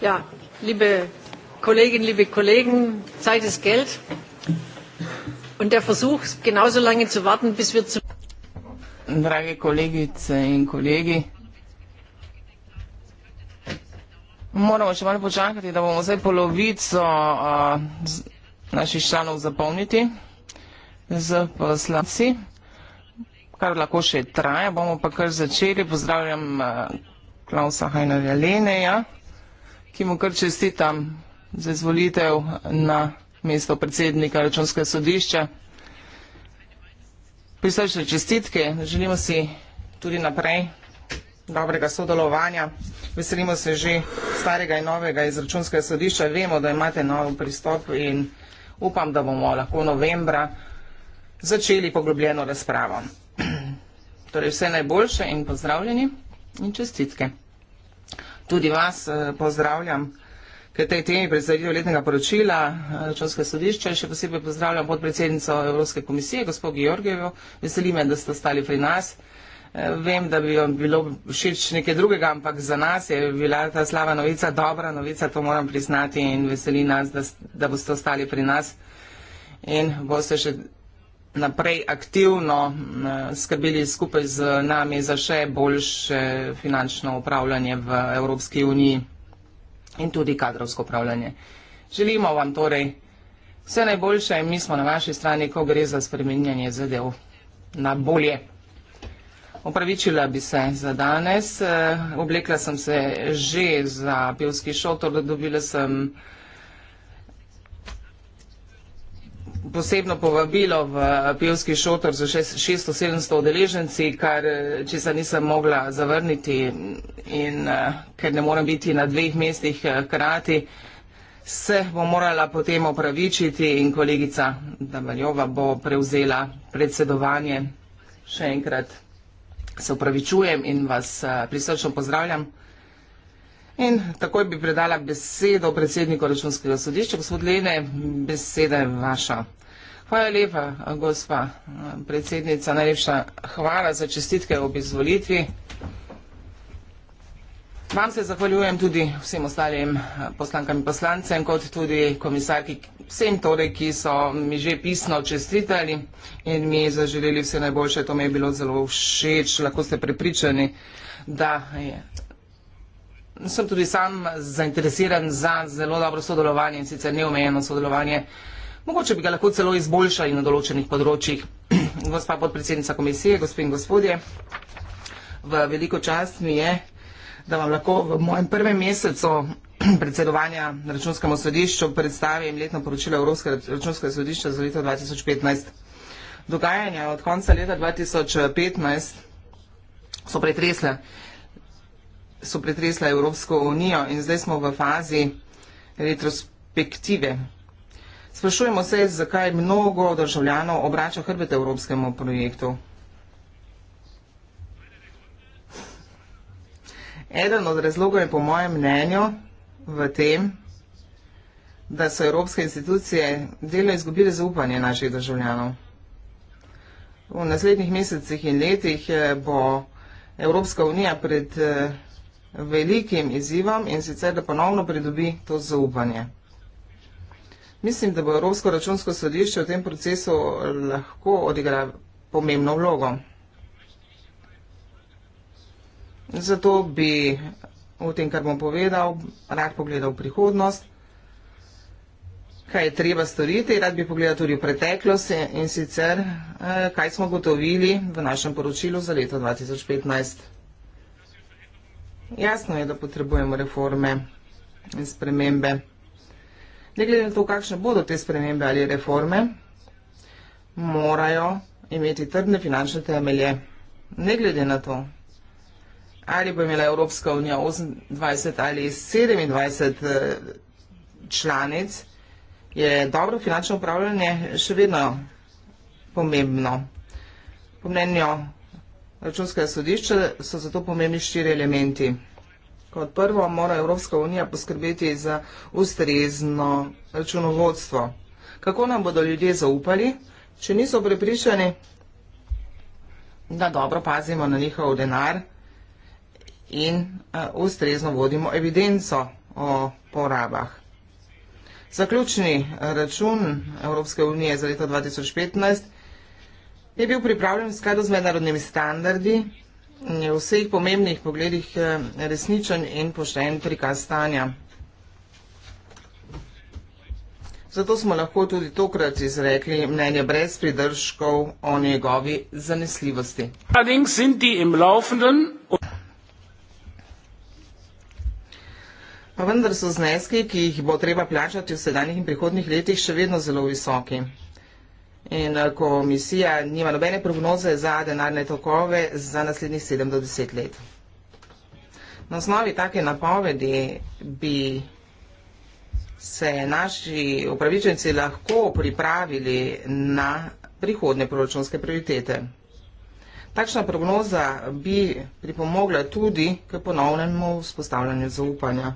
Ja, liebe Kolleginnen, liebe Kollegen, Zeit ist Geld. Und der Versuch, genauso lange zu warten, bis wir zu. Drage kolegice in kolegi, moramo še malo počakati, da bomo zdaj polovico a, z, naših članov zapolniti z poslanci, kar lahko še traja. Bomo pa kar začeli. Pozdravljam a, Klausa Hajnarja Leneja ki mu kar čestitam za izvolitev na mesto predsednika računskega sodišča. Prisrčne čestitke, želimo si tudi naprej dobrega sodelovanja. Veselimo se že starega in novega iz računskega sodišča. Vemo, da imate nov pristop in upam, da bomo lahko novembra začeli poglobljeno razpravo. Torej vse najboljše in pozdravljeni in čestitke tudi vas eh, pozdravljam k tej temi predstavitev letnega poročila eh, Računskega sodišča. Še posebej pozdravljam podpredsednico Evropske komisije, gospod Georgijevo. Veseli me, da ste ostali pri nas. Eh, vem, da bi vam bilo všeč nekaj drugega, ampak za nas je bila ta slava novica dobra novica, to moram priznati in veseli nas, da, da boste ostali pri nas in boste še naprej aktivno skrbeli skupaj z nami za še boljše finančno upravljanje v Evropski uniji in tudi kadrovsko upravljanje. Želimo vam torej vse najboljše in mi smo na vaši strani, ko gre za spremenjanje zadev na bolje. Opravičila bi se za danes. E, oblekla sem se že za pivski šotor, dobila sem posebno povabilo v pivski šotor z 600-700 odeleženci, kar eh, česa nisem mogla zavrniti in eh, ker ne morem biti na dveh mestih eh, krati, se bo morala potem opravičiti in kolegica Damaljova bo prevzela predsedovanje. Še enkrat se opravičujem in vas prisrčno pozdravljam. In takoj bi predala besedo predsedniku računskega sodišča, gospod Lene, beseda je vaša. Hvala lepa, gospa eh, predsednica. Najlepša hvala za čestitke ob izvolitvi. Vam se zahvaljujem tudi vsem ostalim eh, poslankam in poslancem, kot tudi komisarki, vsem torej, ki so mi že pisno čestitali in mi zaželeli vse najboljše. To mi je bilo zelo všeč. Lahko ste prepričani, da je. sem tudi sam zainteresiran za zelo dobro sodelovanje in sicer neomejeno sodelovanje Mogoče bi ga lahko celo izboljšali na določenih področjih. Gospa podpredsednica komisije, gospod in gospodje, v veliko čast mi je, da vam lahko v mojem prvem mesecu predsedovanja na računskemu sodišču predstavim letno poročilo Evropske računske sodišče za leto 2015. Dogajanja od konca leta 2015 so pretresle, so pretresle Evropsko unijo in zdaj smo v fazi retrospektive Sprašujemo se, zakaj mnogo državljanov obrača hrbet evropskemu projektu. Eden od razlogov je po mojem mnenju v tem, da so evropske institucije delno izgubile zaupanje naših državljanov. V naslednjih mesecih in letih eh, bo Evropska unija pred eh, velikim izzivom in sicer, da ponovno pridobi to zaupanje. Mislim, da bo Evropsko računsko sodišče v tem procesu lahko odigra pomembno vlogo. Zato bi v tem, kar bom povedal, rad pogledal prihodnost, kaj je treba storiti, rad bi pogledal tudi v preteklost in sicer, eh, kaj smo gotovili v našem poročilu za leto 2015. Jasno je, da potrebujemo reforme in spremembe. Ne glede na to, kakšne bodo te spremembe ali reforme, morajo imeti trdne finančne temelje. Ne glede na to, ali bo imela Evropska unija 28 ali 27 eh, članic, je dobro finančno upravljanje še vedno pomembno. Po mnenju računskega sodišča so zato pomembni štiri elementi. Kot prvo mora Evropska unija poskrbeti za ustrezno računovodstvo. Kako nam bodo ljudje zaupali, če niso prepričani, da dobro pazimo na njihov denar in eh, ustrezno vodimo evidenco o porabah. Zaključni eh, račun Evropske unije za leto 2015 je bil pripravljen v skladu z mednarodnimi standardi v vseh pomembnih pogledih eh, resničen in pošten prikaz stanja. Zato smo lahko tudi tokrat izrekli mnenje brez pridržkov o njegovi zanesljivosti. Pa vendar so zneski, ki jih bo treba plačati v sedanjih in prihodnih letih, še vedno zelo visoki. In eh, komisija nima nobene prognoze za denarne tokove za naslednjih 7 do 10 let. Na osnovi take napovedi bi se naši upravičenci lahko pripravili na prihodne proračunske prioritete. Takšna prognoza bi pripomogla tudi k ponovnemu vzpostavljanju zaupanja.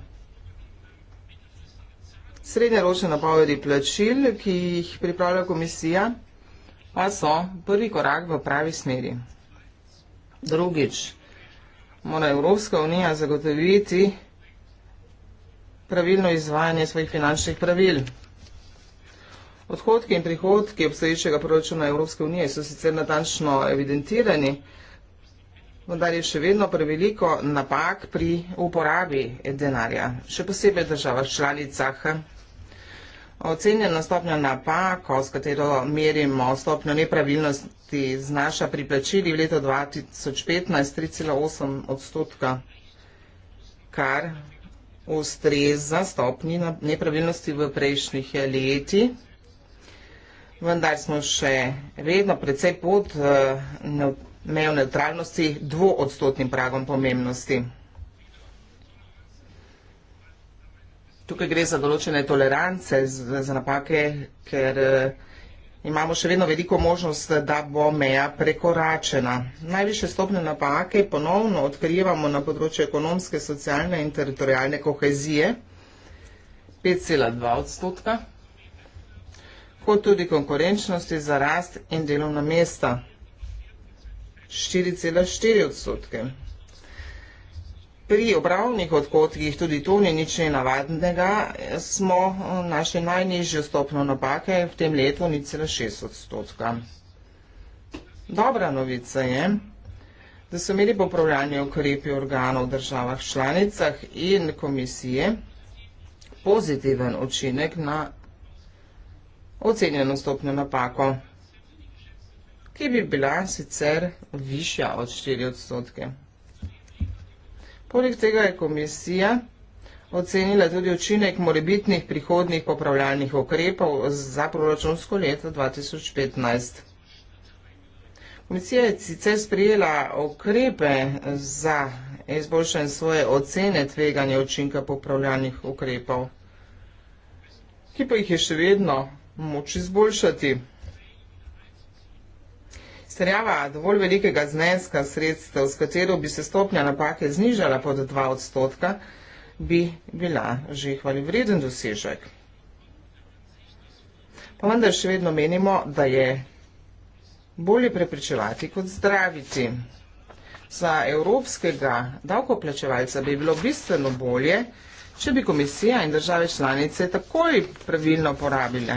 Srednjeročne napovedi plačil, ki jih pripravlja komisija, pa so prvi korak v pravi smeri. Drugič, mora Evropska unija zagotoviti pravilno izvajanje svojih finančnih pravil. Odhodki in prihodki obstoječega proračuna Evropske unije so sicer natančno evidentirani, vendar je še vedno preveliko napak pri uporabi denarja, še posebej državah članicah. Ocenjena stopnja napako, s katero merimo stopnjo nepravilnosti, znaša pri plačili v letu 2015 3,8 odstotka, kar ustreza stopnji nepravilnosti v prejšnjih leti. Vendar smo še vedno precej pod uh, mejo neutralnosti dvoodstotnim pragom pomembnosti. Tukaj gre za določene tolerance, za napake, ker eh, imamo še vedno veliko možnost, da bo meja prekoračena. Najviše stopne napake ponovno odkrivamo na področju ekonomske, socialne in teritorijalne kohezije, 5,2 odstotka, kot tudi konkurenčnosti za rast in delovna mesta. 4,4 odstotke. Pri obravnih odhodkih tudi to ni nič nenavadnega, smo eh, našli najnižjo stopno napake v tem letu 0,6 odstotka. Dobra novica je, da so imeli popravljanje ukrepi organov v državah članicah in komisije pozitiven učinek na ocenjeno stopnjo napako ki bi bila sicer višja od 4 odstotke. Poleg tega je komisija ocenila tudi učinek morebitnih prihodnih popravljalnih ukrepov za proračunsko leto 2015. Komisija je sicer sprijela ukrepe za izboljšanje svoje ocene tveganja učinka popravljalnih ukrepov, ki pa jih je še vedno moč izboljšati. Strjava dovolj velikega zneska sredstev, s katero bi se stopnja napake znižala pod 2 odstotka, bi bila že hvalivreden dosežek. Pa vendar še vedno menimo, da je bolje prepričevati kot zdraviti. Za evropskega davkoplačevalca bi bilo bistveno bolje, če bi komisija in države članice takoj pravilno porabile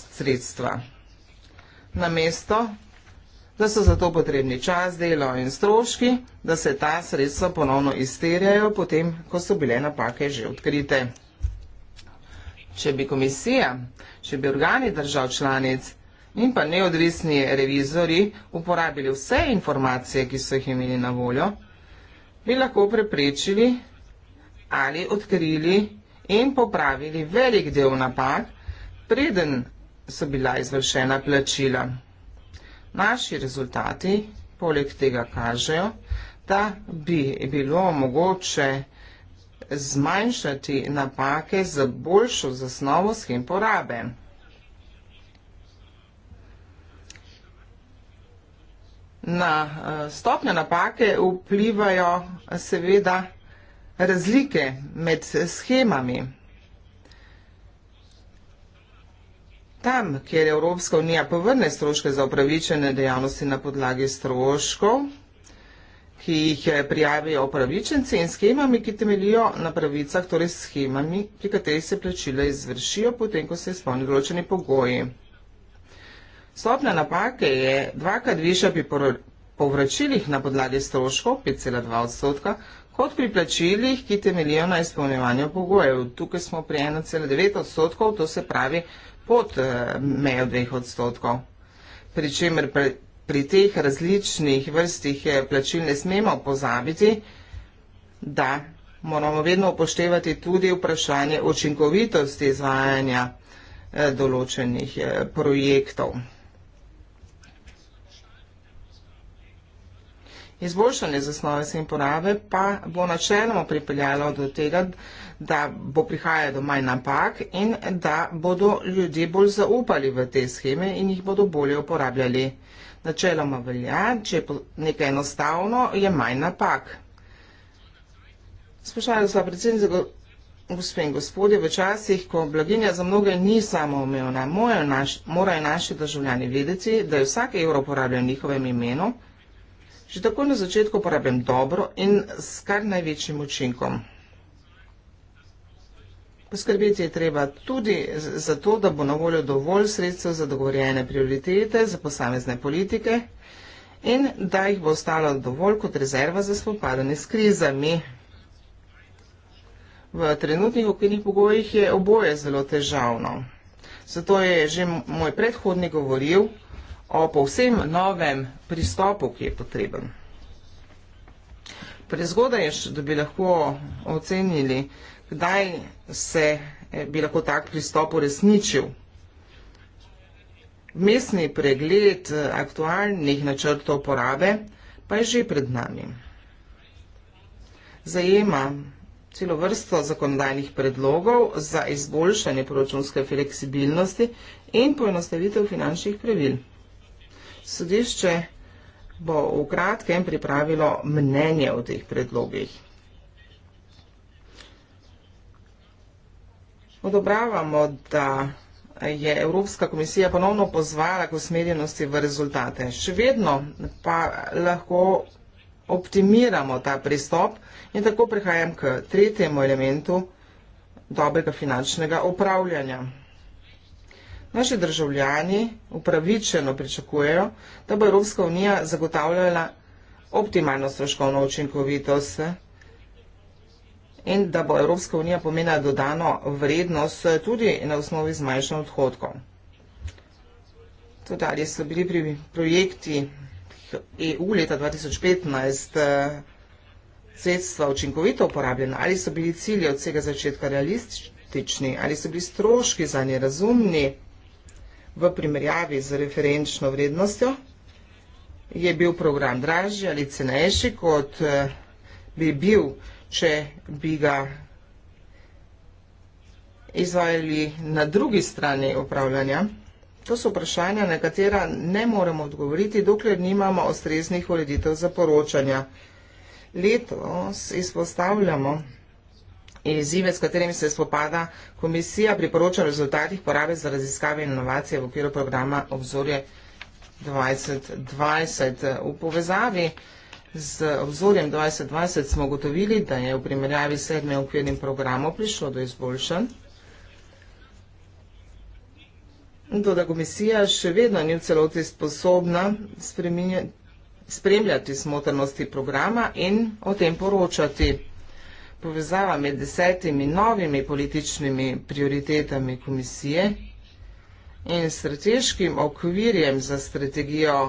sredstva. Namesto da so za to potrebni čas, delo in stroški, da se ta sredstva ponovno izterjajo, potem, ko so bile napake že odkrite. Če bi komisija, če bi organi držav članic in pa neodvisni revizori uporabili vse informacije, ki so jih imeli na voljo, bi lahko preprečili ali odkrili in popravili velik del napak, preden so bila izvršena plačila. Naši rezultati poleg tega kažejo, da bi bilo mogoče zmanjšati napake z boljšo zasnovo schem porabe. Na eh, stopnjo napake vplivajo seveda razlike med schemami. Tam, kjer Evropska unija povrne stroške za upravičene dejavnosti na podlagi stroškov, ki jih prijavijo upravičenci in schemami, ki temelijo na pravicah, torej schemami, pri katerih se plačila izvršijo, potem, ko se izpolnijo določeni pogoji. Stopna napake je dvakrat višja pri povračilih na podlagi stroškov, 5,2 odstotka, kot pri plačilih, ki temelijo na izpolnjevanju pogojev. Tukaj smo pri 1,9 odstotkov, to se pravi, pod eh, mejo dveh odstotkov. Pričemer pri teh različnih vrstih eh, plačil ne smemo pozabiti, da moramo vedno upoštevati tudi vprašanje očinkovitosti izvajanja eh, določenih projektov. Izboljšanje zasnove sem porabe pa bo načeloma pripeljalo do tega, da da bo prihajalo do manj napak in da bodo ljudje bolj zaupali v te scheme in jih bodo bolje uporabljali. Načeloma velja, če je nekaj enostavno, je manj napak. Spošali smo predvsem za gospe in gospode v časih, ko blaginja za mnoge ni samo omejena. Naš, morajo naši državljani vedeti, da je vsak evro uporabljen v njihovem imenu. Že tako na začetku uporabljam dobro in s kar največjim učinkom. Poskrbeti je treba tudi za to, da bo na voljo dovolj sredstev za dogovorjene prioritete za posamezne politike in da jih bo ostalo dovolj kot rezerva za spopadanje s krizami. V trenutnih okvirnih pogojih je oboje zelo težavno. Zato je že moj predhodnik govoril o povsem novem pristopu, ki je potreben. Prezgodaj, da bi lahko ocenili, kdaj se eh, bi lahko tak pristop uresničil. Mestni pregled eh, aktualnih načrtov porabe pa je že pred nami. Zajema celo vrsto zakonodajnih predlogov za izboljšanje proračunske fleksibilnosti in poenostavitev finančnih pravil. Sodišče bo v kratkem pripravilo mnenje o teh predlogih. Odobravamo, da je Evropska komisija ponovno pozvala k usmerjenosti v rezultate. Še vedno pa lahko optimiramo ta pristop in tako prihajam k tretjemu elementu dobrega finančnega upravljanja. Naši državljani upravičeno pričakujejo, da bo Evropska unija zagotavljala optimalno stroškovno učinkovitost in da bo Evropska unija pomenila dodano vrednost tudi na osnovi zmanjšanj odhodkov. Tudi so bili pri projekti EU leta 2015 eh, sredstva učinkovito uporabljena, ali so bili cilji od vsega začetka realistični, ali so bili stroški za nje razumni v primerjavi z referenčno vrednostjo, je bil program dražji ali cenejši, kot eh, bi bil program, če bi ga izvajali na drugi strani upravljanja? To so vprašanja, na katera ne moremo odgovoriti, dokler nimamo ustreznih ureditev za poročanja. Letos izpostavljamo izzive, s katerimi se spopada komisija pri poročanju rezultatih porabe za raziskave in inovacije v okviru programa Obzorje 2020. V povezavi Z obzorjem 2020 smo ugotovili, da je v primerjavi s sedmim okvirnim programom prišlo do izboljšanj. Toda komisija še vedno ni v celoti sposobna spremljati smotrnosti programa in o tem poročati. Povezava med desetimi novimi političnimi prioritetami komisije in strateškim okvirjem za strategijo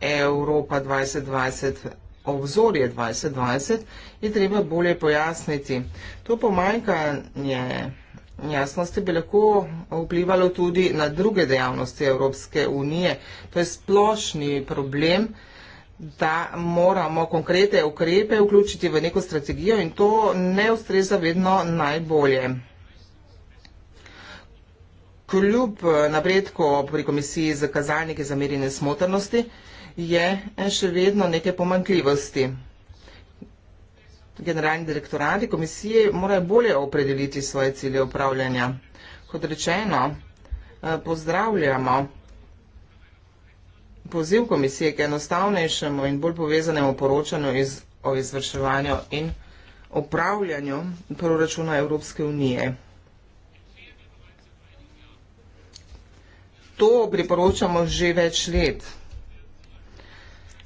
Evropa 2020 obzorje 2020, je treba bolje pojasniti. To pomanjkanje jasnosti bi lahko vplivalo tudi na druge dejavnosti Evropske unije. To je splošni problem, da moramo konkrete ukrepe vključiti v neko strategijo in to ne ustreza vedno najbolje. Kljub napredku pri komisiji za kazalnike za merjene smotrnosti, je eh, še vedno nekaj pomankljivosti. Generalni direktorati komisije morajo bolje opredeliti svoje cilje upravljanja. Kot rečeno, eh, pozdravljamo poziv komisije k enostavnejšemu in bolj povezanemu poročanju iz, o izvrševanju in upravljanju proračuna Evropske unije. To priporočamo že več let.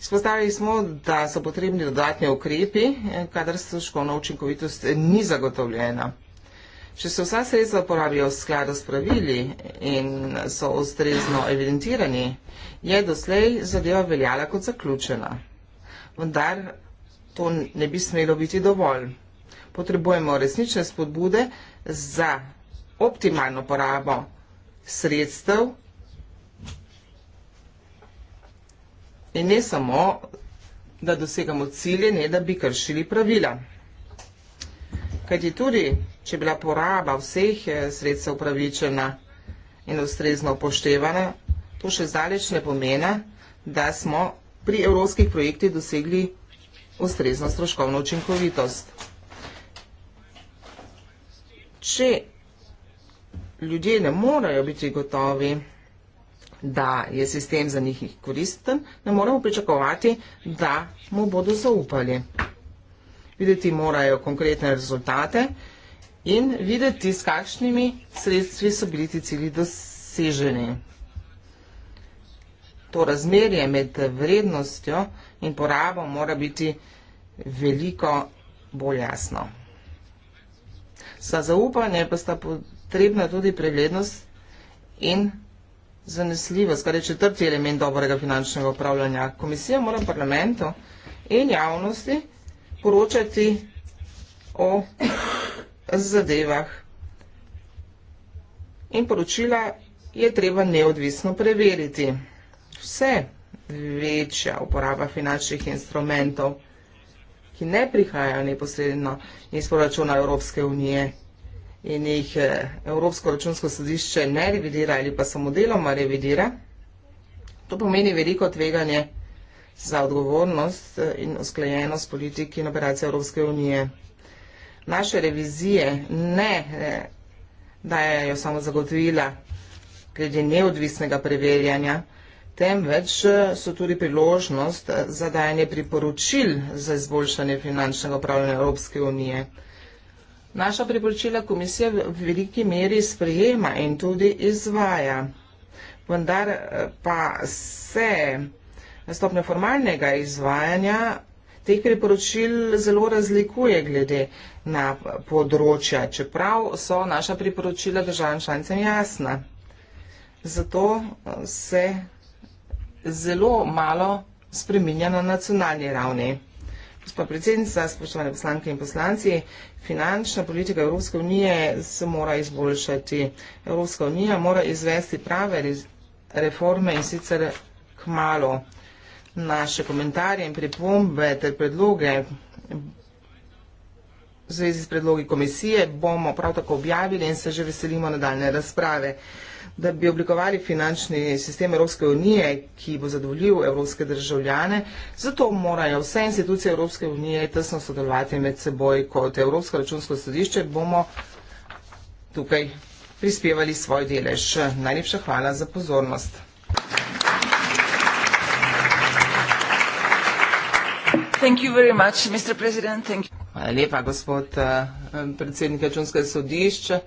Spostavili smo, da so potrebni dodatni ukrepi, eh, kadar stroškovna učinkovitost ni zagotovljena. Če se vsa sredstva porabijo v skladu s pravili in so ustrezno evidentirani, je doslej zadeva veljala kot zaključena. Vendar to ne bi smelo biti dovolj. Potrebujemo resnične spodbude za optimalno porabo sredstev In ne samo, da dosegamo cilje, ne da bi kršili pravila. Kajti tudi, če je bila poraba vseh eh, sredstev upravičena in ustrezno upoštevana, to še zdaleč ne pomena, da smo pri evropskih projektih dosegli ustrezno stroškovno učinkovitost. Če ljudje ne morejo biti gotovi, da je sistem za njih koristen, ne moremo pričakovati, da mu bodo zaupali. Videti morajo konkretne rezultate in videti, s kakšnimi sredstvi so bili ti cilji doseženi. To razmerje med vrednostjo in porabo mora biti veliko bolj jasno. Za zaupanje pa sta potrebna tudi preglednost in preglednost zanesljiva, skoraj četrti element dobrega finančnega upravljanja. Komisija mora parlamentu in javnosti poročati o zadevah. In poročila je treba neodvisno preveriti. Vse večja uporaba finančnih instrumentov, ki ne prihajajo neposredno iz proračuna Evropske unije in jih eh, Evropsko računsko sodišče ne revidira ali pa samo deloma revidira, to pomeni veliko tveganje za odgovornost eh, in usklajenost politik in operacije Evropske unije. Naše revizije ne eh, dajajo samo zagotovila glede neodvisnega preverjanja, temveč so tudi priložnost za dajanje priporočil za izboljšanje finančnega upravljanja Evropske unije. Naša priporočila komisija v veliki meri sprejema in tudi izvaja, vendar eh, pa se stopnja formalnega izvajanja teh priporočil zelo razlikuje glede na področja, čeprav so naša priporočila državam članicam jasna. Zato eh, se zelo malo spreminja na nacionalni ravni. Gospod predsednica, spoštovane poslanke in poslanci, finančna politika Evropske unije se mora izboljšati. Evropska unija mora izvesti prave reforme in sicer k malo. Naše komentarje in pripombe ter predloge v zvezi s predlogi komisije bomo prav tako objavili in se že veselimo nadaljne razprave da bi oblikovali finančni sistem Evropske unije, ki bo zadovoljil evropske državljane. Zato morajo vse institucije Evropske unije tesno sodelovati med seboj kot Evropsko računsko sodišče. Bomo tukaj prispevali svoj delež. Najlepša hvala za pozornost. Thank you very much, Mr. President. Thank you. Hvala lepa, gospod eh, predsednik računskega sodišča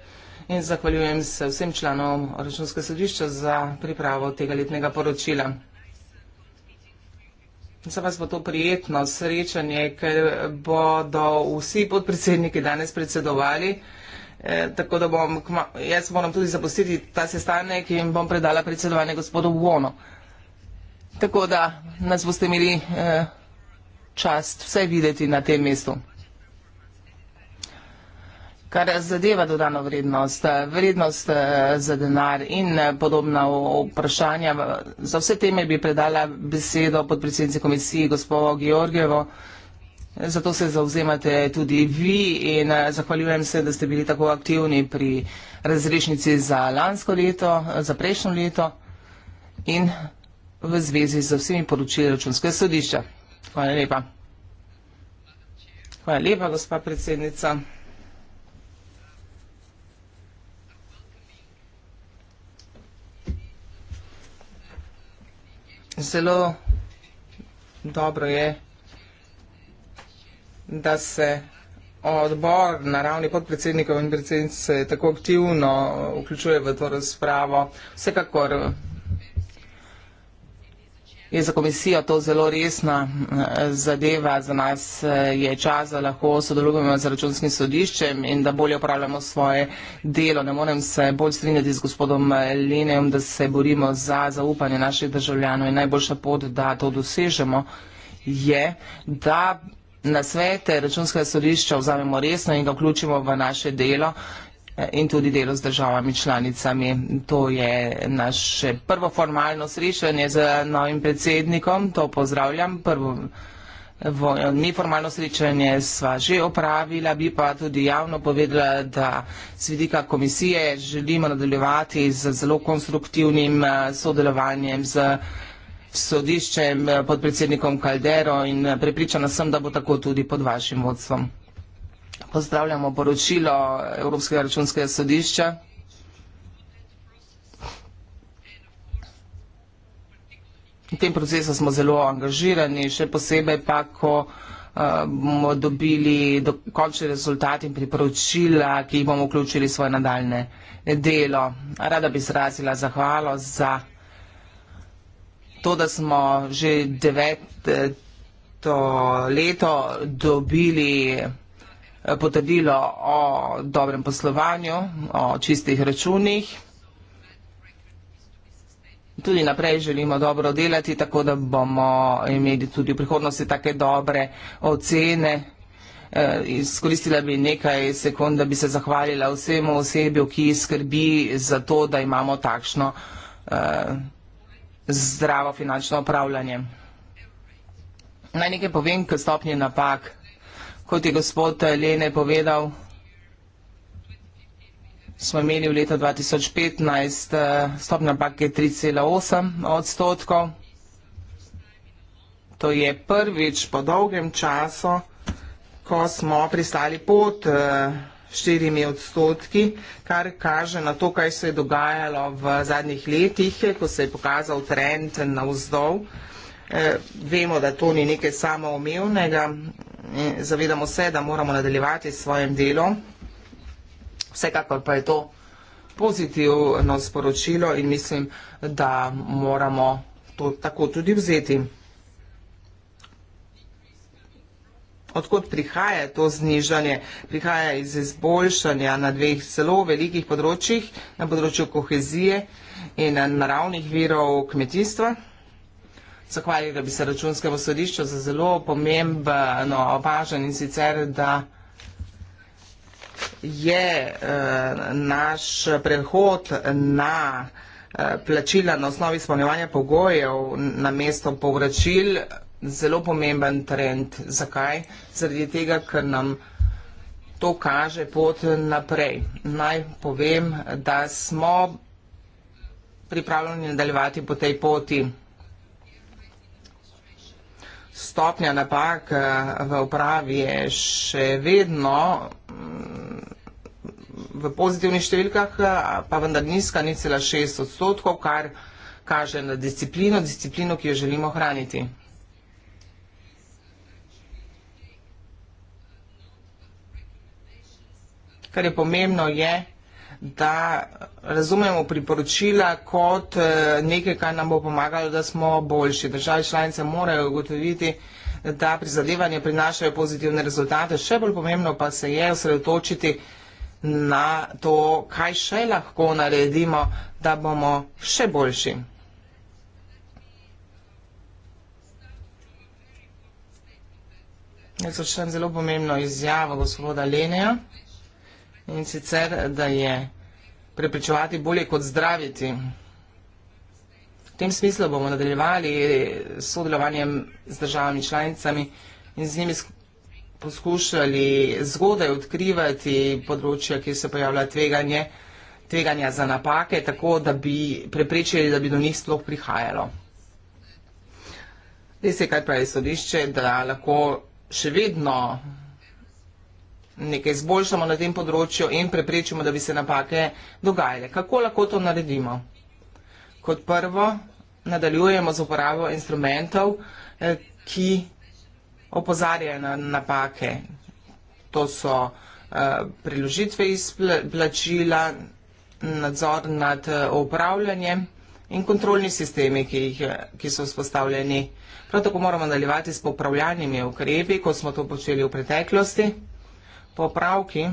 in zahvaljujem se vsem članom računskega sodišča za pripravo tega letnega poročila. Za vas bo to prijetno srečanje, ker bodo vsi podpredsedniki danes predsedovali, eh, tako da bom, kma, jaz moram tudi zapustiti ta sestanek in bom predala predsedovanje gospodu Vono. Tako da nas boste imeli eh, čast vse videti na tem mestu kar zadeva dodano vrednost, vrednost eh, za denar in eh, podobna vprašanja. Za vse teme bi predala besedo podpredsednici komisiji gospodo Georgijevo. Zato se zauzemate tudi vi in eh, zahvaljujem se, da ste bili tako aktivni pri razrešnici za lansko leto, za prejšnjo leto in v zvezi z vsemi poročili računskega sodišča. Hvala lepa. Hvala lepa, gospa predsednica. zelo dobro je, da se odbor na ravni podpredsednikov in predsednice tako aktivno vključuje v to razpravo. Vsekakor je za komisijo to zelo resna eh, zadeva, za nas eh, je čas, da lahko sodelujemo z računskim sodiščem in da bolje upravljamo svoje delo. Ne morem se bolj strinjati z gospodom eh, Linejem, da se borimo za zaupanje naših državljanov in najboljša pot, da to dosežemo, je, da nasvete računskega sodišča vzamemo resno in ga vključimo v naše delo in tudi delo z državami članicami. To je naše prvo formalno srečanje z novim predsednikom, to pozdravljam. Prvo Ni formalno srečanje, sva že opravila, bi pa tudi javno povedala, da z vidika komisije želimo nadaljevati z zelo konstruktivnim eh, sodelovanjem z sodiščem eh, pod predsednikom Kaldero in eh, prepričana sem, da bo tako tudi pod vašim vodstvom pozdravljamo poročilo Evropskega računskega sodišča. V tem procesu smo zelo angažirani, še posebej pa, ko eh, bomo dobili dokončni rezultat in priporočila, ki jih bomo vključili v svoje nadaljne delo. Rada bi izrazila zahvalo za to, da smo že deveto leto dobili Eh, potrdilo o dobrem poslovanju, o čistih računih. Tudi naprej želimo dobro delati, tako da bomo imeli tudi v prihodnosti take dobre ocene. Eh, izkoristila bi nekaj sekund, da bi se zahvalila vsemu osebju, ki skrbi za to, da imamo takšno uh, zdravo finančno upravljanje. Naj nekaj povem k stopnji napak kot je gospod Lene povedal, smo imeli v leta 2015 stopna pake 3,8 odstotkov. To je prvič po dolgem času, ko smo pristali pod eh, štirimi odstotki, kar kaže na to, kaj se je dogajalo v zadnjih letih, ko se je pokazal trend na vzdolj. Eh, vemo, da to ni nekaj samoumevnega. Eh, zavedamo se, da moramo nadaljevati s svojim delom. Vsekakor pa je to pozitivno sporočilo in mislim, da moramo to tako tudi vzeti. Odkot prihaja to znižanje? Prihaja iz izboljšanja na dveh zelo velikih področjih, na področju kohezije in naravnih virov kmetijstva zahvalila bi se računskemu sodišču za zelo pomembno opažanje in sicer, da je eh, naš prehod na eh, plačila na osnovi izpolnjevanja pogojev na mesto povračil zelo pomemben trend. Zakaj? Zaradi tega, ker nam to kaže pot naprej. Naj povem, da smo pripravljeni nadaljevati po tej poti stopnja napak eh, v upravi je še vedno mm, v pozitivnih številkah, eh, pa vendar nizka, ni cela šest odstotkov, kar kaže na disciplino, disciplino, ki jo želimo hraniti. Kar je pomembno je, da razumemo priporočila kot eh, nekaj, kar nam bo pomagalo, da smo boljši. Države članice morajo ugotoviti, da prizadevanja prinašajo pozitivne rezultate. Še bolj pomembno pa se je osredotočiti na to, kaj še lahko naredimo, da bomo še boljši. Jaz so še zelo pomembno izjavo gospoda Lenija in sicer, da je prepričevati bolje kot zdraviti. V tem smislu bomo nadaljevali s sodelovanjem z državami članicami in z njimi poskušali zgodaj odkrivati področja, kjer se pojavlja tveganje, tveganja za napake, tako da bi preprečili, da bi do njih sploh prihajalo. Res je, kaj pravi sodišče, da lahko še vedno nekaj izboljšamo na tem področju in preprečimo, da bi se napake dogajale. Kako lahko to naredimo? Kot prvo, nadaljujemo z uporabo instrumentov, eh, ki opozarjajo na napake. To so eh, priložitve izplačila, nadzor nad eh, upravljanjem in kontrolni sistemi, ki, jih, ki so spostavljeni. Prav tako moramo nadaljevati s popravljanjimi ukrepi, kot smo to počeli v preteklosti popravki,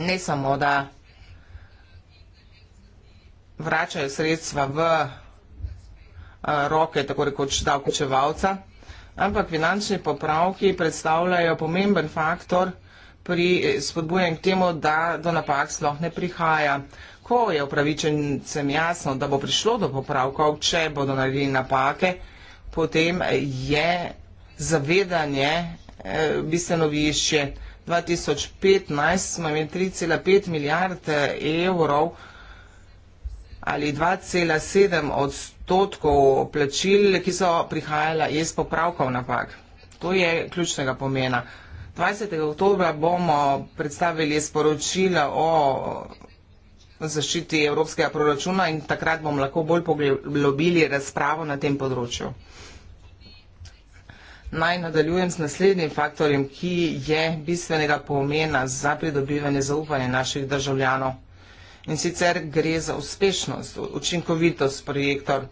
ne samo, da vračajo sredstva v eh, roke, tako rekoč davkočevalca, ampak finančni popravki predstavljajo pomemben faktor pri eh, spodbujanju k temu, da do napak sploh ne prihaja. Ko je upravičencem jasno, da bo prišlo do popravkov, če bodo naredili napake, potem je zavedanje Eh, bistveno više. 2015 smo imeli 3,5 milijard eh, evrov ali 2,7 odstotkov plačil, ki so prihajala iz popravkov napak. To je ključnega pomena. 20. oktobra bomo predstavili sporočila o zaščiti evropskega proračuna in takrat bomo lahko bolj poglobili razpravo na tem področju. Naj nadaljujem z naslednjim faktorjem, ki je bistvenega pomena za pridobivanje zaupanja naših državljanov. In sicer gre za uspešnost, učinkovitost projektor.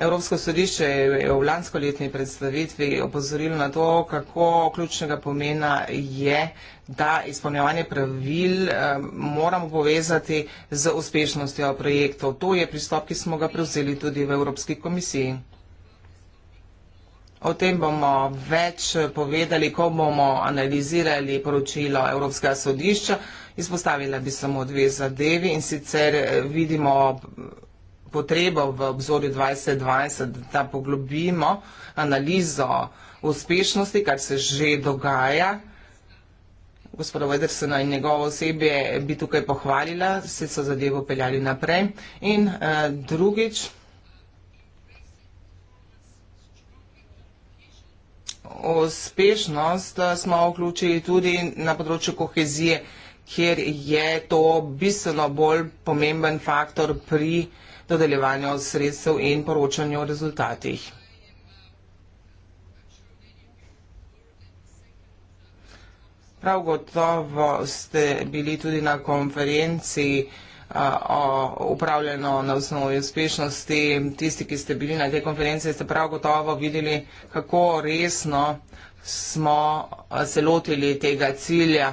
Evropsko sodišče je v lansko letni predstavitvi opozorilo na to, kako ključnega pomena je, da izpolnjevanje pravil eh, moramo povezati z uspešnostjo projektov. To je pristop, ki smo ga prevzeli tudi v Evropski komisiji. O tem bomo več povedali, ko bomo analizirali poročilo Evropskega sodišča. Izpostavila bi samo dve zadevi in sicer eh, vidimo potrebo v obzorju 2020, da poglobimo analizo uspešnosti, kar se že dogaja. Gospoda Vedersena in njegovo osebje bi tukaj pohvalila, se so zadevo peljali naprej. In eh, drugič, uspešnost eh, smo vključili tudi na področju kohezije, kjer je to bistveno bolj pomemben faktor pri dodeljevanju sredstev in poročanju o rezultatih. Prav gotovo ste bili tudi na konferenci, upravljeno na osnovi uspešnosti. Tisti, ki ste bili na tej konferenci, ste prav gotovo videli, kako resno smo se lotili tega cilja.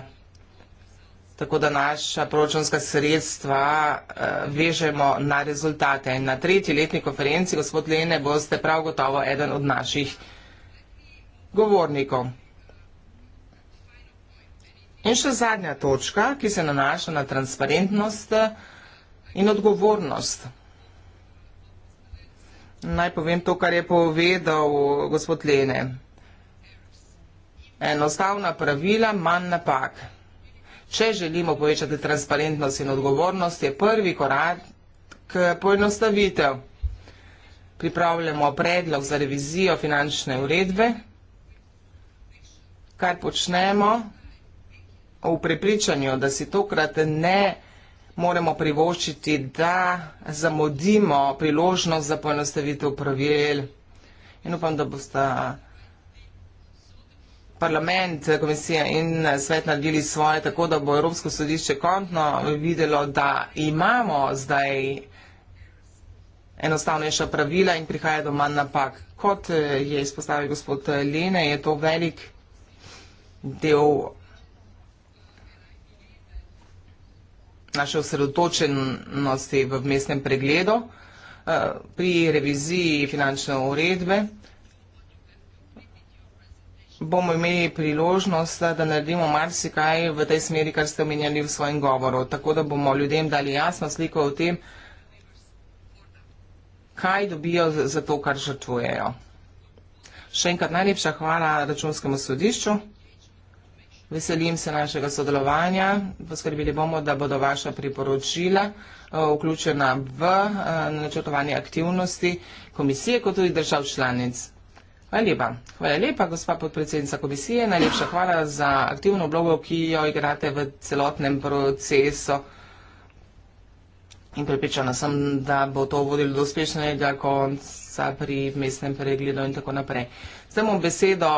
Tako da naša proračunska sredstva vežemo na rezultate. In na tretji letni konferenci, gospod Lene, boste prav gotovo eden od naših govornikov. In še zadnja točka, ki se nanaša na transparentnost eh, in odgovornost. Naj povem to, kar je povedal eh, gospod Lene. Enostavna pravila, manj napak. Če želimo povečati transparentnost in odgovornost, je prvi korak k poenostavitev. Pripravljamo predlog za revizijo finančne uredbe, kar počnemo, o prepričanju, da si tokrat ne moremo privoščiti, da zamudimo priložnost za poenostavitev pravil. In upam, da boste parlament, komisija in svet naredili svoje, tako da bo Evropsko sodišče kontno videlo, da imamo zdaj enostavnejša pravila in prihaja do manj napak. Kot je izpostavil gospod Lene, je to velik del naše osredotočenosti v mestnem pregledu eh, pri reviziji finančne uredbe bomo imeli priložnost, da naredimo marsikaj v tej smeri, kar ste omenjali v svojem govoru. Tako da bomo ljudem dali jasno sliko o tem, kaj dobijo za to, kar žrtvujejo. Še enkrat najlepša hvala računskemu sodišču. Veselim se našega sodelovanja. Poskrbeli bomo, da bodo vaša priporočila eh, vključena v eh, načrtovanje aktivnosti komisije, kot tudi držav članic. Hvala lepa. Hvala lepa, gospa podpredsednica komisije. Najlepša hvala za aktivno vlogo, ki jo igrate v celotnem procesu. In pripričana sem, da bo to vodilo do uspešnega konca pri mestnem pregledu in tako naprej. Zdaj bom besedo.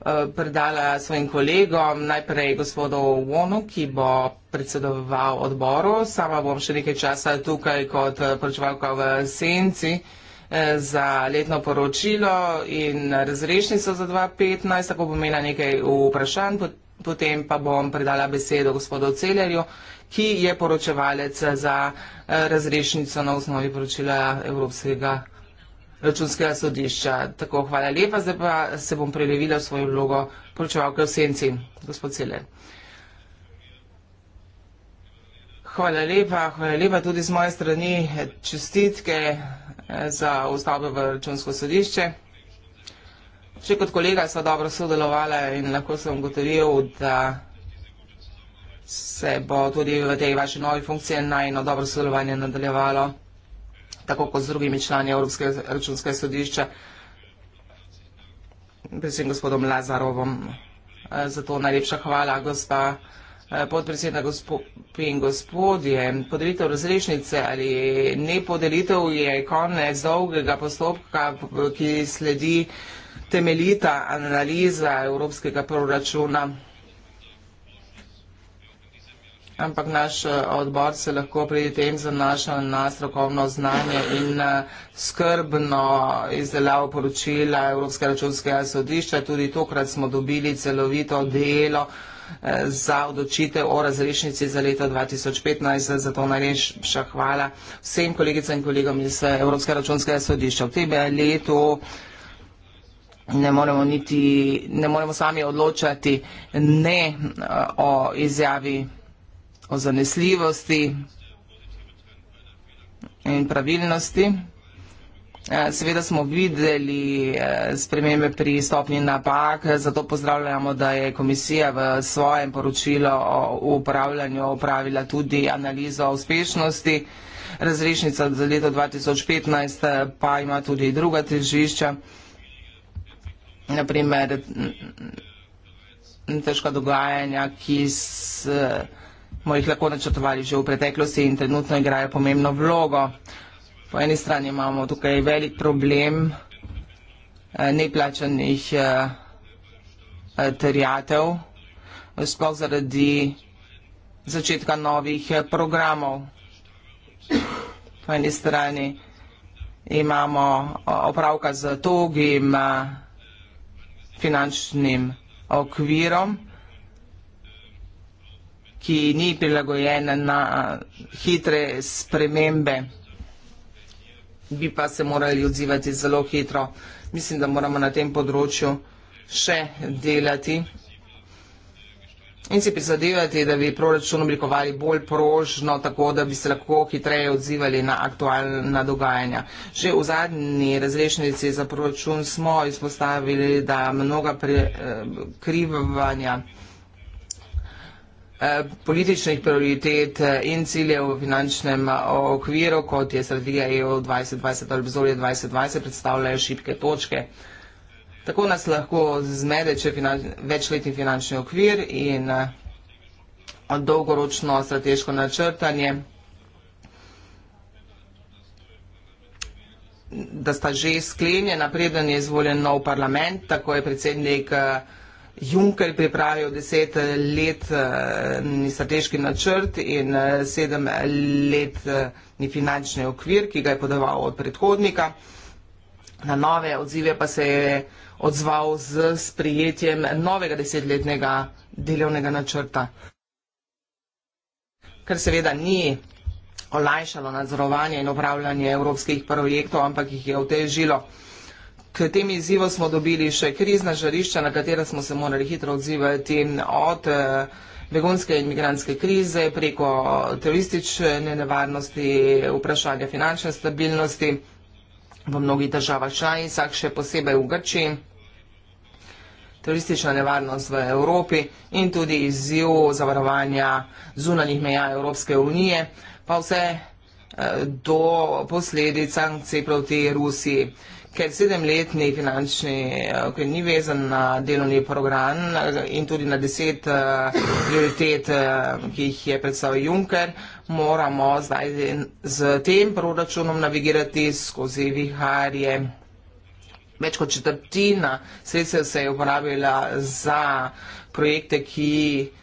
Eh, predala svojim kolegom, najprej gospodu Wonu, ki bo predsedoval odboru. Sama bom še nekaj časa tukaj kot eh, poročevalka v senci eh, za letno poročilo in razrešnico za 2015, tako bom imela nekaj vprašanj, potem pa bom predala besedo gospodu Celerju, ki je poročevalec za razrešnico na osnovi poročila Evropskega odboru računskega sodišča. Tako, hvala lepa, zdaj pa se bom prelevila v svojo vlogo poročevalke v senci, gospod Cele. Hvala lepa, hvala lepa tudi z moje strani eh, čestitke eh, za vstavbe v računsko sodišče. Še kot kolega sva dobro sodelovala in lahko sem gotovil, da se bo tudi v tej vaši novi funkciji najno dobro sodelovanje nadaljevalo tako kot z drugimi člani Evropske računske sodišča, predvsem gospodom Lazarovom. Zato najlepša hvala, gospa eh, podpredsednica, gospod in gospodje. Podelitev razrešnice ali ne podelitev je konec dolgega postopka, ki sledi temeljita analiza evropskega proračuna ampak naš eh, odbor se lahko pri tem zanaša na strokovno znanje in eh, skrbno izdelavo poročila Evropske računskega sodišča. Tudi tokrat smo dobili celovito delo eh, za odločitev o razrešnici za leto 2015. Zato najlepša hvala vsem kolegicam in kolegom iz Evropske računskega sodišča. V tem letu ne moremo, niti, ne moremo sami odločati ne o izjavi o zanesljivosti in pravilnosti. Eh, seveda smo videli eh, spremembe pri stopnji napak, zato pozdravljamo, da je komisija v svojem poročilo o upravljanju upravila tudi analizo uspešnosti. Razrešnica za leto 2015 eh, pa ima tudi druga težišča, naprimer težka dogajanja, ki se smo jih lahko načrtovali že v preteklosti in trenutno igrajo pomembno vlogo. Po eni strani imamo tukaj velik problem eh, neplačanih eh, eh, terjatev, sploh zaradi začetka novih programov. Po eni strani imamo opravka z togim finančnim okvirom, ki ni prilagojena na eh, hitre spremembe, bi pa se morali odzivati zelo hitro. Mislim, da moramo na tem področju še delati in si prizadevati, da bi proračun oblikovali bolj prožno, tako da bi se lahko hitreje odzivali na aktualna dogajanja. Že v zadnji razrešnici za proračun smo izpostavili, da mnoga eh, krivanja Eh, političnih prioritet eh, in ciljev v finančnem eh, okviru, kot je strategija EU 2020 ali obzorje 2020, predstavljajo šibke točke. Tako nas lahko zmede, če finan, večletni finančni okvir in dolgoročno strateško načrtanje, da sta že sklenjena, preden je izvoljen nov parlament, tako je predsednik. Junker pripravil deset let eh, strateški načrt in eh, sedem let eh, finančni okvir, ki ga je podaval od predhodnika. Na nove odzive pa se je odzval z sprijetjem novega desetletnega delovnega načrta, kar seveda ni olajšalo nadzorovanje in upravljanje evropskih projektov, ampak jih je otežilo. K tem izzivu smo dobili še krizna žarišča, na katera smo se morali hitro odzivati od eh, begunske in migranske krize preko teroristične nevarnosti, vprašanja finančne stabilnosti v mnogih državah članicah, še posebej v Grčiji, teroristična nevarnost v Evropi in tudi izziv zavarovanja zunanjih meja Evropske unije, pa vse eh, do posledic sankcij proti Rusiji ker sedemletni finančni eh, okvir ni vezan na delovni program eh, in tudi na deset eh, prioritet, ki jih je predstavil Juncker, moramo zdaj z tem proračunom navigirati skozi viharje. Več kot četrtina sredstev se je uporabila za projekte, ki jih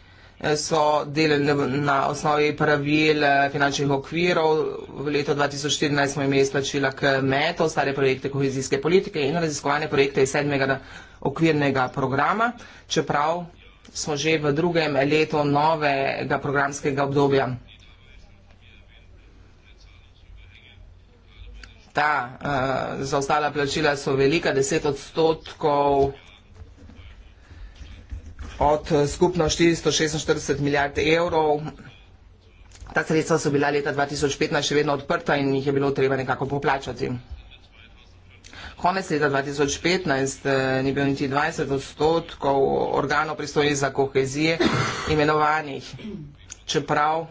so delali na osnovi pravil eh, finančnih okvirov. V letu 2014 smo imeli splačila kmeto, stare projekte kohezijske politike in raziskovanje projekte iz sedmega okvirnega programa, čeprav smo že v drugem letu novega programskega obdobja. Ta uh, zaostala plačila so velika, 10 odstotkov od eh, skupno 446 milijard evrov. Ta sredstva so bila leta 2015 še vedno odprta in jih je bilo treba nekako poplačati. Konec leta 2015 eh, ni bil niti 20 odstotkov organov pristojnih za kohezije imenovanih. Čeprav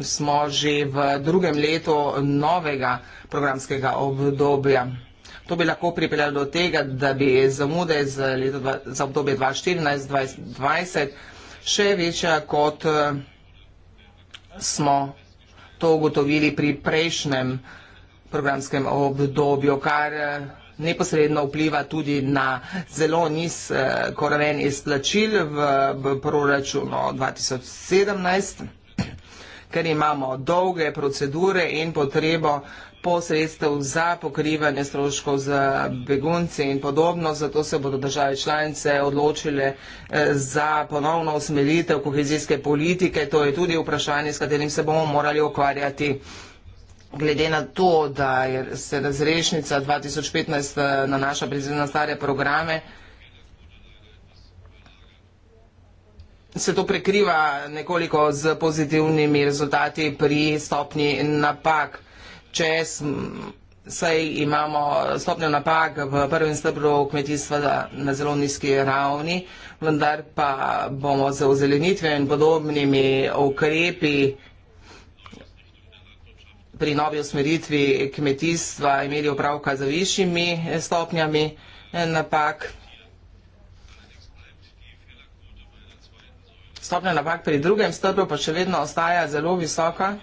smo že v drugem letu novega programskega obdobja. To bi lahko pripeljalo do tega, da bi zamude za, leto, za obdobje 2014-2020 še večja, kot eh, smo to ugotovili pri prejšnjem programskem obdobju, kar eh, neposredno vpliva tudi na zelo niz eh, koren izplačil v, v proračunu 2017, ker imamo dolge procedure in potrebo po sredstev za pokrivanje stroškov za begunce in podobno. Zato se bodo države članice odločile eh, za ponovno usmeritev kohezijske politike. To je tudi vprašanje, s katerim se bomo morali ukvarjati. Glede na to, da se razrešnica 2015 eh, nanaša predvsem na stare programe, se to prekriva nekoliko z pozitivnimi rezultati pri stopni napak če saj imamo stopnjo napak v prvem stebru kmetijstva na zelo nizki ravni, vendar pa bomo z ozelenitvijo in podobnimi ukrepi pri novi usmeritvi kmetijstva imeli upravka z višjimi stopnjami eh, napak. Stopnja napak pri drugem stebru pa še vedno ostaja zelo visoka.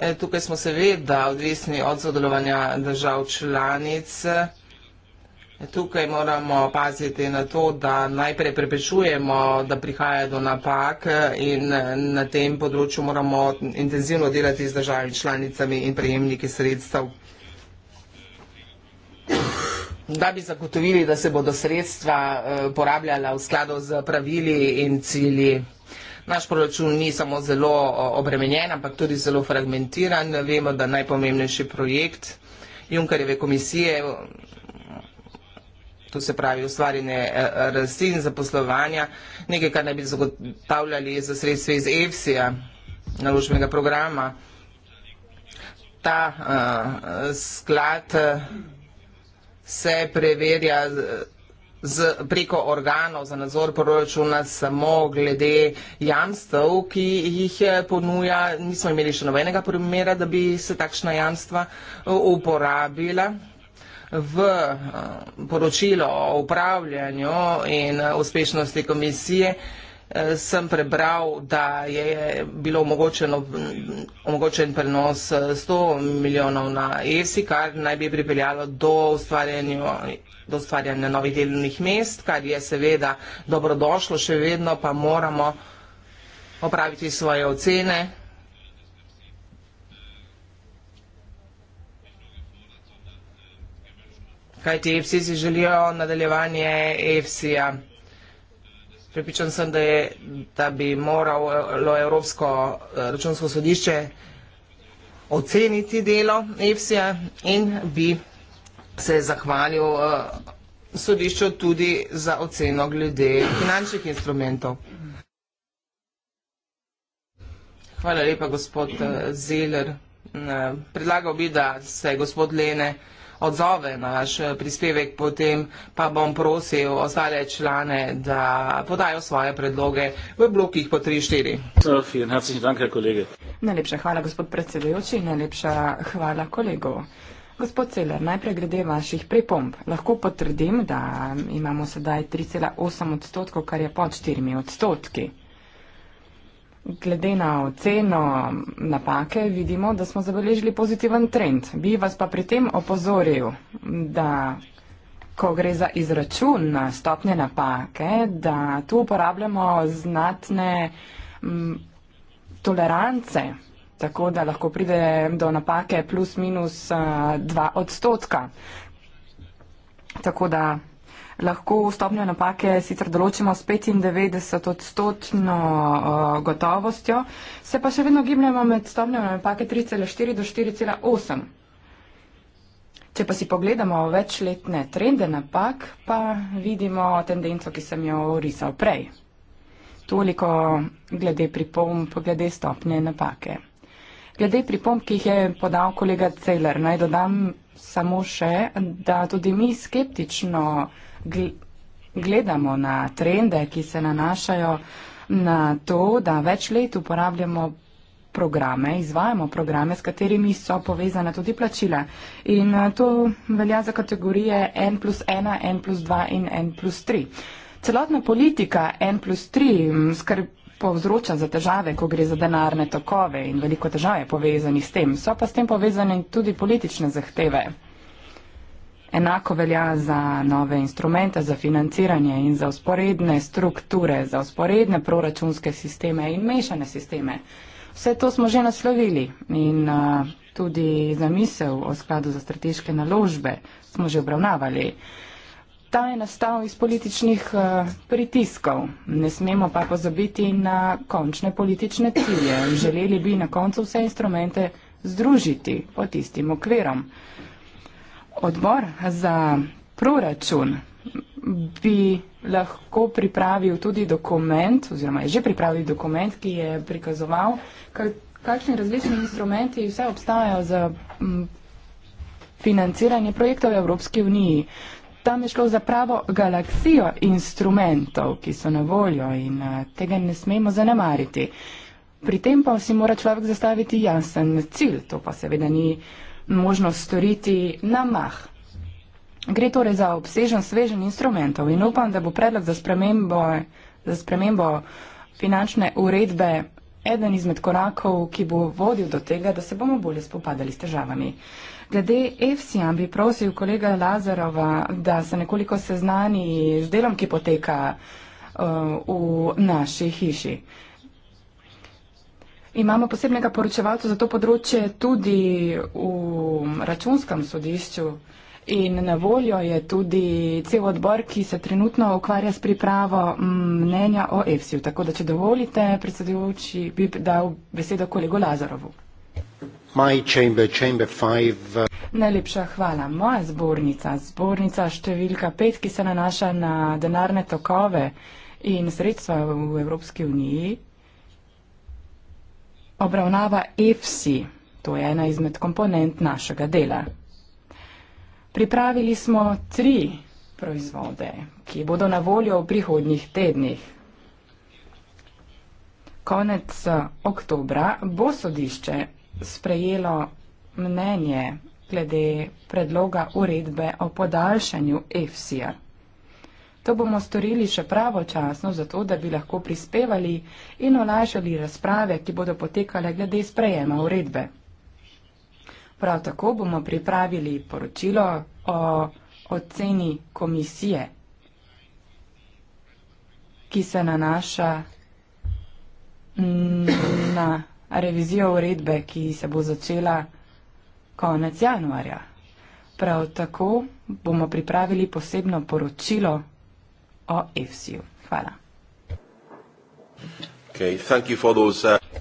E, tukaj smo seveda odvisni od sodelovanja držav članic. E, tukaj moramo paziti na to, da najprej preprečujemo, da prihaja do napak in na tem področju moramo intenzivno delati z državami članicami in prejemniki sredstev. Da bi zagotovili, da se bodo sredstva e, porabljala v skladu z pravili in cilji. Naš proračun ni samo zelo obremenjen, ampak tudi zelo fragmentiran. Vemo, da najpomembnejši projekt Junkareve komisije, to se pravi ustvarjene rasti in zaposlovanja, nekaj, kar naj bi zagotavljali za sredstvo iz EFSI-ja, naložbenega programa. Ta uh, sklad uh, se preverja uh, z, preko organov za nadzor proračuna samo glede jamstev, ki jih eh, ponuja. Nismo imeli še nobenega primera, da bi se takšna jamstva eh, uporabila v eh, poročilo o upravljanju in uspešnosti komisije sem prebral, da je bilo omogočeno, omogočen prenos 100 milijonov na ESI, kar naj bi pripeljalo do ustvarjanja do ustvarjanja novih delovnih mest, kar je seveda dobrodošlo, še vedno pa moramo opraviti svoje ocene. Kajti vsi si želijo nadaljevanje EFSI-ja. Pripičan sem, da, je, da bi moralo Evropsko eh, računsko sodišče oceniti delo EFSI-ja in bi se je zahvalil uh, sodišču tudi za oceno glede finančnih instrumentov. Hvala lepa, gospod uh, eh, Zeler. Uh, mm, eh, predlagal bi, da se gospod Lene odzove na vaš prispevek, potem pa bom prosil ostale člane, da podajo svoje predloge v blokih po 3-4. Ja, najlepša hvala, gospod predsedujoči, najlepša hvala kolegov. Gospod Celer, najprej glede vaših pripomb. Lahko potrdim, da imamo sedaj 3,8 odstotkov, kar je pod 4 odstotki. Glede na oceno napake vidimo, da smo zabeležili pozitiven trend. Bi vas pa pri tem opozoril, da ko gre za izračun stopnje napake, da tu uporabljamo znatne m, mm, tolerance tako da lahko pride do napake plus minus dva odstotka. Tako da lahko stopnjo napake sicer določimo s 95 odstotno gotovostjo, se pa še vedno gibljamo med stopnjo napake 3,4 do 4,8. Če pa si pogledamo večletne trende napak, pa vidimo tendenco, ki sem jo risal prej. Toliko glede pripomb, glede stopnje napake. Glede pripomb, ki jih je podal kolega Celer, naj dodam samo še, da tudi mi skeptično gledamo na trende, ki se nanašajo na to, da več let uporabljamo programe, izvajamo programe, s katerimi so povezane tudi plačila. In eh, to velja za kategorije N plus 1, N plus 2 in N plus 3. Celotna politika N plus 3 skrbi povzroča za težave, ko gre za denarne tokove in veliko težav je povezanih s tem. So pa s tem povezane tudi politične zahteve. Enako velja za nove instrumente, za financiranje in za usporedne strukture, za usporedne proračunske sisteme in mešane sisteme. Vse to smo že naslovili in a, tudi zamisel o skladu za strateške naložbe smo že obravnavali. Ta je nastal iz političnih eh, pritiskov. Ne smemo pa pozabiti na končne politične cilje. Želeli bi na koncu vse instrumente združiti pod istim okvirom. Odbor za proračun bi lahko pripravil tudi dokument, oziroma je že pripravil dokument, ki je prikazoval, kakšni različni instrumenti vse obstajajo za mm, financiranje projektov v Evropski uniji tam je šlo za pravo galaksijo instrumentov, ki so na voljo in eh, tega ne smemo zanemariti. Pri tem pa si mora človek zastaviti jasen cilj, to pa seveda ni možno storiti na mah. Gre torej za obsežen svežen instrumentov in upam, da bo predlog za spremembo, za spremembo finančne uredbe eden izmed korakov, ki bo vodil do tega, da se bomo bolje spopadali s težavami. Glede EFSI-ja bi prosil kolega Lazarova, da se nekoliko seznani z delom, ki poteka uh, v naši hiši. Imamo posebnega poročevalca za to področje tudi v računskem sodišču in na voljo je tudi cel odbor, ki se trenutno ukvarja s pripravo mnenja o EFSI-ju. Tako da, če dovolite, predsedujoči, bi dal besedo kolegu Lazarovu. My chamber, chamber five, uh... Najlepša hvala. Moja zbornica, zbornica številka pet, ki se nanaša na denarne tokove in sredstva v Evropski uniji, obravnava EFSI. To je ena izmed komponent našega dela. Pripravili smo tri proizvode, ki bodo na voljo v prihodnjih tednih. Konec uh, oktobra bo sodišče sprejelo mnenje glede predloga uredbe o podaljšanju EFSI-ja. To bomo storili še pravočasno, zato da bi lahko prispevali in olajšali razprave, ki bodo potekale glede sprejema uredbe. Prav tako bomo pripravili poročilo o oceni komisije, ki se nanaša na revizijo uredbe, ki se bo začela konec januarja. Prav tako bomo pripravili posebno poročilo o EFSI-ju. Hvala. Okay, those, uh...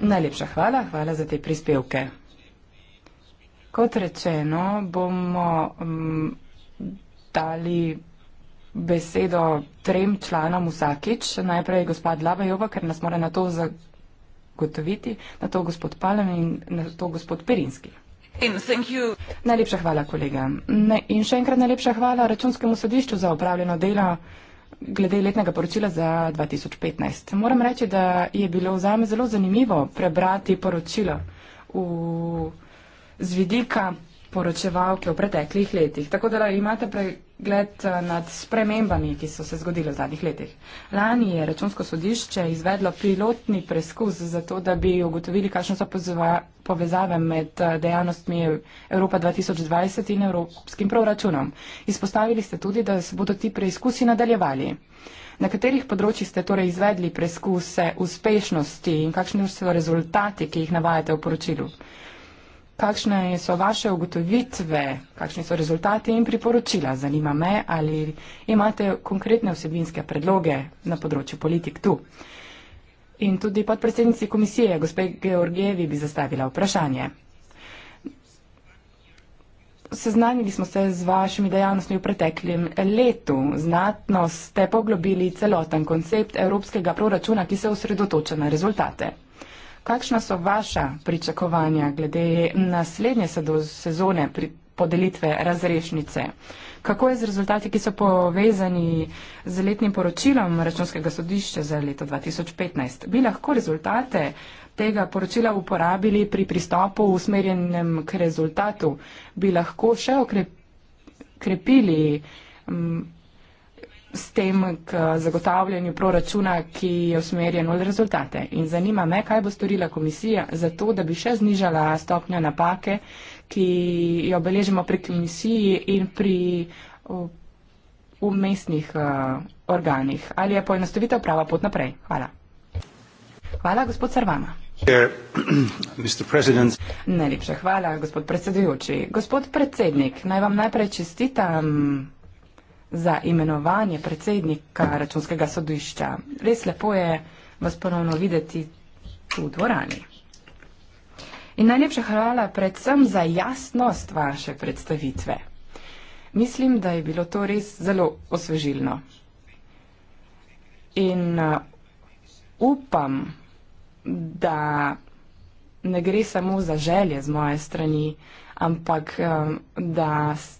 Najlepša hvala, hvala za te prispevke. Kot rečeno, bomo m, mm, dali besedo trem članom vsakič. Najprej gospod Lava Jova, ker nas mora na to ugotoviti, na to gospod Palem in na to gospod Perinski. Najlepša hvala, kolega. Ne, in še enkrat najlepša hvala računskemu sodišču za upravljeno delo glede letnega poročila za 2015. Moram reči, da je bilo zame zelo zanimivo prebrati poročilo v, z vidika poročevalke v preteklih letih. Tako da imate prej gled eh, nad spremembami, ki so se zgodile v zadnjih letih. Lani je računsko sodišče izvedlo pilotni preskus za to, da bi ugotovili, kakšne so povezave med eh, dejavnostmi Evropa 2020 in evropskim proračunom. Izpostavili ste tudi, da se bodo ti preizkusi nadaljevali. Na katerih področjih ste torej izvedli preskuse uspešnosti in kakšni so rezultati, ki jih navajate v poročilu? Kakšne so vaše ugotovitve, kakšni so rezultati in priporočila? Zanima me, ali imate konkretne vsebinske predloge na področju politik tu. In tudi podpredsednici komisije, gospe Georgijevi, bi zastavila vprašanje. Seznanili smo se z vašimi dejavnostmi v preteklem letu. Znatno ste poglobili celoten koncept evropskega proračuna, ki se osredotoča na rezultate. Kakšna so vaša pričakovanja glede naslednje sezone pri podelitve razrešnice? Kako je z rezultati, ki so povezani z letnim poročilom Računskega sodišča za leto 2015? Bi lahko rezultate tega poročila uporabili pri pristopu usmerjenem k rezultatu? Bi lahko še okrepili? Okre s tem k zagotavljanju proračuna, ki je usmerjen v rezultate. In zanima me, kaj bo storila komisija za to, da bi še znižala stopnjo napake, ki jo beležimo pri komisiji in pri umestnih organih. Ali je poenostavitev prava pot naprej? Hvala. Hvala, gospod Sarvama. Najlepša hvala, gospod predsedujoči. Gospod predsednik, naj vam najprej čestitam za imenovanje predsednika računskega sodišča. Res lepo je vas ponovno videti tu v dvorani. In najlepša hvala predvsem za jasnost vaše predstavitve. Mislim, da je bilo to res zelo osvežilno. In uh, upam, da ne gre samo za želje z moje strani, ampak um, da ste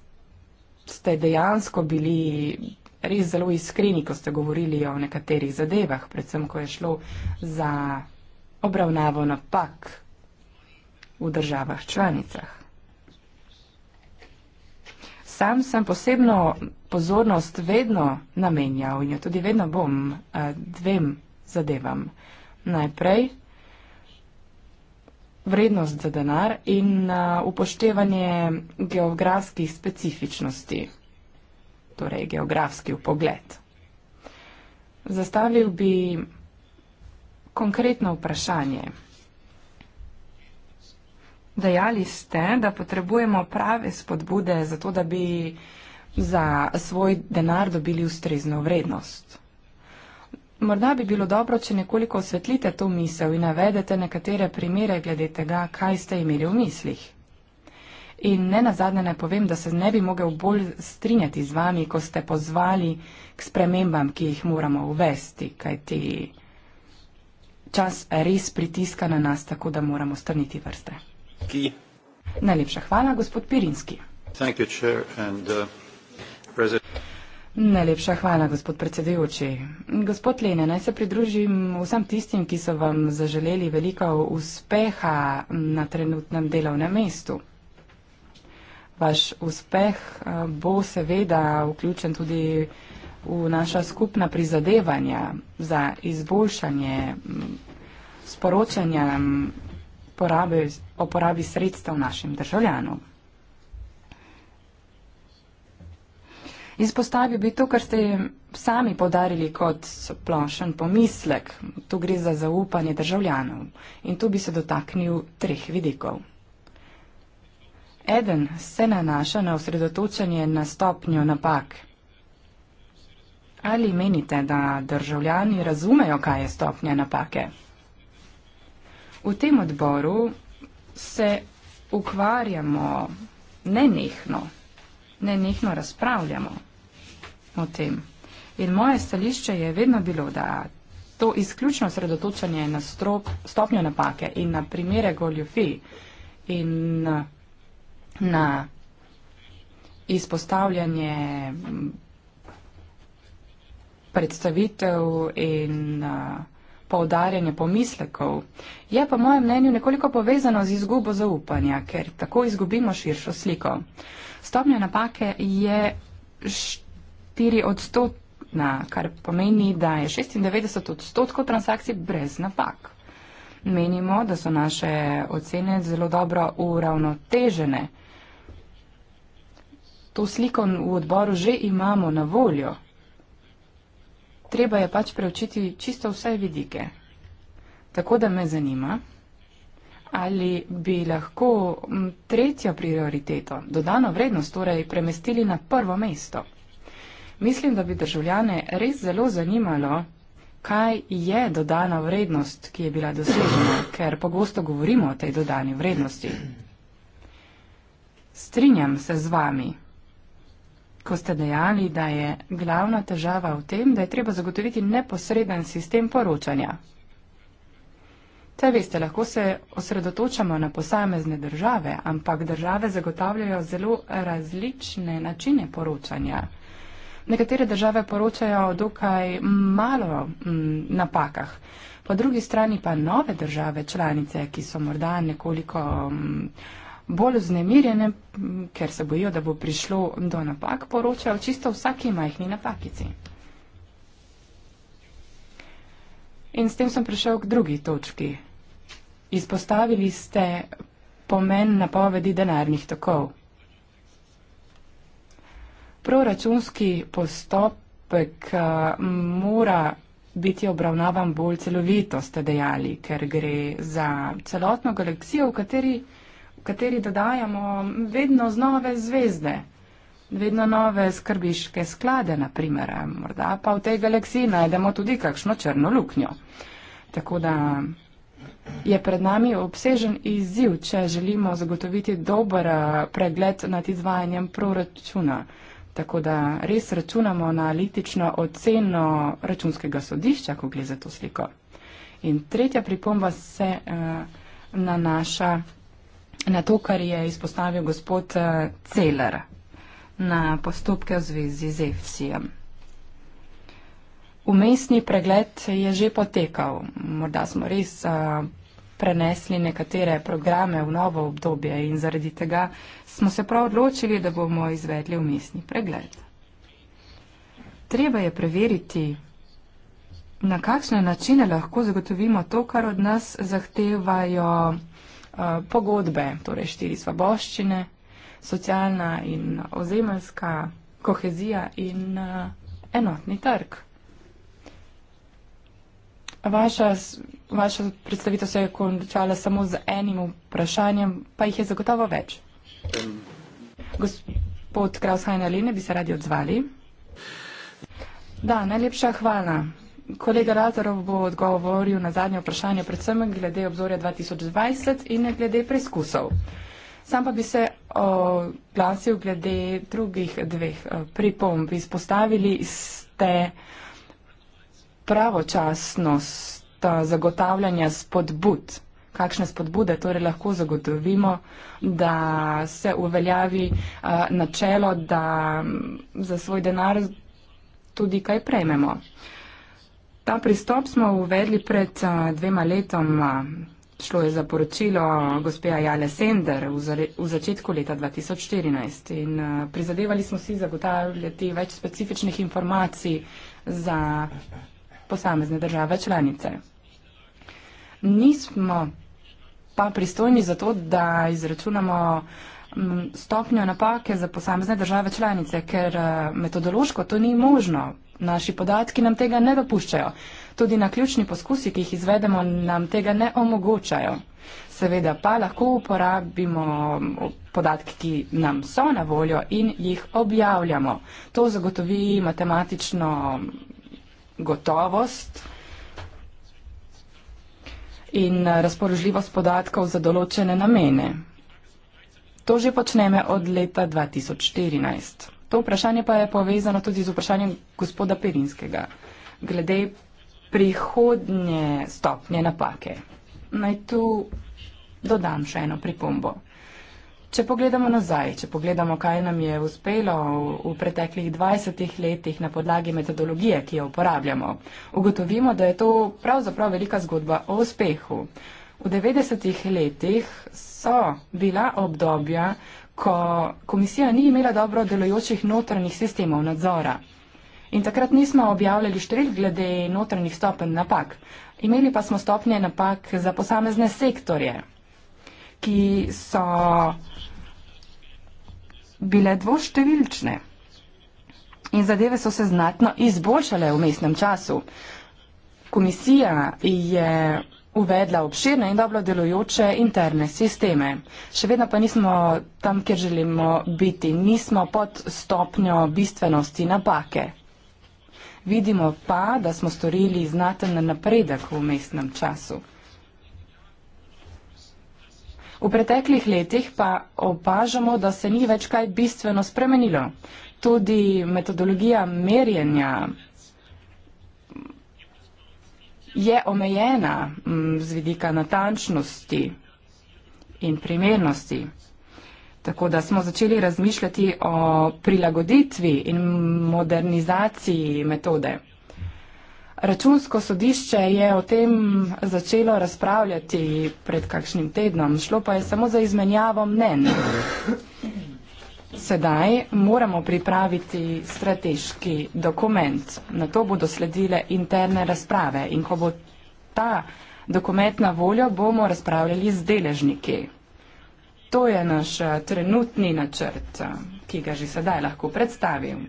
ste dejansko bili res zelo iskreni, ko ste govorili o nekaterih zadevah, predvsem ko je šlo za obravnavo napak v državah članicah. Sam sem posebno pozornost vedno namenjal in jo tudi vedno bom eh, dvem zadevam. Najprej vrednost za denar in na uh, upoštevanje geografskih specifičnosti, torej geografski upogled. Zastavil bi konkretno vprašanje. Dejali ste, da potrebujemo prave spodbude za to, da bi za svoj denar dobili ustrezno vrednost. Morda bi bilo dobro, če nekoliko osvetlite to misel in navedete nekatere primere glede tega, kaj ste imeli v mislih. In ne nazadnje naj povem, da se ne bi mogel bolj strinjati z vami, ko ste pozvali k spremembam, ki jih moramo uvesti, kajti čas res pritiska na nas, tako da moramo strniti vrste. Ki? Najlepša hvala, gospod Pirinski. Thank you, chair, and, uh, president... Najlepša hvala, gospod predsedujoči. Gospod Lene, naj se pridružim vsem tistim, ki so vam zaželeli veliko uspeha na trenutnem delovnem mestu. Vaš uspeh eh, bo seveda vključen tudi v naša skupna prizadevanja za izboljšanje sporočanja porabe, o porabi sredstev našim državljanom. Izpostavil bi to, kar ste sami podarili kot splošen pomislek. Tu gre za zaupanje državljanov in tu bi se dotaknil treh vidikov. Eden se nanaša na osredotočanje na stopnjo napak. Ali menite, da državljani razumejo, kaj je stopnja napake? V tem odboru se ukvarjamo nenehno, nenehno razpravljamo o tem. In moje stališče je vedno bilo, da to izključno sredotočanje na strop, stopnjo napake in na primere goljofij in na izpostavljanje predstavitev in poudarjanje pomislekov je po mojem mnenju nekoliko povezano z izgubo zaupanja, ker tako izgubimo širšo sliko. Stopnja napake je 4 odstotna, kar pomeni, da je 96 odstotkov transakcij brez napak. Menimo, da so naše ocene zelo dobro uravnotežene. To sliko v odboru že imamo na voljo. Treba je pač preučiti čisto vse vidike. Tako da me zanima, ali bi lahko tretjo prioriteto, dodano vrednost, torej premestili na prvo mesto mislim, da bi državljane res zelo zanimalo, kaj je dodana vrednost, ki je bila dosežena, ker pogosto govorimo o tej dodani vrednosti. Strinjam se z vami, ko ste dejali, da je glavna težava v tem, da je treba zagotoviti neposreden sistem poročanja. Te veste, lahko se osredotočamo na posamezne države, ampak države zagotavljajo zelo različne načine poročanja. Nekatere države poročajo o dokaj malo m, mm, napakah. Po drugi strani pa nove države članice, ki so morda nekoliko m, mm, bolj znemirjene, m, mm, ker se bojijo, da bo prišlo do napak, poročajo čisto vsaki majhni napakici. In s tem sem prišel k drugi točki. Izpostavili ste pomen napovedi denarnih tokov proračunski postopek eh, mora biti obravnavan bolj celovito, ste dejali, ker gre za celotno galaksijo, v kateri, v kateri dodajamo vedno znove zvezde, vedno nove skrbiške sklade, naprimer. Morda pa v tej galaksiji najdemo tudi kakšno črno luknjo. Tako da je pred nami obsežen izziv, če želimo zagotoviti dober eh, pregled nad izvajanjem proračuna. Tako da res računamo na analitično oceno računskega sodišča, ko gre za to sliko. In tretja pripomba se uh, nanaša na to, kar je izpostavil gospod uh, Celer na postopke v zvezi z EFSI-jem. Umestni pregled je že potekal. Morda smo res uh, prenesli nekatere programe v novo obdobje in zaradi tega smo se prav odločili, da bomo izvedli umestni pregled. Treba je preveriti, na kakšne načine lahko zagotovimo to, kar od nas zahtevajo uh, pogodbe, torej štiri svoboščine, socialna in ozemeljska kohezija in uh, enotni trg. Vaša, vaša predstavitev se je končala samo z enim vprašanjem, pa jih je zagotovo več. Gospod Kraushajn Aline, bi se radi odzvali? Da, najlepša hvala. Kolega Razorov bo odgovoril na zadnje vprašanje, predvsem glede obzorja 2020 in glede preizkusov. Sam pa bi se oglasil glede drugih dveh eh, pripomb. Izpostavili ste pravočasnost zagotavljanja spodbud. Kakšne spodbude torej lahko zagotovimo, da se uveljavi načelo, da za svoj denar tudi kaj prejmemo. Ta pristop smo uvedli pred dvema letoma. Šlo je za poročilo gospe Ajale Sender v, v začetku leta 2014 in prizadevali smo si zagotavljati več specifičnih informacij za posamezne države članice. Nismo pa pristojni za to, da izračunamo mm, stopnjo napake za posamezne države članice, ker eh, metodološko to ni možno. Naši podatki nam tega ne dopuščajo. Tudi na ključni poskusi, ki jih izvedemo, nam tega ne omogočajo. Seveda pa lahko uporabimo mm, podatke, ki nam so na voljo in jih objavljamo. To zagotovi matematično gotovost in eh, razpoložljivost podatkov za določene namene. To že počneme od leta 2014. To vprašanje pa je povezano tudi z vprašanjem gospoda Perinskega glede prihodnje stopnje napake. Naj tu dodam še eno pripombo. Če pogledamo nazaj, če pogledamo, kaj nam je uspelo v, v preteklih 20 letih na podlagi metodologije, ki jo uporabljamo, ugotovimo, da je to pravzaprav velika zgodba o uspehu. V 90 letih so bila obdobja, ko komisija ni imela dobro delojočih notranjih sistemov nadzora. In takrat nismo objavljali številk glede notranjih stopenj napak. Imeli pa smo stopnje napak za posamezne sektorje, ki so bile dvoštevilčne. In zadeve so se znatno izboljšale v mestnem času. Komisija je uvedla obširne in dobro delujoče interne sisteme. Še vedno pa nismo tam, kjer želimo biti. Nismo pod stopnjo bistvenosti napake. Vidimo pa, da smo storili znaten napredek v mestnem času. V preteklih letih pa opažamo, da se ni več kaj bistveno spremenilo. Tudi metodologija merjenja je omejena mm, z vidika natančnosti in primernosti. Tako da smo začeli razmišljati o prilagoditvi in modernizaciji metode. Računsko sodišče je o tem začelo razpravljati pred kakšnim tednom, šlo pa je samo za izmenjavo mnen. Sedaj moramo pripraviti strateški dokument. Na to bodo sledile interne razprave in ko bo ta dokument na voljo, bomo razpravljali z deležniki. To je naš trenutni načrt, ki ga že sedaj lahko predstavim.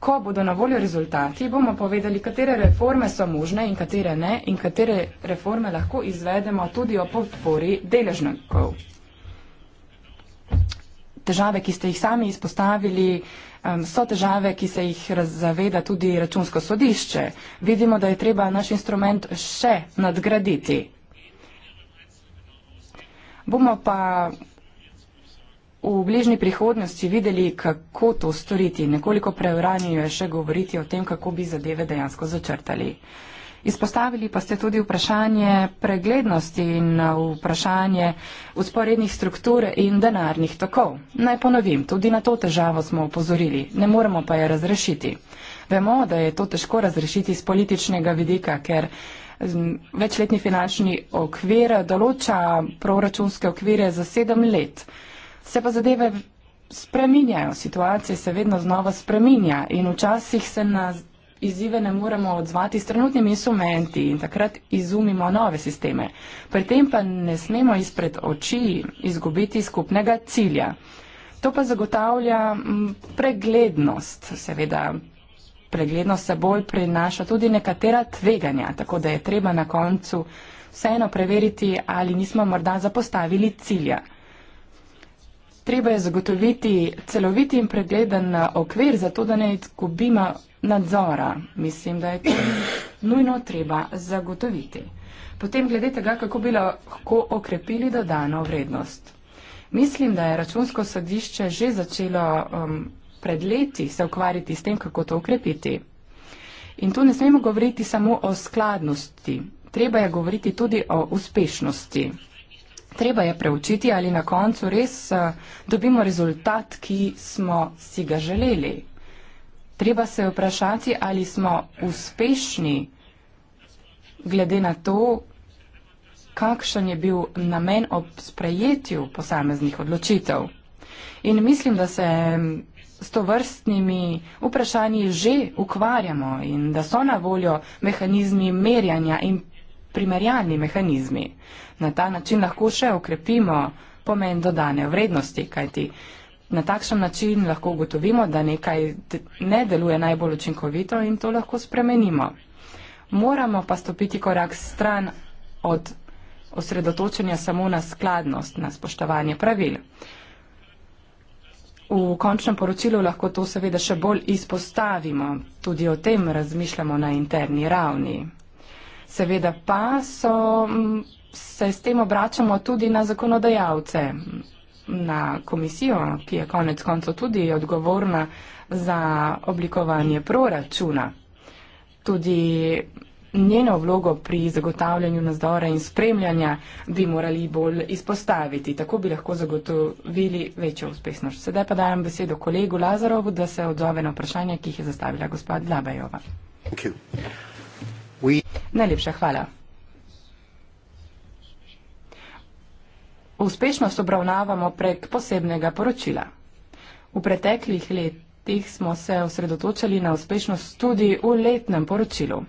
Ko bodo na voljo rezultati, bomo povedali, katere reforme so možne in katere ne in katere reforme lahko izvedemo tudi o podpori deležnikov. Težave, ki ste jih sami izpostavili, so težave, ki se jih zaveda tudi računsko sodišče. Vidimo, da je treba naš instrument še nadgraditi. Bomo pa v bližnji prihodnosti videli, kako to storiti. Nekoliko preuranjeno je še govoriti o tem, kako bi zadeve dejansko začrtali. Izpostavili pa ste tudi vprašanje preglednosti in uh, vprašanje usporednih struktur in denarnih tokov. Naj ponovim, tudi na to težavo smo opozorili, ne moremo pa jo razrešiti. Vemo, da je to težko razrešiti iz političnega vidika, ker um, večletni finančni okvir določa proračunske okvire za sedem let. Se pa zadeve spreminjajo, situacija se vedno znova spreminja in včasih se na izzive ne moremo odzvati s trenutnimi instrumenti in takrat izumimo nove sisteme. Pri tem pa ne smemo izpred oči izgubiti skupnega cilja. To pa zagotavlja preglednost. Seveda, preglednost seboj prinaša tudi nekatera tveganja, tako da je treba na koncu vseeno preveriti, ali nismo morda zapostavili cilja. Treba je zagotoviti celoviti in pregleden eh, okvir, zato da ne izgubimo nadzora. Mislim, da je to nujno treba zagotoviti. Potem glede tega, kako bi lahko okrepili dodano vrednost. Mislim, da je računsko sodišče že začelo um, pred leti se ukvarjati s tem, kako to okrepiti. In tu ne smemo govoriti samo o skladnosti, treba je govoriti tudi o uspešnosti. Treba je preučiti, ali na koncu res eh, dobimo rezultat, ki smo si ga želeli. Treba se vprašati, ali smo uspešni glede na to, kakšen je bil namen ob sprejetju posameznih odločitev. In mislim, da se mm, s to vrstnimi vprašanji že ukvarjamo in da so na voljo mehanizmi merjanja in primerjalni mehanizmi. Na ta način lahko še ukrepimo pomen dodane vrednosti, kajti na takšen način lahko ugotovimo, da nekaj ne deluje najbolj učinkovito in to lahko spremenimo. Moramo pa stopiti korak stran od osredotočenja samo na skladnost, na spoštovanje pravil. V končnem poročilu lahko to seveda še bolj izpostavimo, tudi o tem razmišljamo na interni ravni. Seveda pa so, se s tem obračamo tudi na zakonodajalce, na komisijo, ki je konec konco tudi odgovorna za oblikovanje proračuna. Tudi njeno vlogo pri zagotavljanju nadzora in spremljanja bi morali bolj izpostaviti. Tako bi lahko zagotovili večjo uspešnost. Sedaj pa dajem besedo kolegu Lazarovu, da se odzove na vprašanje, ki jih je zastavila gospod Dlabajova. Thank you. Najlepša hvala. Uspešnost obravnavamo prek posebnega poročila. V preteklih letih smo se osredotočali na uspešnost tudi v letnem poročilu.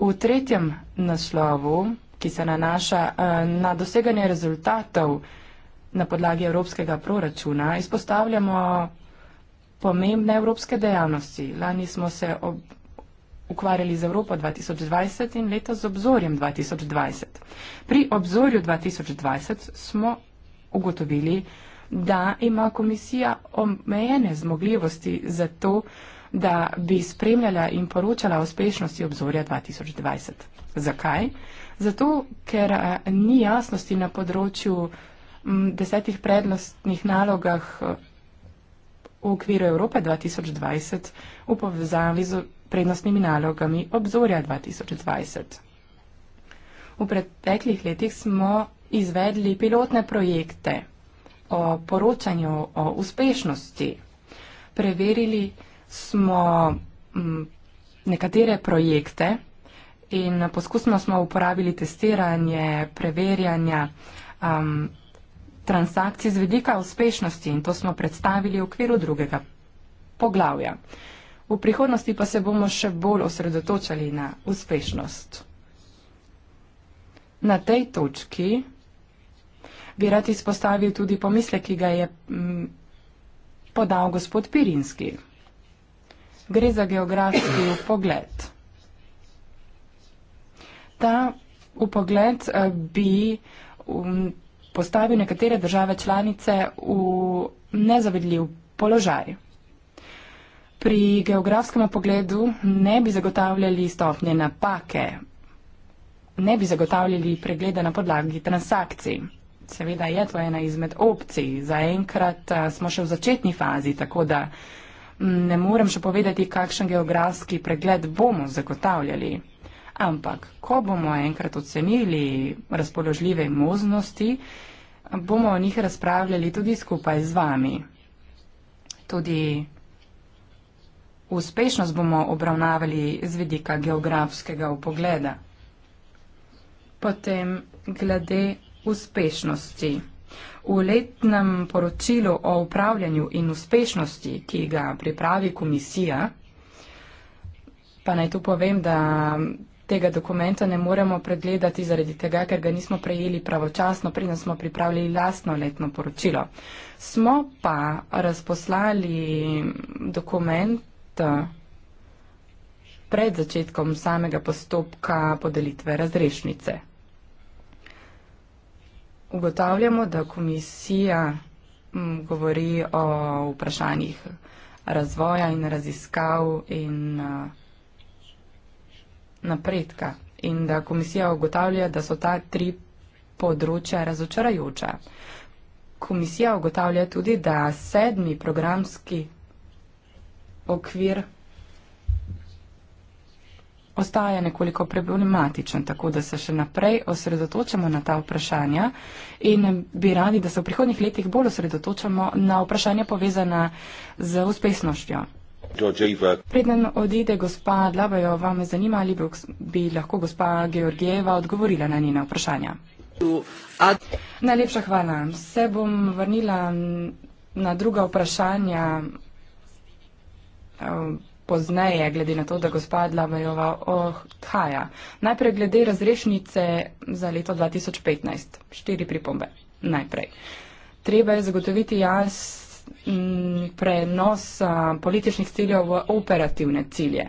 V tretjem naslovu, ki se nanaša eh, na doseganje rezultatov na podlagi evropskega proračuna, izpostavljamo pomembne evropske dejavnosti. Lani smo se ukvarjali z Evropo 2020 in leta z obzorjem 2020. Pri obzorju 2020 smo ugotovili, da ima komisija omejene zmogljivosti za to, da bi spremljala in poročala o uspešnosti obzorja 2020. Zakaj? Zato, ker eh, ni jasnosti na področju desetih prednostnih nalogah eh, v okviru Evrope 2020 v povezavi z prednostnimi nalogami obzorja 2020. V preteklih letih smo izvedli pilotne projekte o poročanju o uspešnosti. Preverili smo mm, nekatere projekte in poskusno smo uporabili testiranje, preverjanja um, transakcij z vedika uspešnosti in to smo predstavili v okviru drugega poglavja. Uh, v prihodnosti pa se bomo še bolj osredotočali na uspešnost. Na tej točki bi rad izpostavil tudi pomisle, ki ga je mm, podal gospod Pirinski. Gre za geografski pogled. Ta upogled eh, bi mm, postavil nekatere države članice v nezavedljiv položaj pri geografskem pogledu ne bi zagotavljali stopnje napake, ne bi zagotavljali pregleda na podlagi transakcij. Seveda je to ena izmed opcij. Zaenkrat smo še v začetni fazi, tako da ne morem še povedati, kakšen geografski pregled bomo zagotavljali. Ampak, ko bomo enkrat ocenili razpoložljive možnosti, bomo o njih razpravljali tudi skupaj z vami. Tudi Uspešnost bomo obravnavali z vidika geografskega upogleda. Potem glede uspešnosti. V letnem poročilu o upravljanju in uspešnosti, ki ga pripravi komisija, pa naj tu povem, da tega dokumenta ne moremo pregledati zaradi tega, ker ga nismo prejeli pravočasno, preden smo pripravili lastno letno poročilo. Smo pa razposlali dokument pred začetkom samega postopka podelitve razrešnice. Ugotavljamo, da komisija govori o vprašanjih razvoja in raziskav in napredka in da komisija ugotavlja, da so ta tri področja razočarajoča. Komisija ugotavlja tudi, da sedmi programski okvir ostaja nekoliko problematičen, tako da se še naprej osredotočamo na ta vprašanja in bi radi, da se v prihodnih letih bolj osredotočamo na vprašanja povezana z uspešnostjo. Preden odide gospa Dlabajo, vam zanima, ali bi lahko gospa Georgijeva odgovorila na njene vprašanja. Najlepša hvala. Se bom vrnila na druga vprašanja Ehm, pozneje, glede na to, da gospa Dlamejova odhaja. Najprej glede razrešnice za leto 2015. Štiri pripombe. Najprej. Treba je zagotoviti jaz prenos političnih ciljev v operativne cilje.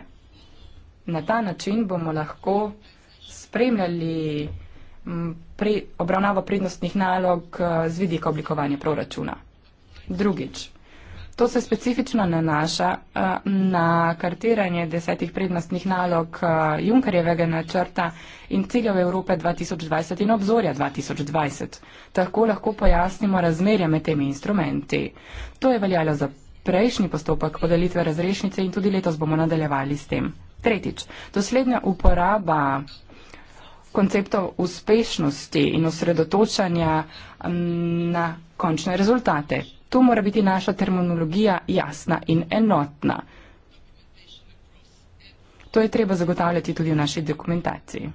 Na ta način bomo lahko spremljali pre, obravnavo prednostnih nalog z vidika oblikovanja proračuna. Drugič. To se specifično nanaša eh, na kartiranje desetih prednostnih nalog eh, Junkerjevega načrta in ciljev Evrope 2020 in obzorja 2020. Tako lahko pojasnimo razmerja med temi instrumenti. To je veljalo za prejšnji postopek podelitve razrešnice in tudi letos bomo nadaljevali s tem. Tretjič, doslednja uporaba konceptov uspešnosti in osredotočanja mm, na končne rezultate. To mora biti naša terminologija jasna in enotna. To je treba zagotavljati tudi v naši dokumentaciji.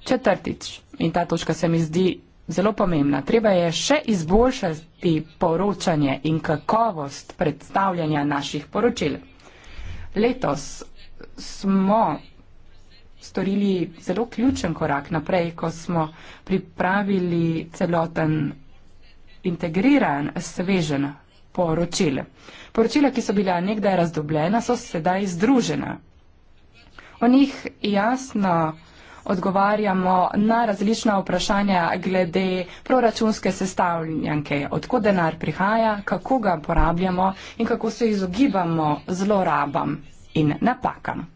Četrtič, in ta točka se mi zdi zelo pomembna, treba je še izboljšati poročanje in kakovost predstavljanja naših poročil. Letos smo storili zelo ključen korak naprej, ko smo pripravili celoten integriran svežen poročil. Poročila, ki so bila nekdaj razdobljena, so sedaj združena. O njih jasno odgovarjamo na različna vprašanja glede proračunske sestavljanke, odkud denar prihaja, kako ga porabljamo in kako se izogibamo zlorabam in napakam.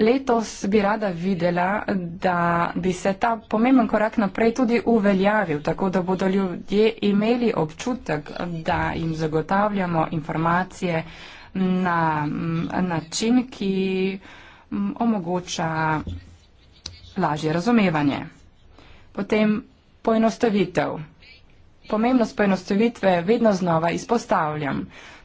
Letos bi rada videla, da bi se ta pomemben korak naprej tudi uveljavil, tako da bodo ljudje imeli občutek, da jim zagotavljamo informacije na mm, način, ki mm, omogoča lažje razumevanje. Potem poenostavitev. Pomembnost poenostavitve vedno znova izpostavljam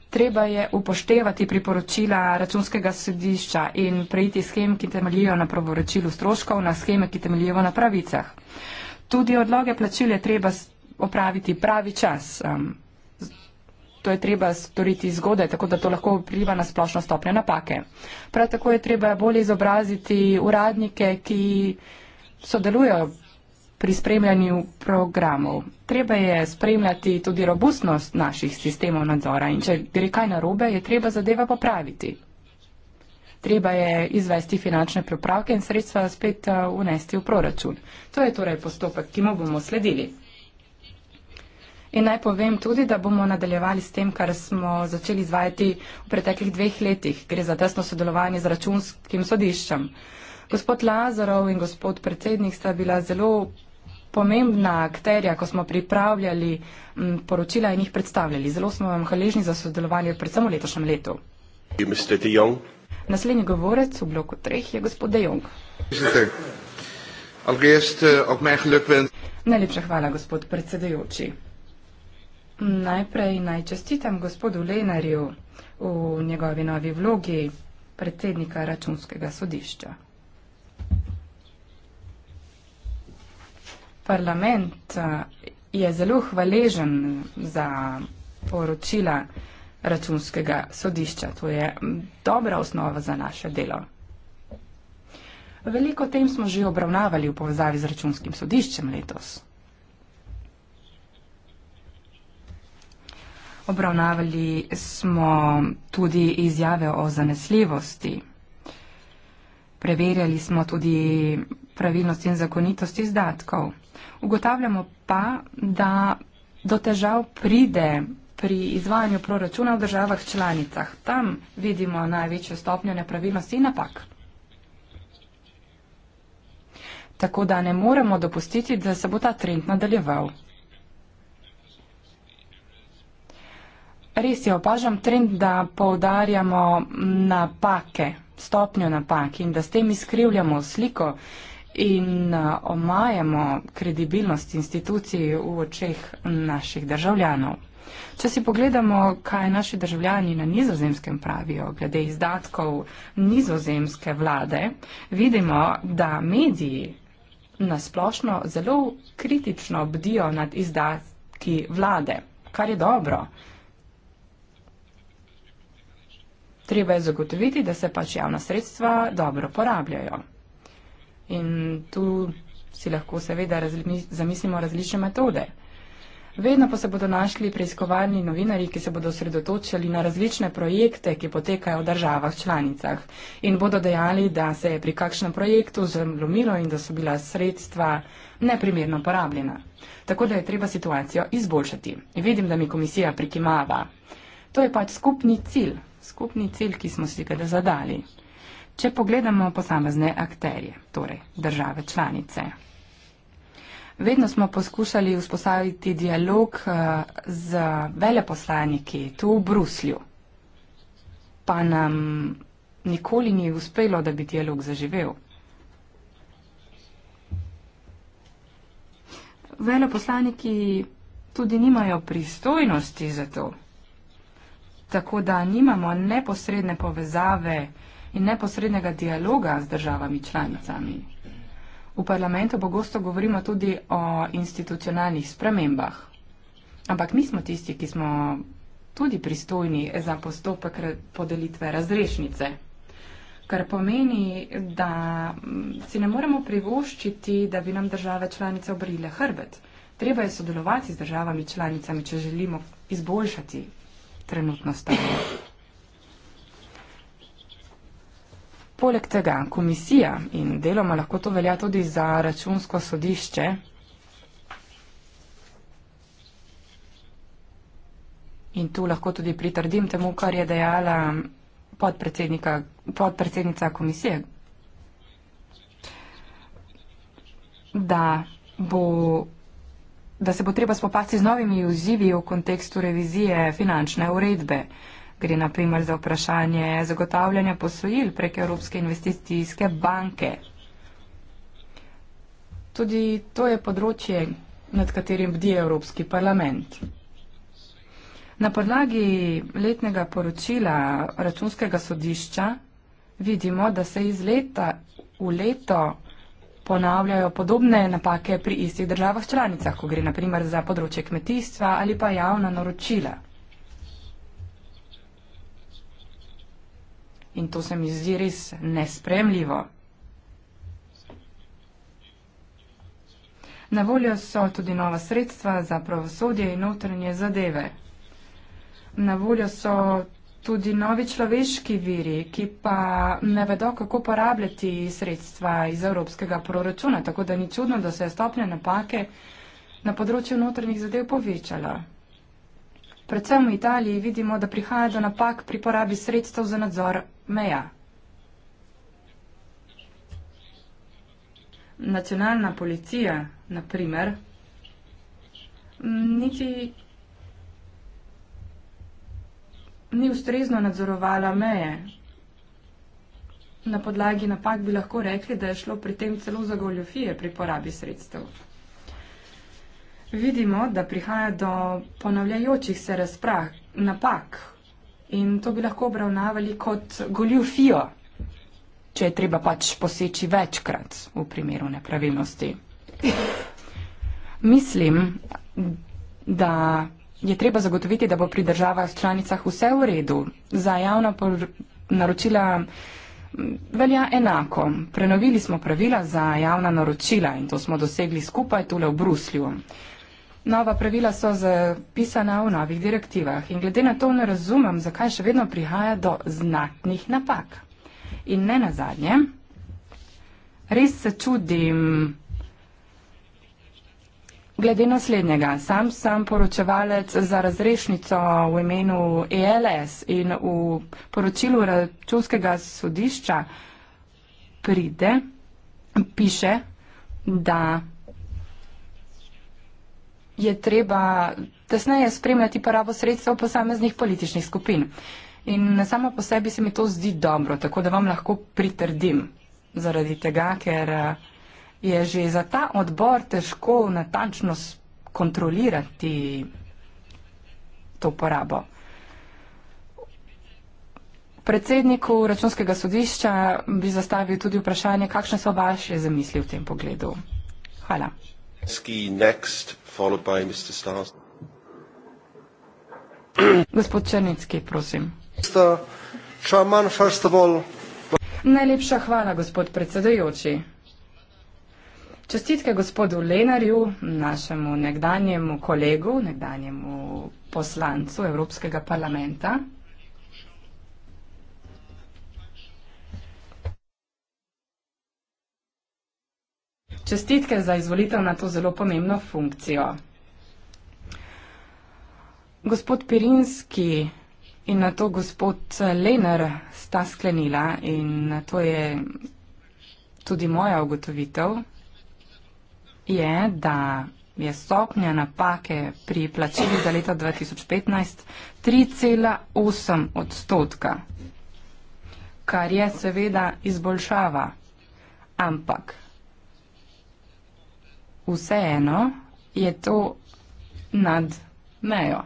treba je upoštevati priporočila računskega sodišča in preiti schem, ki temeljijo na pravoročilu stroškov, na scheme, ki temeljijo na pravicah. Tudi odloge plačil je treba opraviti pravi čas. To je treba storiti zgodaj, tako da to lahko vpliva na splošno stopnjo napake. Prav tako je treba bolje izobraziti uradnike, ki sodelujo pri spremljanju programov. Treba je spremljati tudi robustnost naših sistemov nadzora in če gre kaj narobe, je treba zadeva popraviti. Treba je izvesti finančne pripravke in sredstva spet unesti eh, v proračun. To je torej postopek, ki mu bomo sledili. In naj povem tudi, da bomo nadaljevali s tem, kar smo začeli izvajati v preteklih dveh letih. Gre za tesno sodelovanje z računskim sodiščem. Gospod Lazarov in gospod predsednik sta bila zelo pomembna akterja, ko smo pripravljali m, poročila in jih predstavljali. Zelo smo vam hvaležni za sodelovanje predvsem v letošnjem letu. Naslednji govorec v bloku treh je gospod De Jong. Eh, Najlepša hvala, gospod predsedujoči. Najprej naj čestitam gospodu Lenarju v njegovi novi vlogi predsednika računskega sodišča. Parlament eh, je zelo hvaležen za poročila računskega sodišča. To je mm, dobra osnova za naše delo. Veliko tem smo že obravnavali v povezavi z računskim sodiščem letos. Obravnavali smo tudi izjave o zanesljivosti. Preverjali smo tudi pravilnost in zakonitost izdatkov. Ugotavljamo pa, da do težav pride pri izvajanju proračuna v državah članicah. Tam vidimo največjo stopnjo nepravilnosti in napak. Tako da ne moremo dopustiti, da se bo ta trend nadaljeval. Res je, opažam trend, da poudarjamo napake, stopnjo napak in da s tem izkrivljamo sliko, in eh, omajamo kredibilnost institucij v očeh naših državljanov. Če si pogledamo, kaj naši državljani na nizozemskem pravijo glede izdatkov nizozemske vlade, vidimo, da mediji nasplošno zelo kritično bdijo nad izdatki vlade, kar je dobro. Treba je zagotoviti, da se pač javna sredstva dobro porabljajo. In tu si lahko seveda razli, zamislimo različne metode. Vedno pa se bodo našli preiskovalni novinari, ki se bodo osredotočili na različne projekte, ki potekajo v državah članicah in bodo dejali, da se je pri kakšnem projektu zlomilo in da so bila sredstva neprimerno porabljena. Tako da je treba situacijo izboljšati. Vidim, da mi komisija prikimava. To je pač skupni cilj, skupni cilj, ki smo si ga zadali če pogledamo posamezne akterje, torej države članice. Vedno smo poskušali vzpostaviti dialog eh, z veleposlaniki tu v Bruslju, pa nam nikoli ni uspelo, da bi dialog zaživel. Veleposlaniki tudi nimajo pristojnosti za to, tako da nimamo neposredne povezave in neposrednega dialoga z državami članicami. V parlamentu pogosto govorimo tudi o institucionalnih spremembah. Ampak mi smo tisti, ki smo tudi pristojni za postopek podelitve razrešnice. Kar pomeni, da mm, si ne moremo privoščiti, da bi nam države članice obrile hrbet. Treba je sodelovati z državami članicami, če želimo izboljšati trenutno stanje. Poleg tega komisija in deloma lahko to velja tudi za računsko sodišče. In tu lahko tudi pritrdim temu, kar je dejala podpredsednica komisije, da, bo, da se bo treba spopasti z novimi vzivi v kontekstu revizije finančne uredbe. Gre naprimer za vprašanje zagotavljanja posojil prek Evropske investicijske banke. Tudi to je področje, nad katerim bdi Evropski parlament. Na podlagi letnega poročila računskega sodišča vidimo, da se iz leta v leto ponavljajo podobne napake pri istih državah članicah, ko gre naprimer za področje kmetijstva ali pa javna naročila. In to se mi zdi res nespremljivo. Na voljo so tudi nova sredstva za pravosodje in notranje zadeve. Na voljo so tudi novi človeški viri, ki pa ne vedo, kako porabljati sredstva iz evropskega proračuna, tako da ni čudno, da se je stopnja napake na področju notranjih zadev povečala. Predvsem v Italiji vidimo, da prihaja do napak pri porabi sredstev za nadzor meja. Nacionalna policija, na primer, niti ni ustrezno nadzorovala meje. Na podlagi napak bi lahko rekli, da je šlo pri tem celo za goljofije pri porabi sredstev. Vidimo, da prihaja do ponavljajočih se razprah, napak in to bi lahko obravnavali kot goljufijo, če je treba pač poseči večkrat v primeru nepravilnosti. Mislim, da je treba zagotoviti, da bo pri državah članicah vse v redu. Za javna naročila velja enako. Prenovili smo pravila za javna naročila in to smo dosegli skupaj tule v Bruslju. Nova pravila so zapisana v novih direktivah in glede na to ne razumem, zakaj še vedno prihaja do znatnih napak. In ne nazadnje, res se čudim glede naslednjega. Sam sem poročevalec za razrešnico v imenu ELS in v poročilu računskega sodišča pride, piše, da je treba tesneje spremljati porabo sredstev posameznih političnih skupin. In samo po sebi se mi to zdi dobro, tako da vam lahko pritrdim zaradi tega, ker eh, je že za ta odbor težko natančno kontrolirati to porabo. Predsedniku računskega sodišča bi zastavil tudi vprašanje, kakšne so vaše zamisli v tem pogledu. Hvala followed by Mr. Stars. Gospod Črnitski, prosim. Mr. Chairman, first of all. Najlepša hvala, gospod predsedujoči. Čestitke gospodu Lenarju, našemu nekdanjemu kolegu, nekdanjemu poslancu Evropskega parlamenta. Čestitke za izvolitev na to zelo pomembno funkcijo. Gospod Pirinski in na to gospod Lenar sta sklenila in to je tudi moja ugotovitev, je, da je stopnja napake pri plačilih za leto 2015 3,8 odstotka, kar je seveda izboljšava. Ampak vseeno je to nad mejo,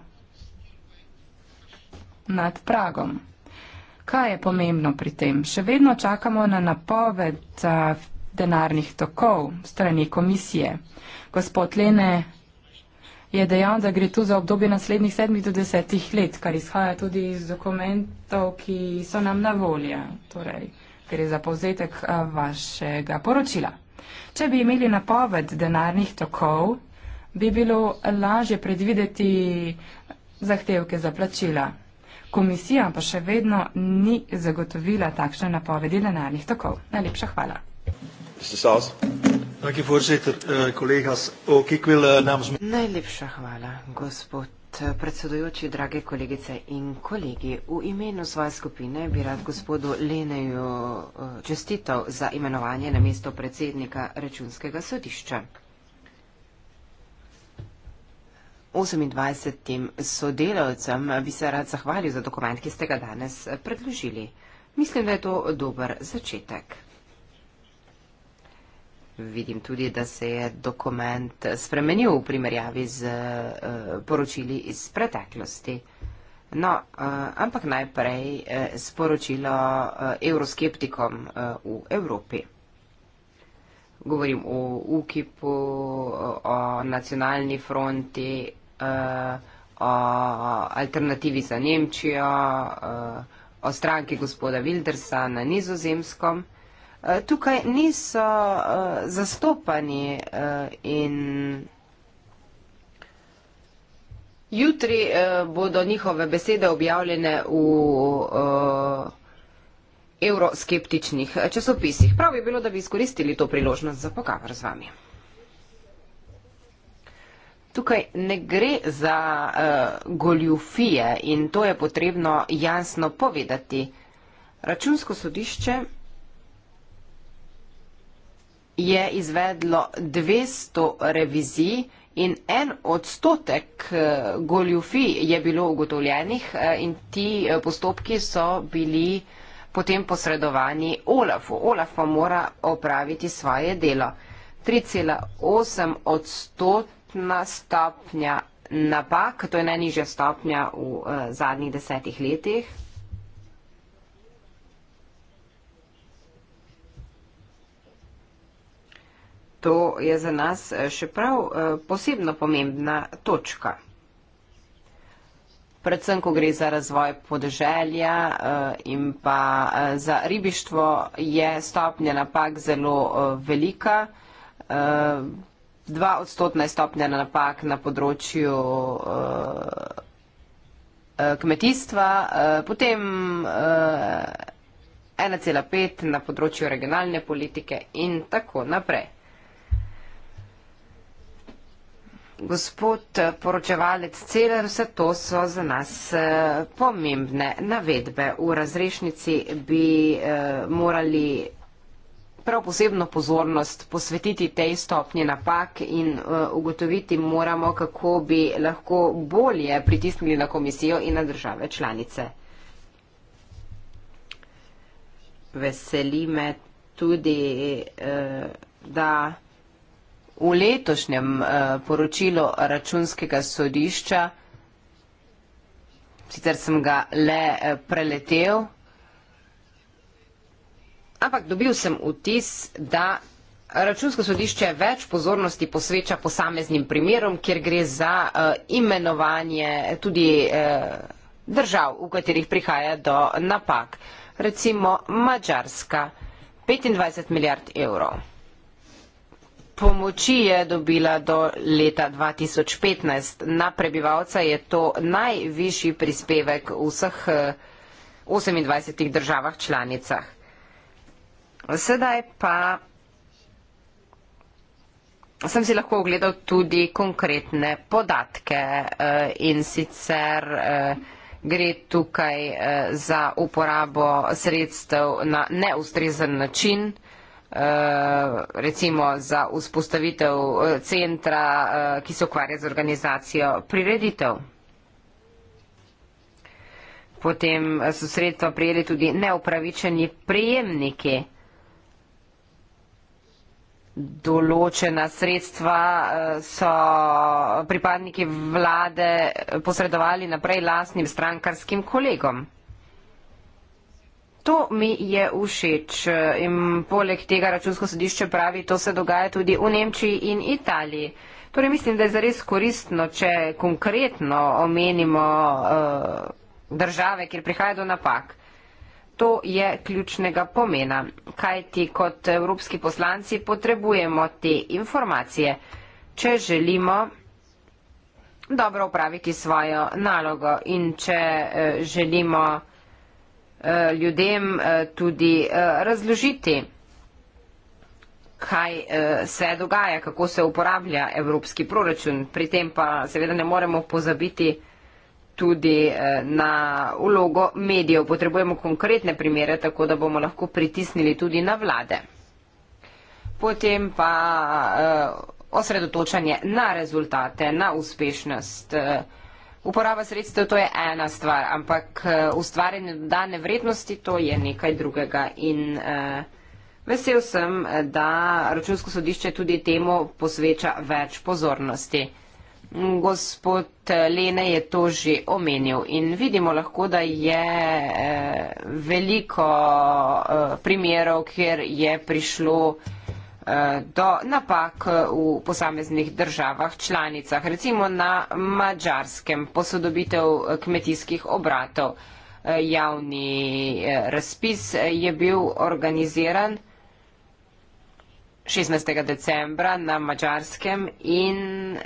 nad pragom. Kaj je pomembno pri tem? Še vedno čakamo na napoved denarnih tokov strani komisije. Gospod Lene je dejal, da gre tu za obdobje naslednjih sedmih do desetih let, kar izhaja tudi iz dokumentov, ki so nam na voljo, torej gre za povzetek vašega poročila. Če bi imeli napoved denarnih tokov, bi bilo lažje predvideti zahtevke za plačila. Komisija pa še vedno ni zagotovila takšne napovedi denarnih tokov. Najlepša hvala. Eh, eh, Najlepša hvala, gospod predsedujoči, drage kolegice in kolegi. V imenu svoje skupine bi rad gospodu Leneju eh, čestitev za imenovanje na mesto predsednika Rečunskega sodišča. 28. sodelavcem bi se rad zahvalil za dokument, ki ste ga danes predložili. Mislim, da je to dober začetek. Vidim tudi, da se je dokument spremenil v primerjavi z uh, poročili iz preteklosti. No, uh, ampak najprej uh, sporočilo uh, euroskeptikom uh, v Evropi. Govorim o UKIP-u, o nacionalni fronti, uh, o alternativi za Nemčijo, uh, o stranki gospoda Wildersa na nizozemskem. Uh, tukaj niso uh, zastopani uh, in jutri uh, bodo njihove besede objavljene v uh, euroskeptičnih časopisih. Prav bi bilo, da bi izkoristili to priložnost za pogovor z vami. Tukaj ne gre za uh, goljufije in to je potrebno jasno povedati. Računsko sodišče je izvedlo 200 revizij in en odstotek eh, goljufi je bilo ugotovljenih eh, in ti eh, postopki so bili potem posredovani Olafu. Olaf pa mora opraviti svoje delo. 3,8 odstotna stopnja napak, to je najnižja stopnja v zadnjih desetih letih. To je za nas eh, še prav eh, posebno pomembna točka. Predvsem, ko gre za razvoj podeželja eh, in pa za ribištvo, je stopnja napak zelo velika. Dva odstotna je stopnja napak na področju kmetijstva, potem 1,5 na področju regionalne politike in tako naprej. gospod poročevalec Celer, vse to so za nas eh, pomembne navedbe. V razrešnici bi eh, morali prav posebno pozornost posvetiti tej stopnji napak in eh, ugotoviti moramo, kako bi lahko bolje pritisnili na komisijo in na države članice. Veseli me tudi, da v letošnjem eh, poročilu računskega sodišča, sicer sem ga le eh, preletel, ampak dobil sem vtis, da računsko sodišče več pozornosti posveča posameznim primerom, kjer gre za eh, imenovanje tudi držav, v katerih prihaja do napak. Recimo Mačarska, 25 milijard evrov pomoči je dobila do leta 2015. Na prebivalca je to najvišji prispevek v vseh 28 eh, državah članicah. Sedaj pa sem si lahko ogledal tudi konkretne podatke eh, in sicer eh, gre tukaj za uporabo sredstev na neustrezen način. Eh, recimo za vzpostavitev eh, centra, eh, ki se ukvarja z organizacijo prireditev. Potem so sredstva prijeli tudi neupravičeni prejemniki. Določena sredstva so pripadniki vlade posredovali naprej lasnim strankarskim kolegom. To mi je všeč in poleg tega računsko sodišče pravi, to se dogaja tudi v Nemčiji in Italiji. Torej mislim, da je zares koristno, če konkretno omenimo uh, države, kjer prihaja do napak. To je ključnega pomena, kajti kot evropski poslanci potrebujemo te informacije, če želimo dobro upraviti svojo nalogo in če uh, želimo. Eh, ljudem eh, tudi eh, razložiti, kaj se dogaja, kako se uporablja evropski proračun. Pri tem pa seveda ne moremo pozabiti tudi na ulogo medijev. Potrebujemo konkretne primere, tako da bomo lahko pritisnili tudi na vlade. Potem pa osredotočanje na rezultate, na uspešnost Uporaba sredstev to je ena stvar, ampak eh, ustvarjanje dodane vrednosti to je nekaj drugega. In uh, vesel sem, da računsko sodišče tudi temu posveča več pozornosti. Gospod eh, Lene je to že omenil in vidimo lahko, da je veliko primerov, kjer je prišlo Eh, do napak eh, v posameznih državah članicah, recimo na mačarskem posodobitev eh, kmetijskih obratov. Javni razpis je bil organiziran 16. decembra na mačarskem in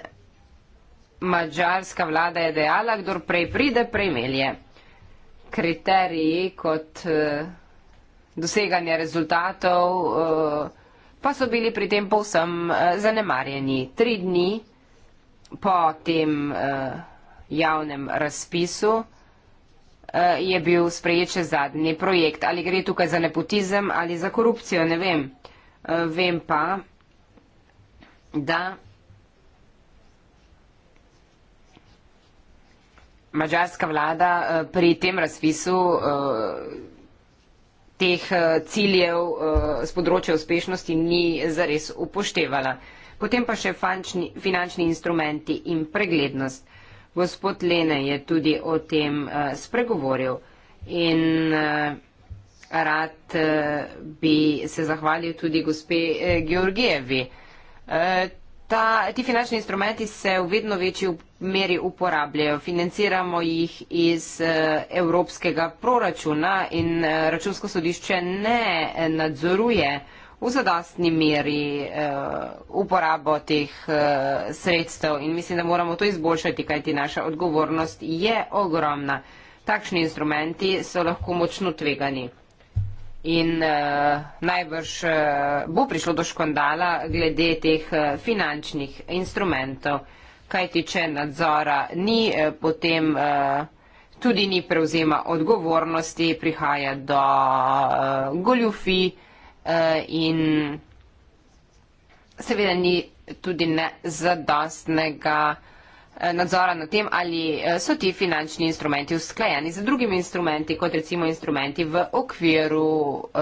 mačarska vlada je dejala, kdor prej pride, prej melje. Kriteriji kot doseganje rezultatov uh, pa so bili pri tem povsem eh, zanemarjeni. Tri dni po tem eh, javnem razpisu eh, je bil sprejet še zadnji projekt. Ali gre tukaj za nepotizem ali za korupcijo, ne vem. Vem pa, da mađarska vlada pri tem razpisu teh eh, ciljev z eh, področja uspešnosti ni zares upoštevala. Potem pa še fančni, finančni instrumenti in preglednost. Gospod Lene je tudi o tem eh, spregovoril in rad bi se zahvalil tudi gospe Georgijevi ta, ti finančni instrumenti se v vedno večji meri uporabljajo. Financiramo jih iz eh, evropskega proračuna in eh, računsko sodišče ne nadzoruje v zadostni meri uh, uporabo teh uh, sredstev in mislim, da moramo to izboljšati, kajti naša odgovornost je ogromna. Takšni instrumenti so lahko močno tvegani in uh, najbrž uh, bo prišlo do škandala glede teh uh, finančnih instrumentov, kaj tiče nadzora, ni uh, potem uh, tudi ni prevzema odgovornosti, prihaja do uh, goljufi uh, in seveda ni tudi ne zadostnega uh, Eh, nadzora nad tem, ali eh, so ti finančni instrumenti usklajeni z drugimi instrumenti, kot recimo instrumenti v okviru, eh,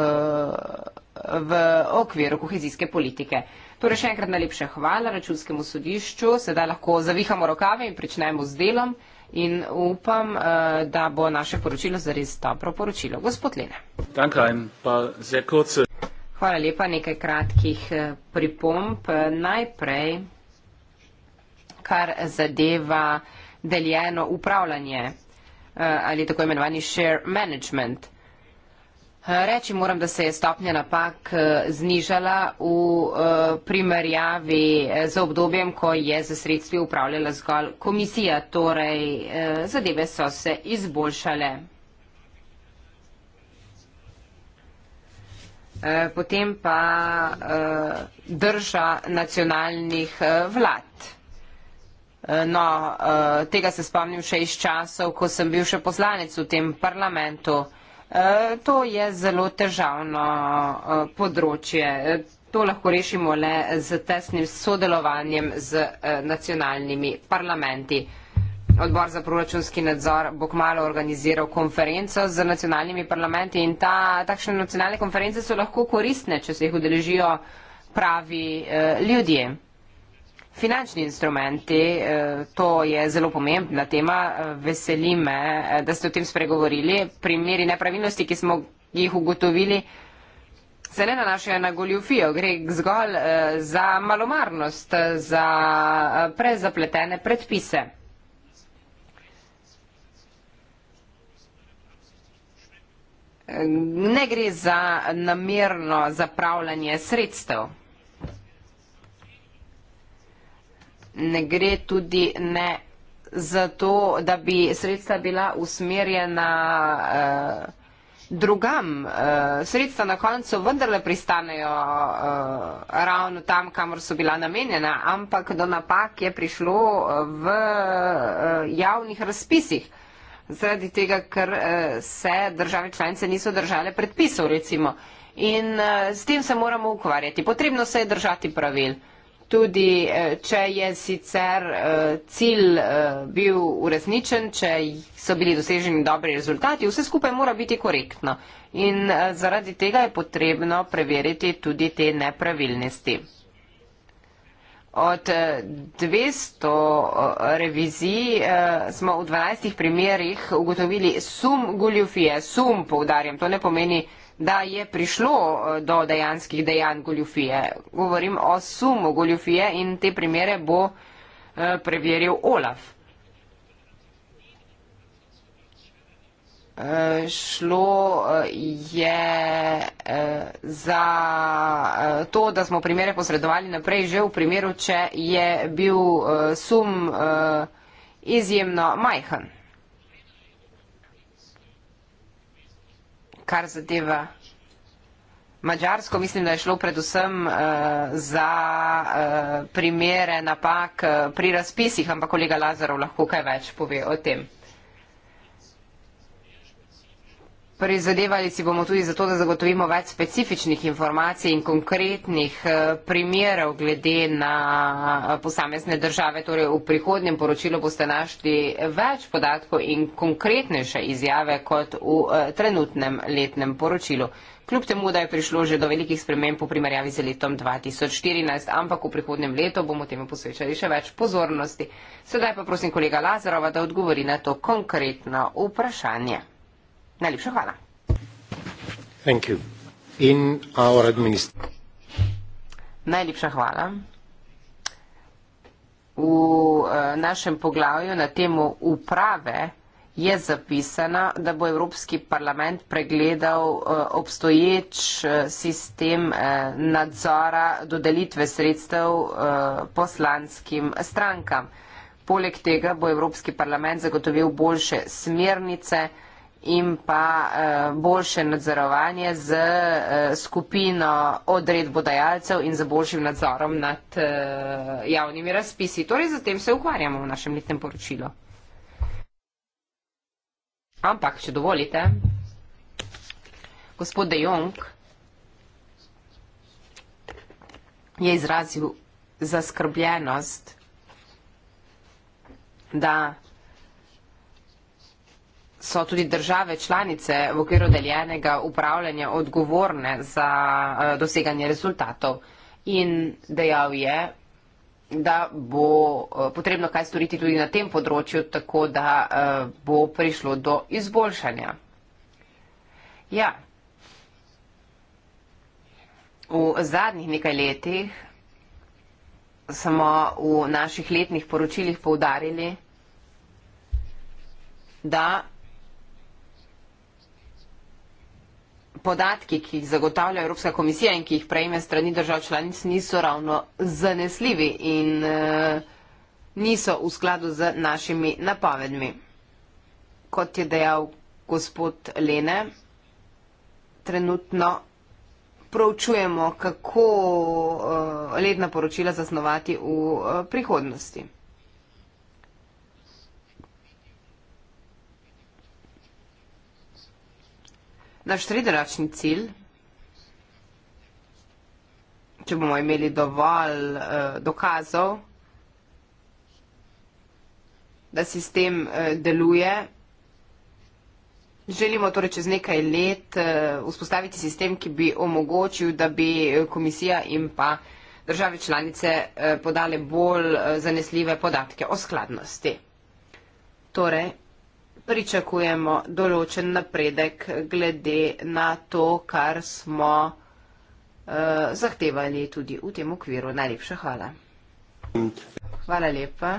v okviru kohezijske politike. Torej še enkrat najlepša hvala računskemu sodišču, sedaj lahko zavihamo rokave in pričnemo z delom in upam, da bo naše poročilo zares dobro poročilo. Gospod Lene. Hvala lepa, nekaj kratkih pripomb. Najprej kar zadeva deljeno upravljanje eh, ali tako imenovani share management. Reči moram, da se je stopnja napak eh, znižala v eh, primerjavi z obdobjem, ko je za sredstvi upravljala zgolj komisija, torej zadeve so se izboljšale. Potem pa drža nacionalnih vlad. Eh, no, eh, tega se spomnim še iz časov, ko sem bil še poslanec v tem parlamentu. Eh, to je zelo težavno področje. To lahko rešimo le z tesnim sodelovanjem z nacionalnimi parlamenti. Odbor za proračunski nadzor bo kmalo organiziral konferenco z nacionalnimi parlamenti in ta, takšne nacionalne konference so lahko koristne, če se jih udeležijo pravi eh, ljudje. Finančni instrumenti, eh, to je zelo pomembna tema. Veseli me, eh, da ste o tem spregovorili. Primeri nepravilnosti, ki smo jih ugotovili, se ne nanašajo na goljufijo. Gre zgolj eh, za malomarnost, za prezapletene predpise. Ne gre za namerno zapravljanje sredstev. ne gre tudi ne zato, da bi sredstva bila usmerjena eh, drugam. Eh, sredstva na koncu vendarle pristanejo eh, ravno tam, kamor so bila namenjena, ampak do napak je prišlo eh, v eh, javnih razpisih, zaradi tega, ker eh, se države članice niso držale predpisov, recimo. In eh, s tem se moramo ukvarjati. Potrebno se je držati pravil. Eh, tudi eh, če je sicer eh, cilj eh, bil uresničen, če so bili doseženi dobri rezultati, vse skupaj mora biti korektno. In zaradi tega je potrebno preveriti tudi te nepravilnosti. Od 200 revizij smo v 12 primerjih ugotovili sum goljufije. Sum, poudarjam, to ne pomeni da je prišlo eh, do dejanskih dejanj goljufije. Govorim o sumu goljufije in te primere bo eh, preveril Olaf. Eh, šlo je za to, da smo primere posredovali naprej že v primeru, če je bil sum izjemno majhen. kar zadeva Mačarsko, mislim, da je šlo predvsem uh, za uh, primere napak uh, pri razpisih, ampak kolega Lazarov lahko kaj več pove o tem. Prizadevali si bomo tudi zato, da zagotovimo več specifičnih informacij in konkretnih eh, primerov glede na eh, posamezne države. Torej v prihodnjem poročilu boste našli več podatkov in konkretnejše izjave kot v eh, trenutnem letnem poročilu. Kljub temu, da je prišlo že do velikih sprememb v primerjavi z letom 2014, ampak v prihodnjem letu bomo temu posvečali še več pozornosti. Sedaj pa prosim kolega Lazarova, da odgovori na to konkretno vprašanje. Najlepša hvala. Thank you. In our Najlepša hvala. V uh, našem poglavju na temo uprave je zapisano, da bo Evropski parlament pregledal uh, obstoječ uh, sistem uh, nadzora dodelitve sredstev uh, poslanskim strankam. Poleg tega bo Evropski parlament zagotovil boljše smernice, in pa eh, boljše nadzorovanje z eh, skupino odredbodajalcev in z boljšim nadzorom nad eh, javnimi razpisi. Torej, z tem se ukvarjamo v našem letnem poročilu. Ampak, če dovolite, gospod De Jong je izrazil zaskrbljenost, da so tudi države članice v okviru deljenega upravljanja odgovorne za eh, doseganje rezultatov. In dejal je, da bo eh, potrebno kaj storiti tudi na tem področju, tako da eh, bo prišlo do izboljšanja. Ja. V zadnjih nekaj letih smo v naših letnih poročilih poudarili, da podatki, ki jih zagotavlja Evropska komisija in ki jih prejme strani držav članic, niso ravno zanesljivi in eh, niso v skladu z našimi napovedmi. Kot je dejal gospod Lene, trenutno proučujemo, kako eh, letna poročila zasnovati v eh, prihodnosti. Naš srednjeročni cilj, če bomo imeli dovolj eh, dokazov, da sistem eh, deluje, Želimo torej čez nekaj let eh, vzpostaviti sistem, ki bi omogočil, da bi komisija in pa države članice podale bolj zanesljive podatke o skladnosti. Torej, pričakujemo določen napredek glede na to, kar smo eh, zahtevali tudi v tem okviru. Najlepša hvala. Hvala lepa.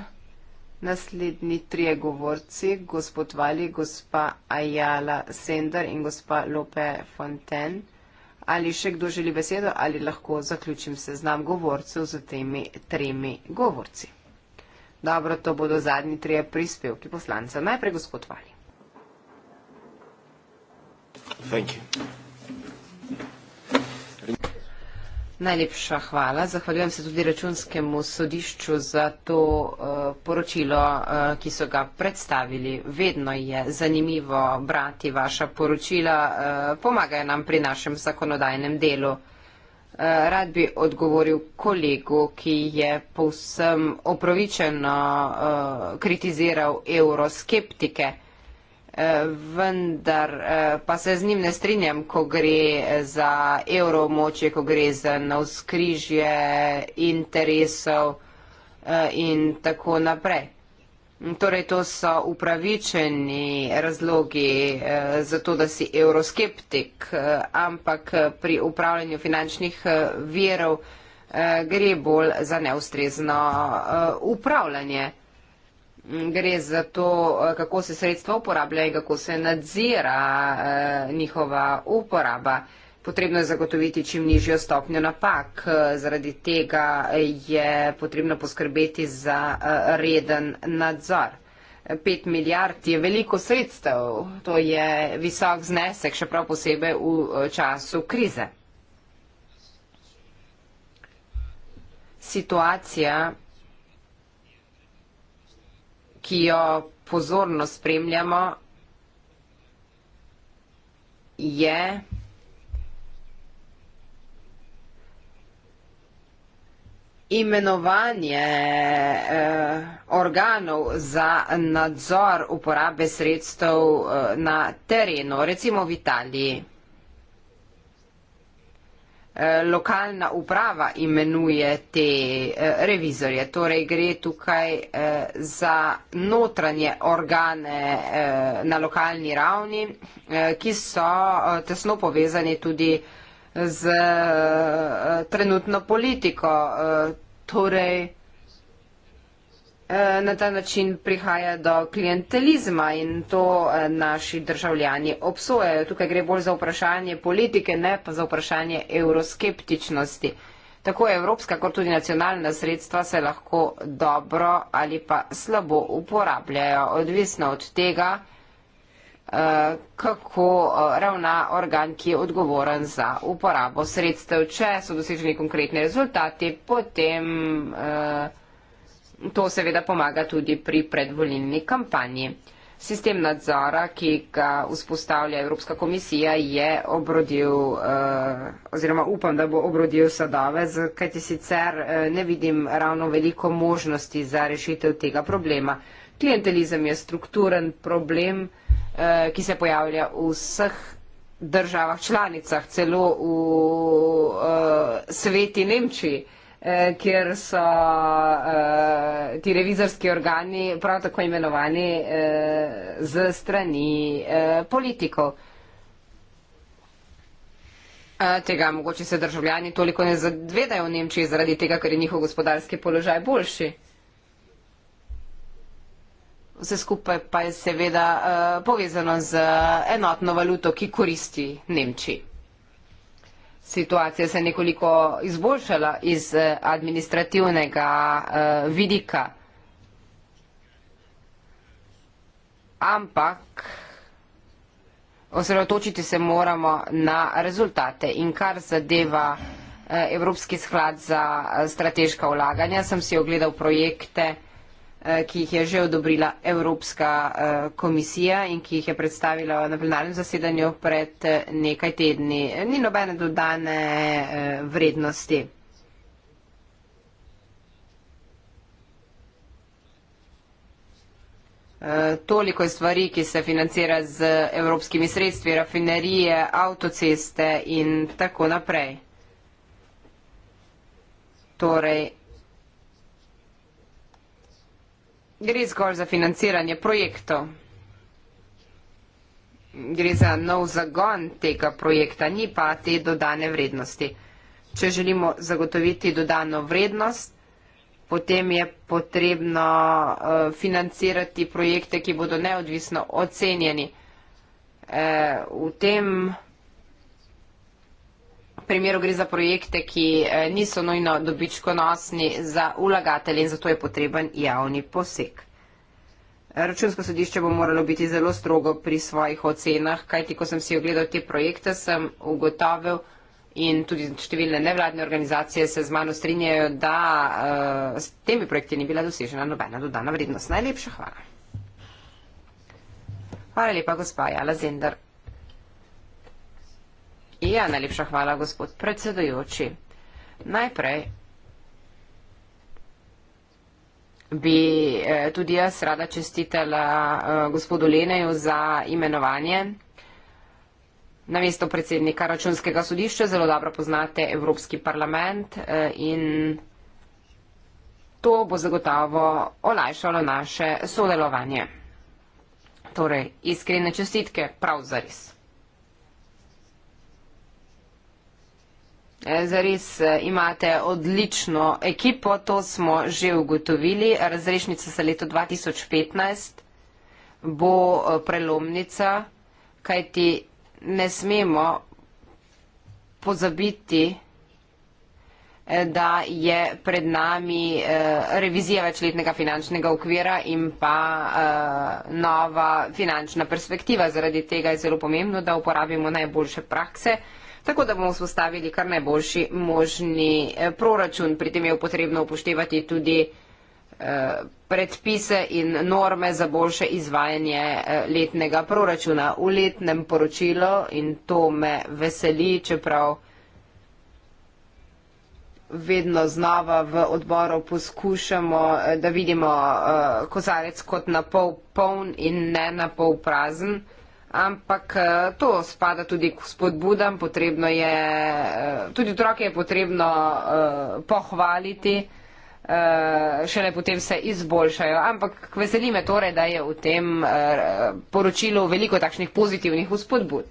Naslednji trije govorci, gospod Vali, gospa Ajala Sender in gospa Lope Fonten. Ali še kdo želi besedo ali lahko zaključim seznam govorcev z temi tremi govorci? Dobro, to bodo zadnji trije prispevki poslanca. Najprej gospod Vali. Najlepša hvala. Zahvaljujem se tudi računskemu sodišču za to uh, poročilo, uh, ki so ga predstavili. Vedno je zanimivo brati vaša poročila, uh, pomagajo nam pri našem zakonodajnem delu. Uh, Eh, rad bi odgovoril kolegu, ki je povsem opravičeno eh, kritiziral euroskeptike, eh, vendar pa se z njim ne strinjam, ko gre za evromoče, ko gre za navskrižje interesov in tako naprej. Torej, to so upravičeni razlogi eh, za to, da si euroskeptik, eh, ampak pri upravljanju finančnih eh, verov eh, gre bolj za neustrezno eh, upravljanje. Mm, gre za to, eh, kako se sredstva uporabljajo in kako se nadzira eh, njihova uporaba. Eh, Potrebno je zagotoviti čim nižjo stopnjo napak, zaradi tega je potrebno poskrbeti za eh, reden nadzor. 5 milijard je veliko sredstev, to je visok znesek, še prav posebej v eh, času krize. Situacija, ki jo pozorno spremljamo, je imenovanje eh, organov za nadzor uporabe sredstev eh, na terenu, recimo v Italiji. Eh, lokalna uprava imenuje te eh, revizorje, torej gre tukaj eh, za notranje organe na lokalni ravni, ki so tesno povezani tudi s z eh, trenutno politiko. Eh, torej, eh, na ta način prihaja do klientelizma in to naši državljani obsojajo. Tukaj gre bolj za vprašanje politike, ne pa za vprašanje euroskeptičnosti. Tako evropska kot tudi nacionalna sredstva se lahko dobro ali pa slabo uporabljajo, odvisno od tega, kako eh, ravna organ, ki je odgovoren za uporabo sredstev. Če so doseženi konkretni rezultati, potem eh, to seveda pomaga tudi pri predvolilni kampanji. Sistem nadzora, ki ga vzpostavlja Evropska komisija, je obrodil, eh, oziroma upam, da bo obrodil sadove, kajti sicer ne vidim ravno veliko možnosti za rešitev tega problema. Klientelizem je strukturen problem, Eh, ki se pojavlja v vseh državah članicah, celo v uh, sveti Nemčiji, eh, kjer so eh, ti revizorski organi prav tako imenovani eh, z strani eh, politikov. Eh, tega mogoče se državljani toliko ne zavedajo v Nemčiji, zaradi tega, ker je njihov gospodarski položaj boljši vse skupaj pa je seveda uh, povezano z enotno valuto, ki koristi Nemčiji. Situacija se je nekoliko izboljšala iz eh, administrativnega uh, vidika, ampak osredotočiti se moramo na rezultate in kar zadeva uh, Evropski sklad za strateška vlaganja, sem si ogledal projekte, Eh, ki jih je že odobrila Evropska eh, komisija in ki jih je predstavila na plenarnem zasedanju pred eh, nekaj tedni. Ni nobene dodane vrednosti. Toliko je stvari, ki se financira z evropskimi sredstvi, rafinerije, avtoceste in tako naprej. Torej, Gre zgolj za financiranje projektov. Gre za nov zagon tega projekta, ni pa te dodane vrednosti. Če želimo zagotoviti dodano vrednost, potem je potrebno uh, financirati projekte, ki bodo neodvisno ocenjeni. Uh, v tem primeru gre za projekte, ki eh, niso nujno dobičkonosni za ulagatelje in zato je potreben javni poseg. Računsko sodišče bo moralo biti zelo strogo pri svojih ocenah, kajti ko sem si ogledal te projekte, sem ugotovil in tudi številne nevladne organizacije se z mano strinjajo, da uh, s temi projekti ni bila dosežena nobena dodana vrednost. Najlepša hvala. Hvala lepa, gospa Jala Zender. Ja, najlepša hvala, gospod predsedujoči. Najprej bi eh, tudi jaz rada čestitela eh, gospodu Leneju za imenovanje na mesto predsednika računskega sodišča. Zelo dobro poznate Evropski parlament eh, in to bo zagotavo olajšalo naše sodelovanje. Torej, iskrene čestitke, prav zares. E, zares e, imate odlično ekipo, to smo že ugotovili. Razrešnica se leto 2015 bo e, prelomnica, kajti ne smemo pozabiti, da je pred nami revizija večletnega finančnega okvira in pa nova finančna perspektiva. Zaradi tega je zelo pomembno, da uporabimo najboljše prakse tako da bomo vzpostavili kar najboljši možni eh, proračun. Pri tem je potrebno upoštevati tudi eh, predpise in norme za boljše izvajanje eh, letnega proračuna. V letnem poročilu in to me veseli, čeprav vedno znova v odboru poskušamo, da vidimo kozarec kot napol poln in ne napol prazen ampak eh, to spada tudi k spodbudam, potrebno je, eh, tudi otroke je potrebno eh, pohvaliti, šele potem se izboljšajo. Ampak veseli me torej, da je v tem poročilu veliko takšnih pozitivnih spodbud.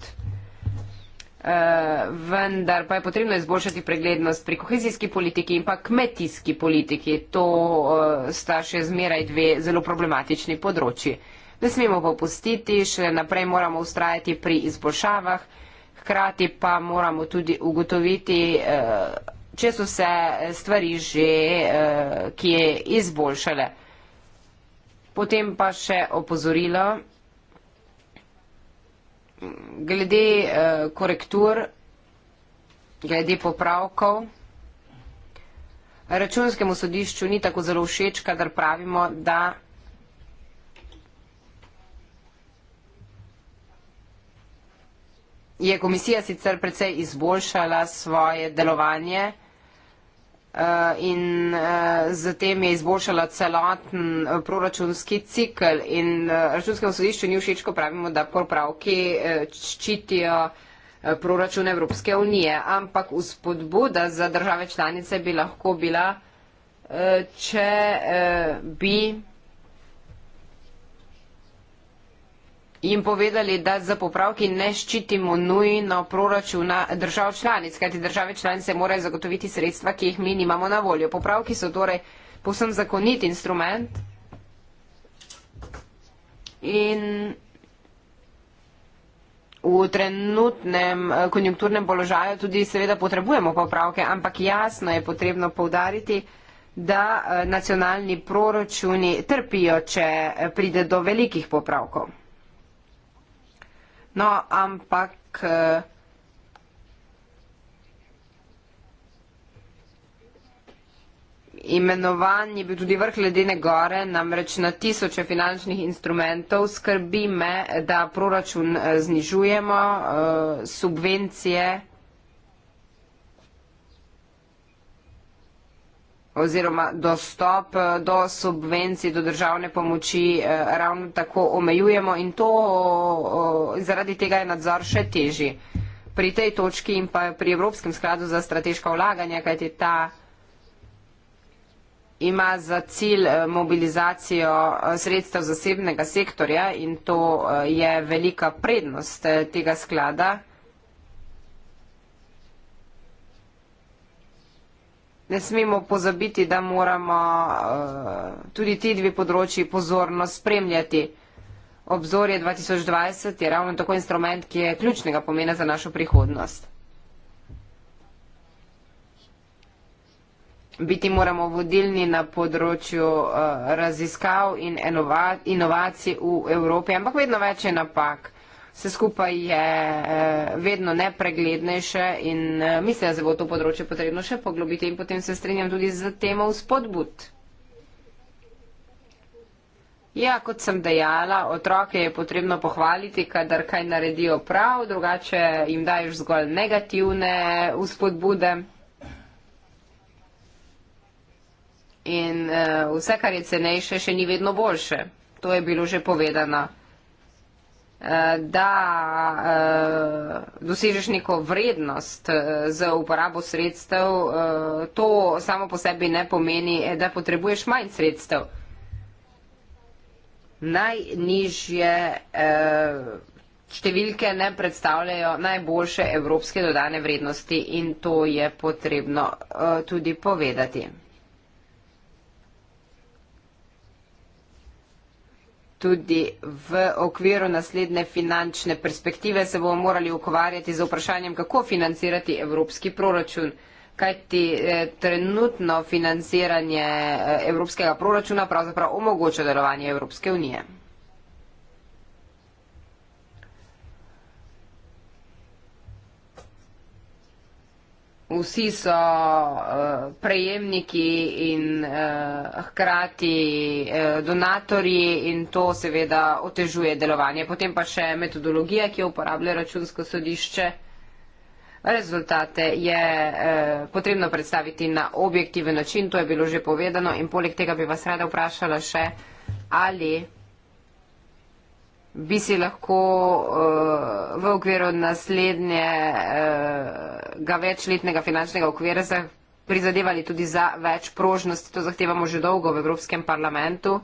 Uh, vendar pa je potrebno izboljšati preglednost pri kohezijski politiki in pa kmetijski politiki. To uh, sta še zmeraj dve zelo problematični področji. Uh, Ne smemo popustiti, še naprej moramo ustrajati pri izboljšavah, hkrati pa moramo tudi ugotoviti, eh, če so se eh, stvari že eh, kje izboljšale. Potem pa še opozorilo glede korektur, glede popravkov. Računskemu sodišču ni tako zelo všeč, kadar pravimo, da je komisija sicer precej izboljšala svoje delovanje eh, in zatem eh, je izboljšala celoten eh, proračunski cikl in računskemu sodišču ni všeč, ko pravimo, da popravki ščitijo proračun Evropske unije, ampak vzpodbuda za države članice bi lahko bila, če bi jim povedali, da za popravki ne ščitimo nujno proračuna držav članic, kajti države članice morajo zagotoviti sredstva, ki jih mi nimamo na voljo. Popravki so torej posem zakonit instrument in v trenutnem eh, konjunkturnem položaju tudi seveda potrebujemo popravke, ampak jasno je potrebno povdariti, da eh, nacionalni proračuni trpijo, če pride do velikih popravkov. No, ampak eh, imenovan je bil tudi vrh ledene gore, namreč na tisoče finančnih instrumentov skrbi me, da proračun eh, znižujemo, eh, subvencije. oziroma dostop eh, do subvencij, do državne pomoči eh, ravno tako omejujemo in to eh, zaradi tega je nadzor še teži. Pri tej točki in pa pri Evropskem skladu za strateška vlaganja, kajti ta ima za cilj mobilizacijo sredstev zasebnega sektorja in to je velika prednost tega sklada. ne smemo pozabiti, da moramo uh, tudi ti dve področji pozorno spremljati. Obzorje 2020 je ravno tako instrument, ki je ključnega pomena za našo prihodnost. Biti moramo vodilni na področju uh, raziskav in inovacij v Evropi, ampak vedno več je napak. Uh, vse skupaj je eh, vedno nepreglednejše in eh, mislim, da se bo to področje potrebno še poglobiti in potem se strinjam tudi z temo spodbud. Ja, kot sem dejala, otroke je potrebno pohvaliti, kadar kaj naredijo prav, drugače jim daješ zgolj negativne uspodbude. In uh, vse, kar je cenejše, še ni vedno boljše. To je bilo že povedano da eh, dosežeš neko vrednost eh, z uporabo sredstev, eh, to samo po sebi ne pomeni, da potrebuješ manj sredstev. Najnižje številke ne predstavljajo najboljše evropske dodane vrednosti in to je potrebno tudi povedati. tudi v okviru naslednje finančne perspektive se bomo morali ukvarjati z vprašanjem, kako financirati evropski proračun. Kajti eh, trenutno financiranje eh, evropskega proračuna pravzaprav omogoča delovanje Evropske unije. vsi so uh, prejemniki in uh, hkrati uh, donatorji in to seveda otežuje delovanje. Potem pa še metodologija, ki jo uporablja računsko sodišče. Rezultate je eh, potrebno predstaviti na objektiven način, to je bilo že povedano in poleg tega bi vas rada vprašala še, ali bi si lahko uh, v okviru naslednjega uh, večletnega finančnega okvira prizadevali tudi za več prožnosti. To zahtevamo že dolgo v Evropskem parlamentu.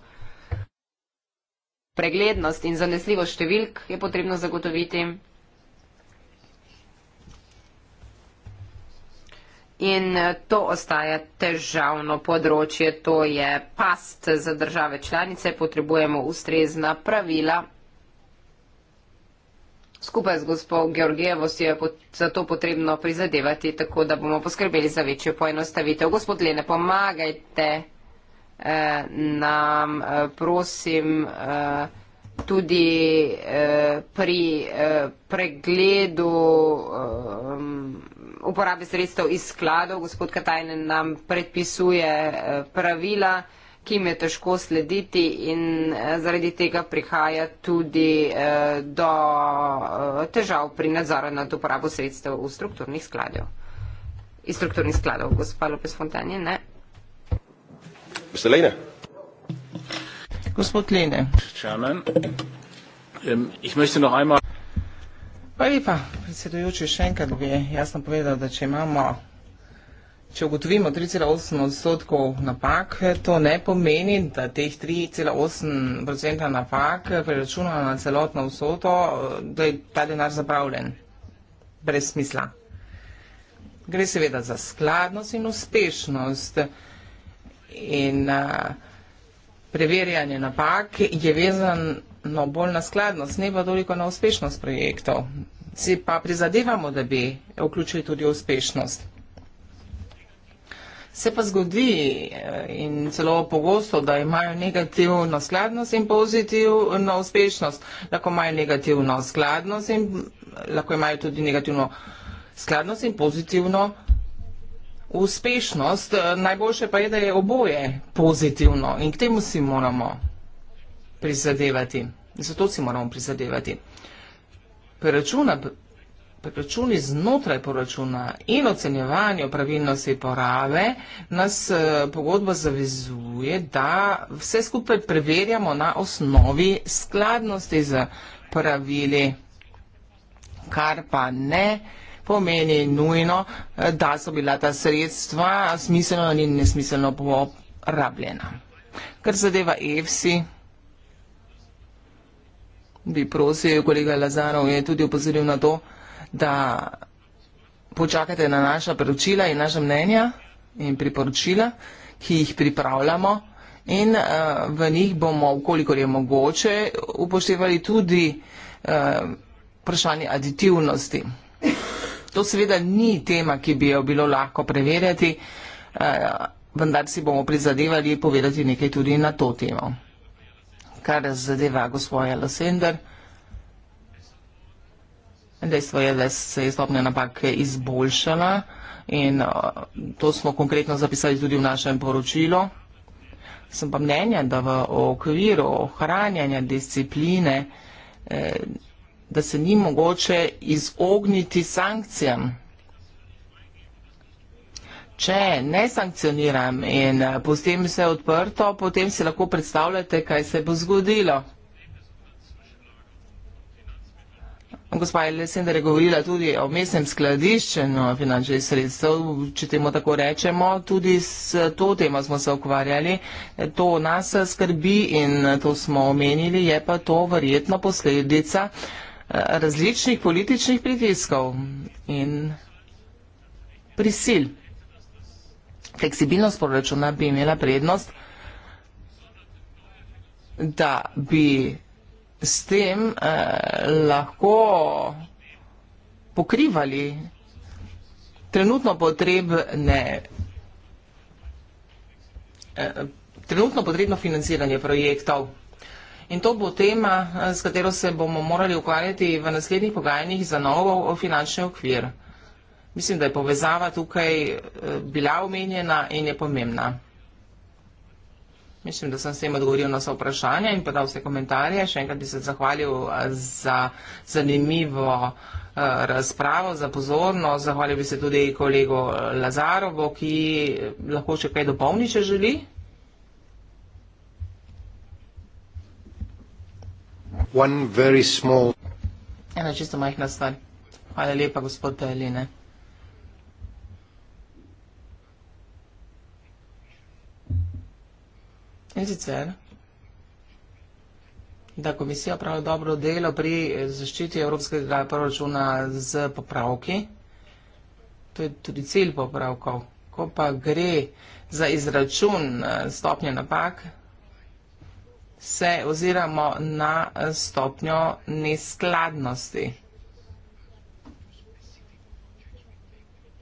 Preglednost in zanesljivost številk je potrebno zagotoviti. In eh, to ostaja težavno področje, to je past za države članice, potrebujemo ustrezna pravila Skupaj z gospod Georgijevo si je za to potrebno prizadevati, tako da bomo poskrbeli za večjo poenostavitev. Gospod Lene, pomagajte eh, nam, eh, prosim, eh, tudi eh, pri eh, pregledu eh, uporabe sredstev iz skladov. Gospod Katajnen nam predpisuje eh, pravila ki jim je težko slediti in eh, zaradi tega prihaja tudi eh, do eh, težav pri nadzoru nad uporabo sredstev v strukturnih skladov. Iz strukturnih skladov, gospa Lopes Fontanje, ne? Vselejne. Gospod Lene. Čamen. Ich möchte noch einmal. Hvala lepa, predsedujoči, še enkrat bi jasno povedal, da če imamo Če ugotovimo 3,8 odstotkov napak, to ne pomeni, da teh 3,8 odstotka napak preračunamo na celotno vsoto, da je ta denar zapravljen. Brez smisla. Gre seveda za skladnost in uspešnost. In preverjanje napak je vezano bolj na skladnost, ne pa toliko na uspešnost projektov. Si pa prizadevamo, da bi vključili tudi uspešnost. Se pa zgodi eh, in celo pogosto, da imajo negativno skladnost in pozitivno uspešnost. Lahko imajo negativno skladnost in lahko imajo tudi negativno skladnost in pozitivno uspešnost. Eh, najboljše pa je, da je oboje pozitivno in k temu si moramo prizadevati. Zato si moramo prizadevati. Preračuna pri računi znotraj poračuna in ocenjevanju pravilnosti porabe nas eh, pogodba zavezuje, da vse skupaj preverjamo na osnovi skladnosti z pravili, kar pa ne pomeni nujno, eh, da so bila ta sredstva smiselno in nesmiselno porabljena. Kar zadeva EFSI, bi prosil, kolega Lazarov je tudi upozoril na to, da je to, da počakate na naša poročila in naša mnenja in priporočila, ki jih pripravljamo. In uh, v njih bomo, koliko je mogoče, upoštevali tudi uh, vprašanje aditivnosti. To seveda ni tema, ki bi jo bilo lahko preverjati, uh, vendar si bomo prizadevali povedati nekaj tudi na to temo. Kar zadeva gospoja Losender. Dejstvo je, da se je stopnja napake izboljšala in uh, to smo konkretno zapisali tudi v našem poročilu. Sem pa mnenja, da v okviru ohranjanja discipline, eh, da se ni mogoče izogniti sankcijam. Če ne sankcioniram in eh, pustim se odprto, potem si lahko predstavljate, kaj se bo zgodilo. Gospa je Lesender je govorila tudi o mestnem skladiščenju finančnih sredstev, če temu tako rečemo. Tudi s to temo smo se ukvarjali. To nas skrbi in to smo omenili, je pa to verjetno posledica eh, različnih političnih pritiskov in prisil. Fleksibilnost proračuna bi imela prednost, da bi s tem eh, lahko pokrivali trenutno potrebne, eh, trenutno potrebno financiranje projektov. In to bo tema, eh, s katero se bomo morali ukvarjati v naslednjih pogajanjih za novo finančni okvir. Mislim, da je povezava tukaj eh, bila omenjena in je pomembna. Mislim, da sem s tem odgovoril na vse vprašanja in podal vse komentarje. Še enkrat bi se zahvalil eh, za zanimivo eh, razpravo, za pozornost. Zahvalil bi se tudi kolego eh, Lazarovo, ki lahko še kaj dopolni, če želi. Ena čisto majhna stvar. Hvala lepa, gospod Teline. In sicer, da komisija pravi dobro delo pri zaščiti evropskega proračuna z popravki, to je tudi cilj popravkov, ko pa gre za izračun eh, stopnje napak, se oziramo na eh, stopnjo neskladnosti.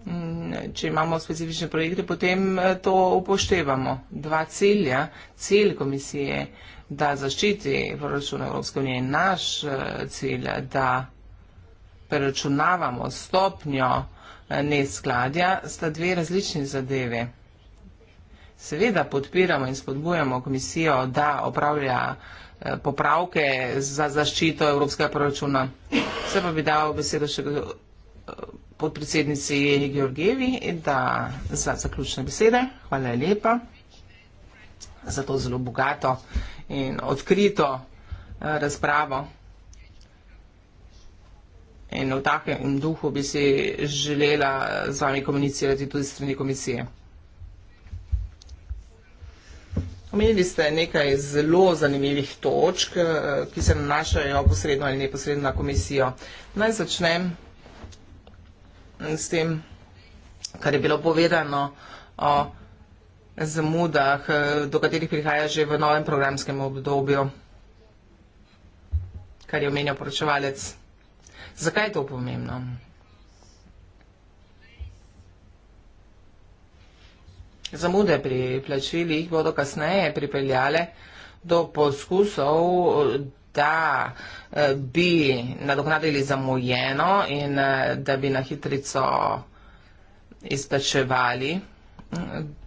Mm, če imamo specifične projekte, potem eh, to upoštevamo. Dva cilja, cilj komisije, da zaščiti proračun Evropske unije in naš eh, cilj, da preračunavamo stopnjo eh, neskladja, sta dve različni zadeve. Seveda podpiramo in spodbujamo komisijo, da opravlja popravke za zaščito evropskega proračuna. Se pa bi dal besedo še podpredsednici Georgijevi, da za zaključne besede. Hvala lepa za to zelo bogato in odkrito eh, razpravo. In v takem duhu bi si želela z vami komunicirati tudi strani komisije. Omenili ste nekaj zelo zanimivih točk, eh, ki se nanašajo posredno ali neposredno na komisijo. Naj začnem s tem, kar je bilo povedano o zamudah, eh, do katerih prihaja že v novem programskem obdobju, kar je omenjal poročevalec. Zakaj je to pomembno? Zamude pri plačilih bodo kasneje pripeljale do poskusov da eh, bi nadoknadili zamujeno in eh, da bi na hitrico izplačevali mm,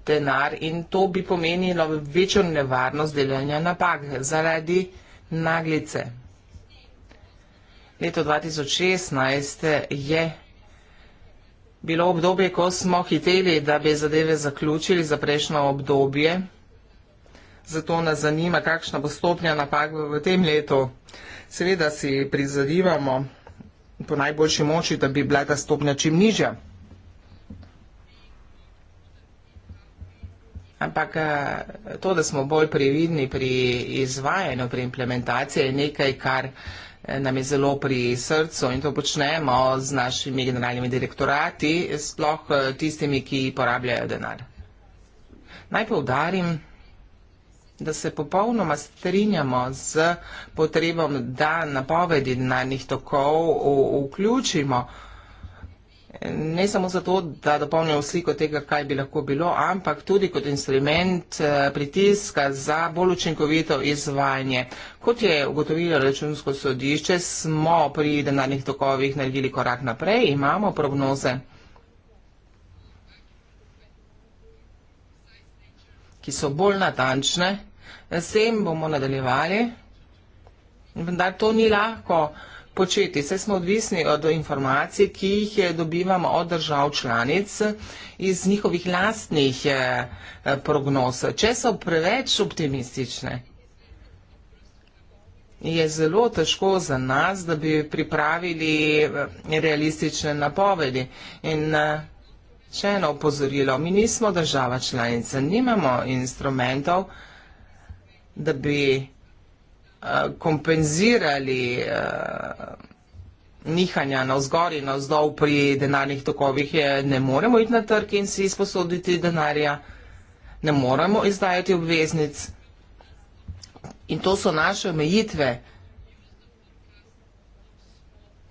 denar in to bi pomenilo večjo nevarnost delanja napak zaradi naglice. Leto 2016 je bilo obdobje, ko smo hiteli, da bi zadeve zaključili za prejšnjo obdobje, Zato nas zanima, kakšna bo stopnja napak v tem letu. Seveda si prizadivamo po najboljši moči, da bi bila ta stopnja čim nižja. Ampak eh, to, da smo bolj previdni pri izvajanju, pri implementaciji, je nekaj, kar eh, nam je zelo pri srcu in to počnemo z našimi generalnimi direktorati, sploh eh, tistimi, ki porabljajo denar. Naj povdarim, da da se popolnoma strinjamo z potrebom, da napovedi denarnih tokov vključimo. Ne samo zato, da dopolnijo sliko tega, kaj bi lahko bilo, ampak tudi kot instrument eh, pritiska za bolj učinkovito izvajanje. Kot je ugotovilo računsko sodišče, smo pri denarnih tokovih naredili korak naprej, imamo prognoze, ki so bolj natančne sem bomo nadaljevali, vendar to ni lahko početi. Vse smo odvisni od informacij, ki jih eh, dobivamo od držav članic iz njihovih lastnih eh, prognoz. Če so preveč optimistične, je zelo težko za nas, da bi pripravili eh, realistične napovedi. In še eno upozorilo, mi nismo država članica, nimamo instrumentov, da bi uh, kompenzirali uh, nihanja na vzgor in na vzdolj pri denarnih tokovih, je, ne moremo iti na trg in si izposoditi denarja, ne moremo izdajati obveznic. In to so naše omejitve.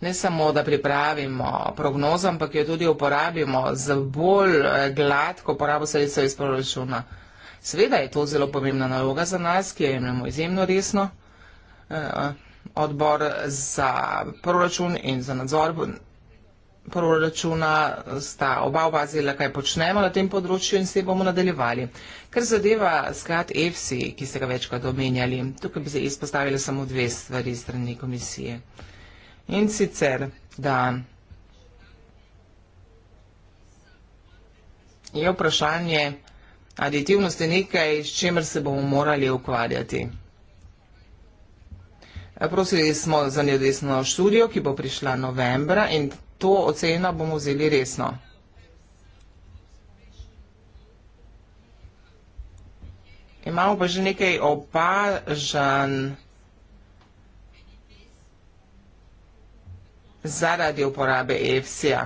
Ne samo, da pripravimo prognozo, ampak jo tudi uporabimo za bolj eh, gladko porabo sredstev iz proračuna. Seveda je to zelo pomembna naloga za nas, ki jo imamo izjemno resno. Eh, odbor za proračun in za nadzor proračuna sta oba obazila, kaj počnemo na tem področju in se bomo nadaljevali. Ker zadeva sklad EFSI, ki ste ga večkrat omenjali, tukaj bi se izpostavili samo dve stvari strani komisije. In sicer, da je vprašanje, da je vprašanje, Aditivnost je nekaj, s čemer se bomo morali ukvarjati. Prosili smo za neodvisno študijo, ki bo prišla novembra in to oceno bomo vzeli resno. Imamo pa že nekaj opažan zaradi uporabe EFSI-a.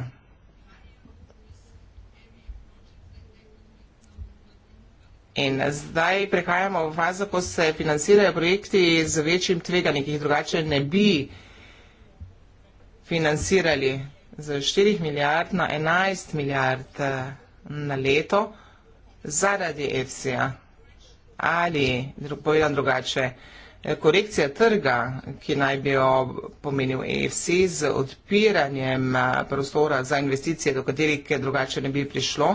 In zdaj prehajamo v fazo, ko se financirajo projekti z večjim tveganjem, ki jih drugače ne bi financirali z 4 milijard na 11 milijard eh, na leto zaradi EFSI-ja. Ali, povedam drugače, eh, korekcija trga, ki naj bi jo pomenil EFSI z odpiranjem eh, prostora za investicije, do katerih drugače ne bi prišlo,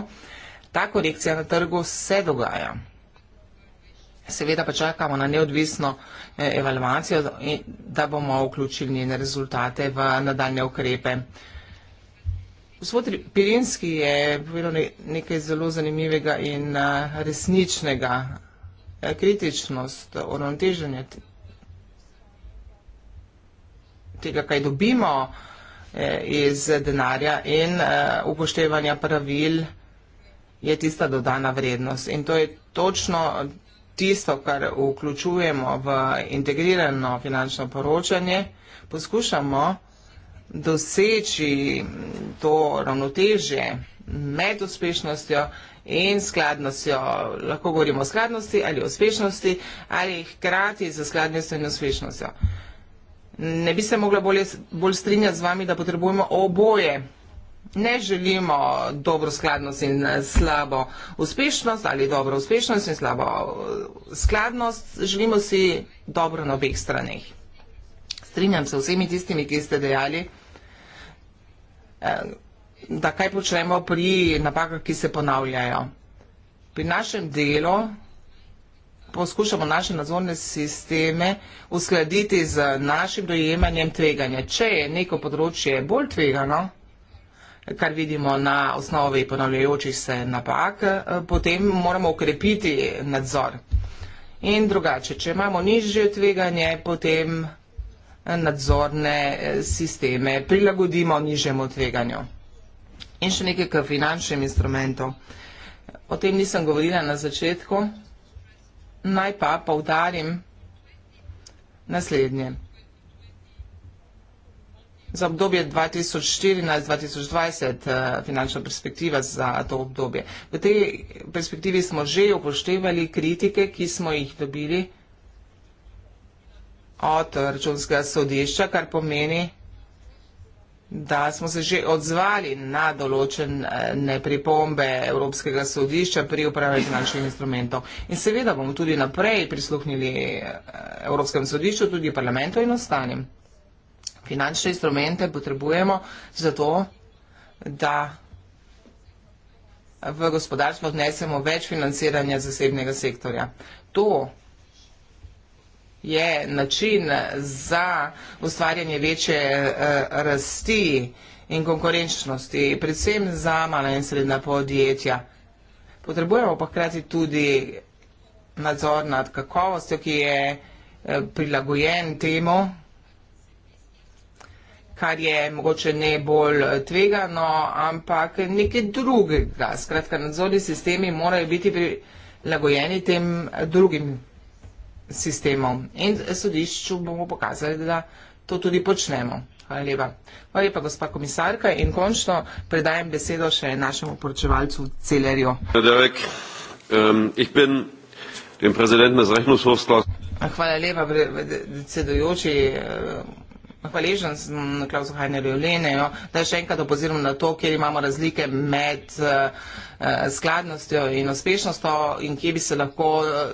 ta korekcija na trgu se dogaja. Seveda pa čakamo na neodvisno eh, evalvacijo, eh, da bomo vključili njene rezultate v nadaljne ukrepe. Gospod Pirinski je povedal nekaj zelo zanimivega in eh, resničnega. Kritičnost uravnoteženja tega, kaj dobimo iz denarja in upoštevanja pravil je tista dodana vrednost. In to je točno tisto, kar vključujemo v integrirano finančno poročanje. Poskušamo doseči to ravnotežje med uspešnostjo in skladnostjo. Lahko govorimo o skladnosti ali uspešnosti ali hkrati z skladnostjo in uspešnostjo. Ne bi se mogla bolje, bolj strinjati z vami, da potrebujemo oboje ne želimo dobro skladnost in eh, slabo uspešnost ali dobro uspešnost in slabo eh, skladnost, želimo si dobro na obeh straneh. Strinjam se vsemi tistimi, ki ste dejali, eh, da kaj počnemo pri napakah, ki se ponavljajo. Pri našem delu poskušamo naše nadzorne sisteme uskladiti z našim dojemanjem tveganja. Če je neko področje bolj tvegano, kar vidimo na osnovi ponavljajočih se napak, eh, potem moramo ukrepiti nadzor. In drugače, če imamo nižje tveganje, potem eh, nadzorne eh, sisteme prilagodimo nižjemu tveganju. In še nekaj k finančnim instrumentom. O tem nisem govorila na začetku. Naj pa povdarim naslednje za obdobje 2014-2020, eh, finančna perspektiva za to obdobje. V tej perspektivi smo že upoštevali kritike, ki smo jih dobili od računskega sodišča, kar pomeni, da smo se že odzvali na določene eh, pripombe Evropskega sodišča pri upravljanju finančnih instrumentov. In seveda bomo tudi naprej prisluhnili eh, Evropskem sodišču, tudi parlamentu in ostanim finančne instrumente potrebujemo za to, da v gospodarstvo odnesemo več financiranja zasebnega sektorja. To je način za ustvarjanje večje eh, rasti in konkurenčnosti, predvsem za mala in sredna podjetja. Potrebujemo pa hkrati tudi nadzor nad kakovostjo, ki je eh, prilagojen temu, kar je mogoče ne bolj tvegano, ampak nekaj drugega. Skratka, nadzorni sistemi morajo biti prilagojeni tem drugim sistemom. In sodišču bomo pokazali, da to tudi počnemo. Hvala lepa. Hvala lepa, gospa komisarka. In končno predajem besedo še našemu poročevalcu Celerju. Ähm, Hvala lepa, predsedujoči. Pre pre pre pre pre pre pre pre pre Hvaležen sem na Klausu Heinerju Lenejo, no, da še enkrat opozorim na to, kjer imamo razlike med uh, skladnostjo in uspešnostjo in kje bi se lahko uh,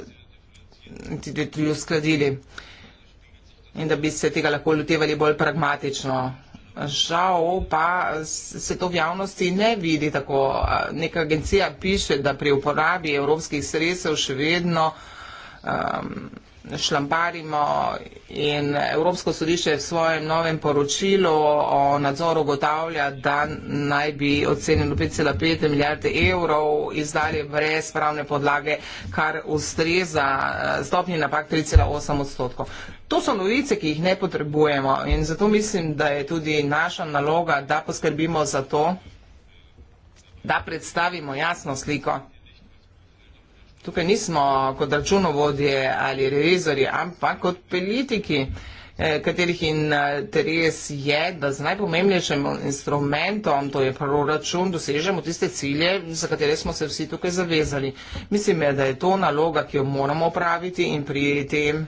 tudi, tudi uskladili in da bi se tega lahko lutevali bolj pragmatično. Žal pa se to v javnosti ne vidi tako. Neka agencija piše, da pri uporabi evropskih sredstev še vedno um, šlamparimo in Evropsko sodišče v svojem novem poročilu o nadzoru ugotavlja, da naj bi ocenjeno 5,5 milijarde evrov izdali brez pravne podlage, kar ustreza eh, stopnji napak 3,8 odstotkov. To so novice, ki jih ne potrebujemo in zato mislim, da je tudi naša naloga, da poskrbimo za to, da predstavimo jasno sliko. Tukaj nismo kot računovodje ali revizori, ampak kot politiki, eh, katerih interes je, da z najpomembnejšim instrumentom, to je proračun, dosežemo tiste cilje, za katere smo se vsi tukaj zavezali. Mislim, ja, da je to naloga, ki jo moramo opraviti in pri tem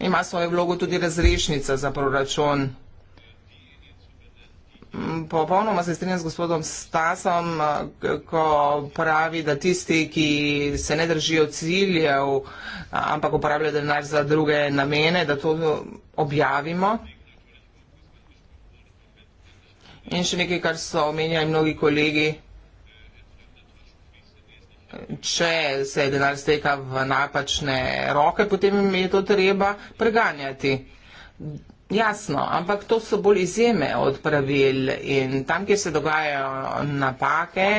ima svojo vlogo tudi razrešnica za proračun. Popolnoma se strinjam z gospodom Stasom, eh, ko pravi, da tisti, ki se ne držijo ciljev, eh, ampak uporabljajo denar za druge namene, da to objavimo. In še nekaj, kar so omenjali mnogi kolegi, če se denar steka v napačne roke, potem je to treba preganjati. Jasno, ampak to so bolj izjeme od pravil in tam, kjer se dogajajo napake,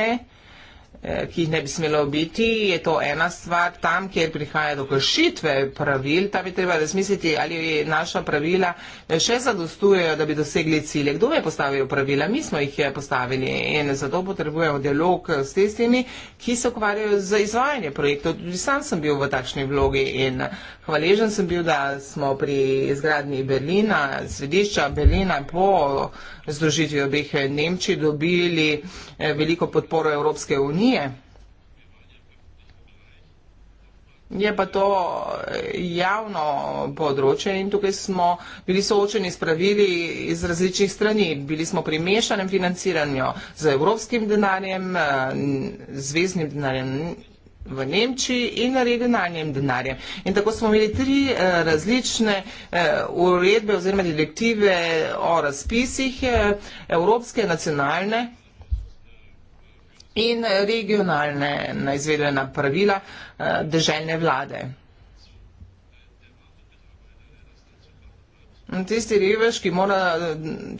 Eh, ki jih ne bi smelo biti, je to ena stvar. Tam, kjer prihaja do kršitve pravil, tam je treba razmisliti, ali naša pravila eh, še zadostujejo, da bi dosegli cilje. Kdo je postavil pravila? Mi smo jih eh, postavili in zato potrebujemo dialog s tistimi, ki se ukvarjajo z izvajanjem projektov. Tudi sam sem bil v takšni vlogi in hvaležen sem bil, da smo pri izgradnji Berlina, središča Berlina po združitvijo bi eh, Nemčiji dobili eh, veliko podporo Evropske unije. Je pa to eh, javno področje in tukaj smo bili soočeni s pravili iz različnih strani. Bili smo pri mešanem financiranju z evropskim denarjem, zvezdnim denarjem v Nemčiji in regionalnim denarjem. In tako smo imeli tri eh, različne eh, uredbe oziroma direktive o razpisih eh, evropske, nacionalne in regionalne izvedena pravila državne vlade. Tisti revež, ki mora,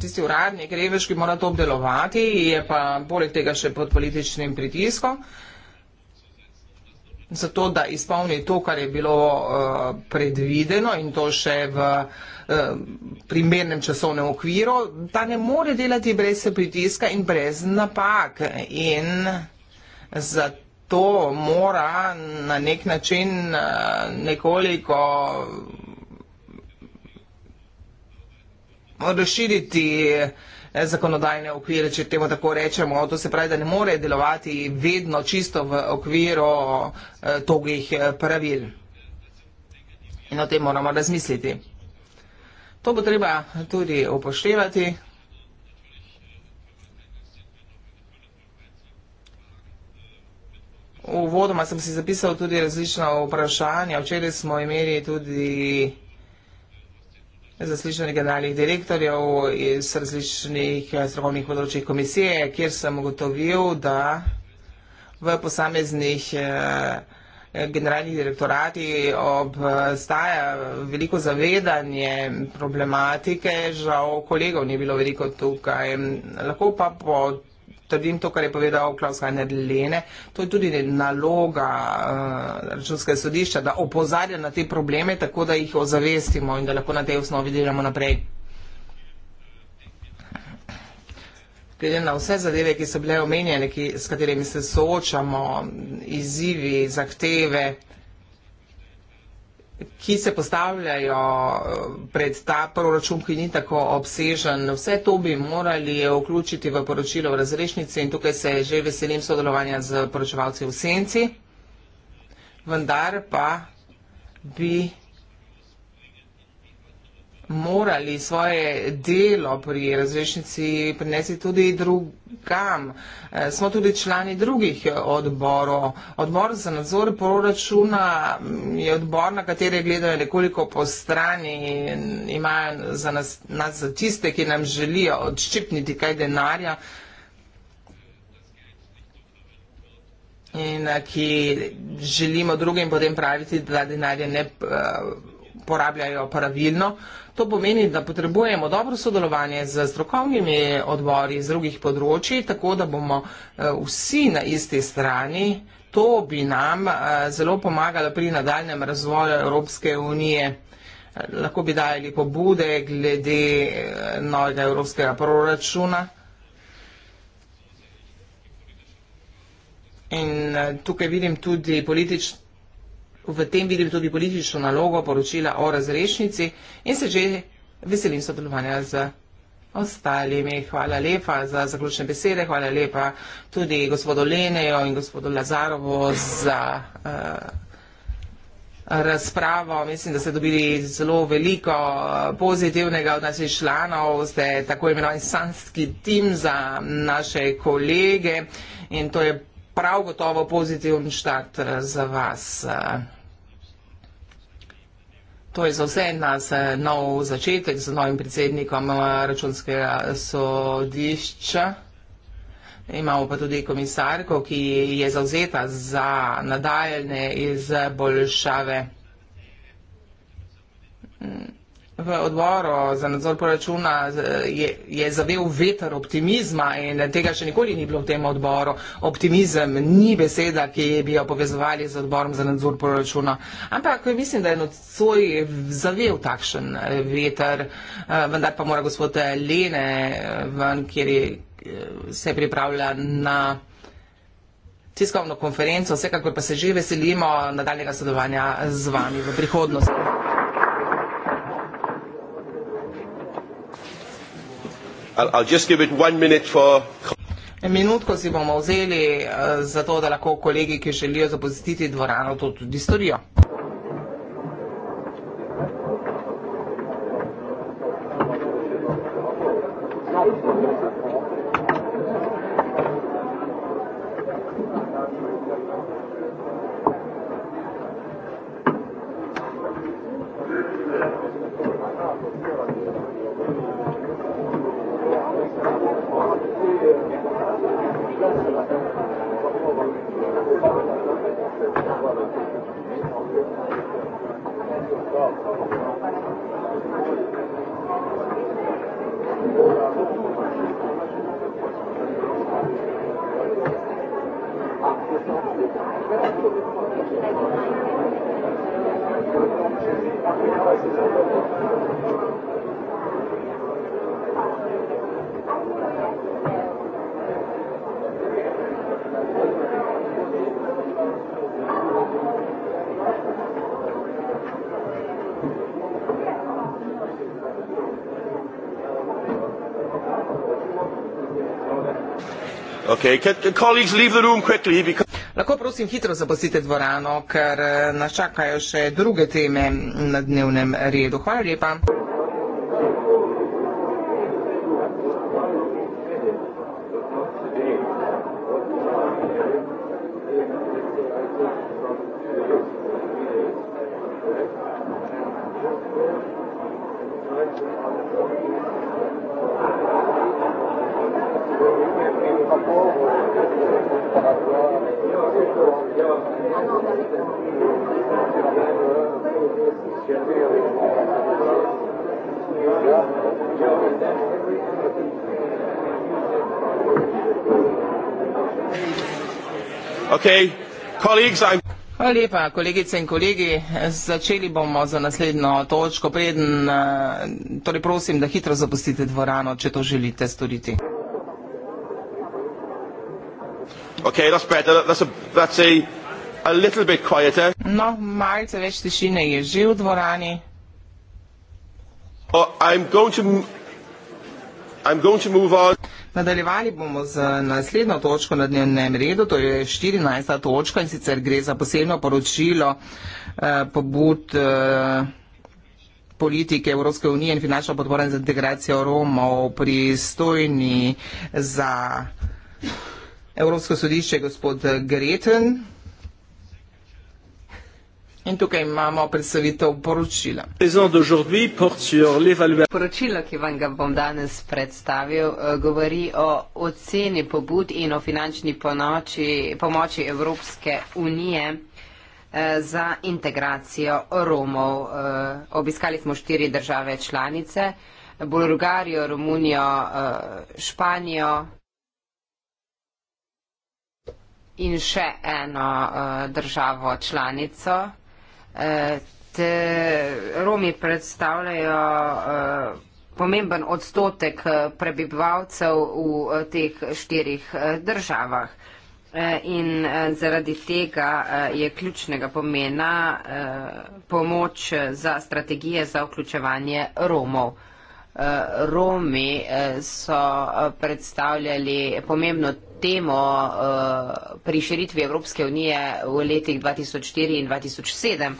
tisti uradnik revež, ki mora to obdelovati, je pa poleg tega še pod političnim pritiskom. Uh, za to, da izpolni to, kar je bilo uh, predvideno in to še v uh, primernem časovnem okviru, ta ne more delati brez pritiska in brez napak. In zato mora na nek način uh, nekoliko razširiti uh, zakonodajne okvire, če temu tako rečemo. To se pravi, da ne more delovati vedno čisto v okviru eh, togih eh, pravil. In o tem moramo razmisliti. To bo treba tudi upoštevati. V vodoma sem si zapisal tudi različna vprašanja. Včeraj smo imeli tudi zaslišanje generalnih direktorjev iz različnih eh, strokovnih področjih komisije, kjer sem ugotovil, da v posameznih eh, generalnih direktorati obstaja veliko zavedanje problematike, žal kolegov ni bilo veliko tukaj. Lahko pa po tukaj trdim to, kar je povedal Klaus Heiner Lene, to je tudi naloga uh, računskega sodišča, da opozarja na te probleme, tako da jih ozavestimo in da lahko na tej osnovi delamo naprej. Glede na vse zadeve, ki so bile omenjene, ki, s katerimi se soočamo, izzivi, zahteve, uh, ki se postavljajo eh, pred ta proračun, ki ni tako obsežen. Vse to bi morali vključiti v poročilo v razrešnici in tukaj se že veselim sodelovanja z poročevalci v Senci, vendar pa bi morali svoje delo pri razrešnici prinesti tudi drugam. E, smo tudi člani drugih odborov. Odbor za nadzor proračuna mm, je odbor, na katere gledajo nekoliko po strani in imajo za nas, nas za tiste, ki nam želijo odščipniti kaj denarja. In eh, ki želimo drugim potem praviti, da denarja ne. Uh, porabljajo pravilno. To pomeni, da potrebujemo dobro sodelovanje z strokovnimi odbori iz drugih področji, tako da bomo eh, vsi na isti strani. To bi nam eh, zelo pomagalo pri nadaljem razvoju Evropske unije. Eh, lahko bi dajali pobude glede novega evropskega proračuna. In tukaj vidim tudi politično v tem vidim tudi politično nalogo poročila o razrešnici in se že veselim sodelovanja z ostalimi. Hvala lepa za zaključne besede, hvala lepa tudi gospodu Lenejo in gospodu Lazarovo za uh, razpravo. Mislim, da ste dobili zelo veliko eh, pozitivnega od naših članov, ste tako imenovani sanski tim za naše kolege in to je prav gotovo pozitiven štart eh, za vas. Uh, To je za vse nas eh, nov začetek z novim predsednikom eh, računskega sodišča. Imamo pa tudi komisarko, ki je zauzeta za nadaljne izboljšave. Hmm. V odboru za nadzor proračuna eh, je, je zavel veter optimizma in tega še nikoli ni bilo v tem odboru. Optimizem ni beseda, ki bi jo povezovali z odborom za nadzor proračuna. Ampak mislim, da je nocoj zavel takšen eh, veter, eh, vendar pa mora gospod Lene ven, kjer je, se pripravlja na tiskovno konferenco. Vsekakor pa se že veselimo nadaljnega sodelovanja z vami v prihodnosti. I'll just give it one minute for. Minutko si bomo vzeli, eh, zato da lahko kolegi, ki želijo zapustiti dvorano, to tudi storijo. Okay. Can, colleagues, leave the room quickly because... Lahko prosim hitro zapustite dvorano, ker eh, nas čakajo še druge teme na dnevnem redu. Hvala lepa. colleagues, I... Hvala lepa, kolegice in kolegi. Začeli bomo za naslednjo točko. Preden, eh, torej prosim, da hitro zapustite dvorano, če to želite storiti. Okay, that's better. That's a, that's a, a little bit quieter. No, malce več tišine je že v dvorani. Oh, I'm going to, I'm going to move on. Nadaljevali bomo z naslednjo točko na dnevnem redu, to je 14. točka in sicer gre za posebno poročilo eh, pobud eh, politike Evropske unije in finančno podporo za integracijo Romov pristojni za Evropsko sodišče gospod Greten. In tukaj imamo predstavitev poročila. Poročilo, ki vam ga bom danes predstavil, eh, govori o oceni pobud in o finančni ponoči, pomoči Evropske unije eh, za integracijo Romov. Eh, obiskali smo štiri države članice, Bulgarijo, Romunijo, Španijo in še eno državo članico. Eh, te Romi predstavljajo eh, pomemben odstotek eh, prebivalcev v teh štirih državah. In zaradi tega je ključnega pomena pomoč za strategije za vključevanje Romov. Romi so predstavljali pomembno temo uh, pri širitvi Evropske unije v letih 2004 in 2007.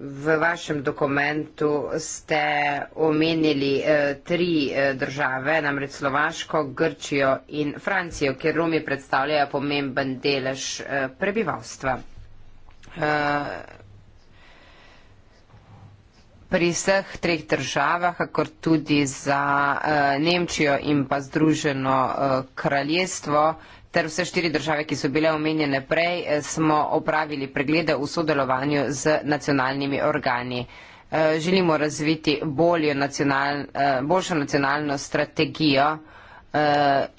V vašem dokumentu ste omenili uh, tri uh, države, namreč Slovaško, Grčijo in Francijo, kjer Romi predstavljajo pomemben delež uh, prebivalstva. Uh, pri vseh treh državah, kakor tudi za uh, Nemčijo in pa Združeno uh, kraljestvo ter vse štiri države, ki so bile omenjene prej, eh, smo opravili preglede v sodelovanju z nacionalnimi organi. Želimo razviti boljo nacional, boljšo nacionalno strategijo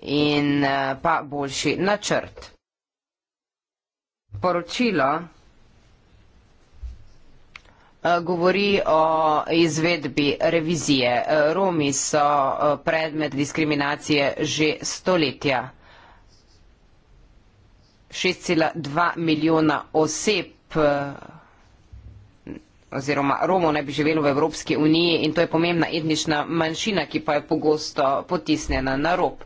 in pa boljši načrt. Poročilo Eh, govori o izvedbi revizije. Eh, Romi so eh, predmet diskriminacije že stoletja. 6,2 milijona oseb oziroma Romov ne bi živelo v Evropski uniji in to je pomembna etnična manjšina, ki pa je pogosto potisnjena na rob.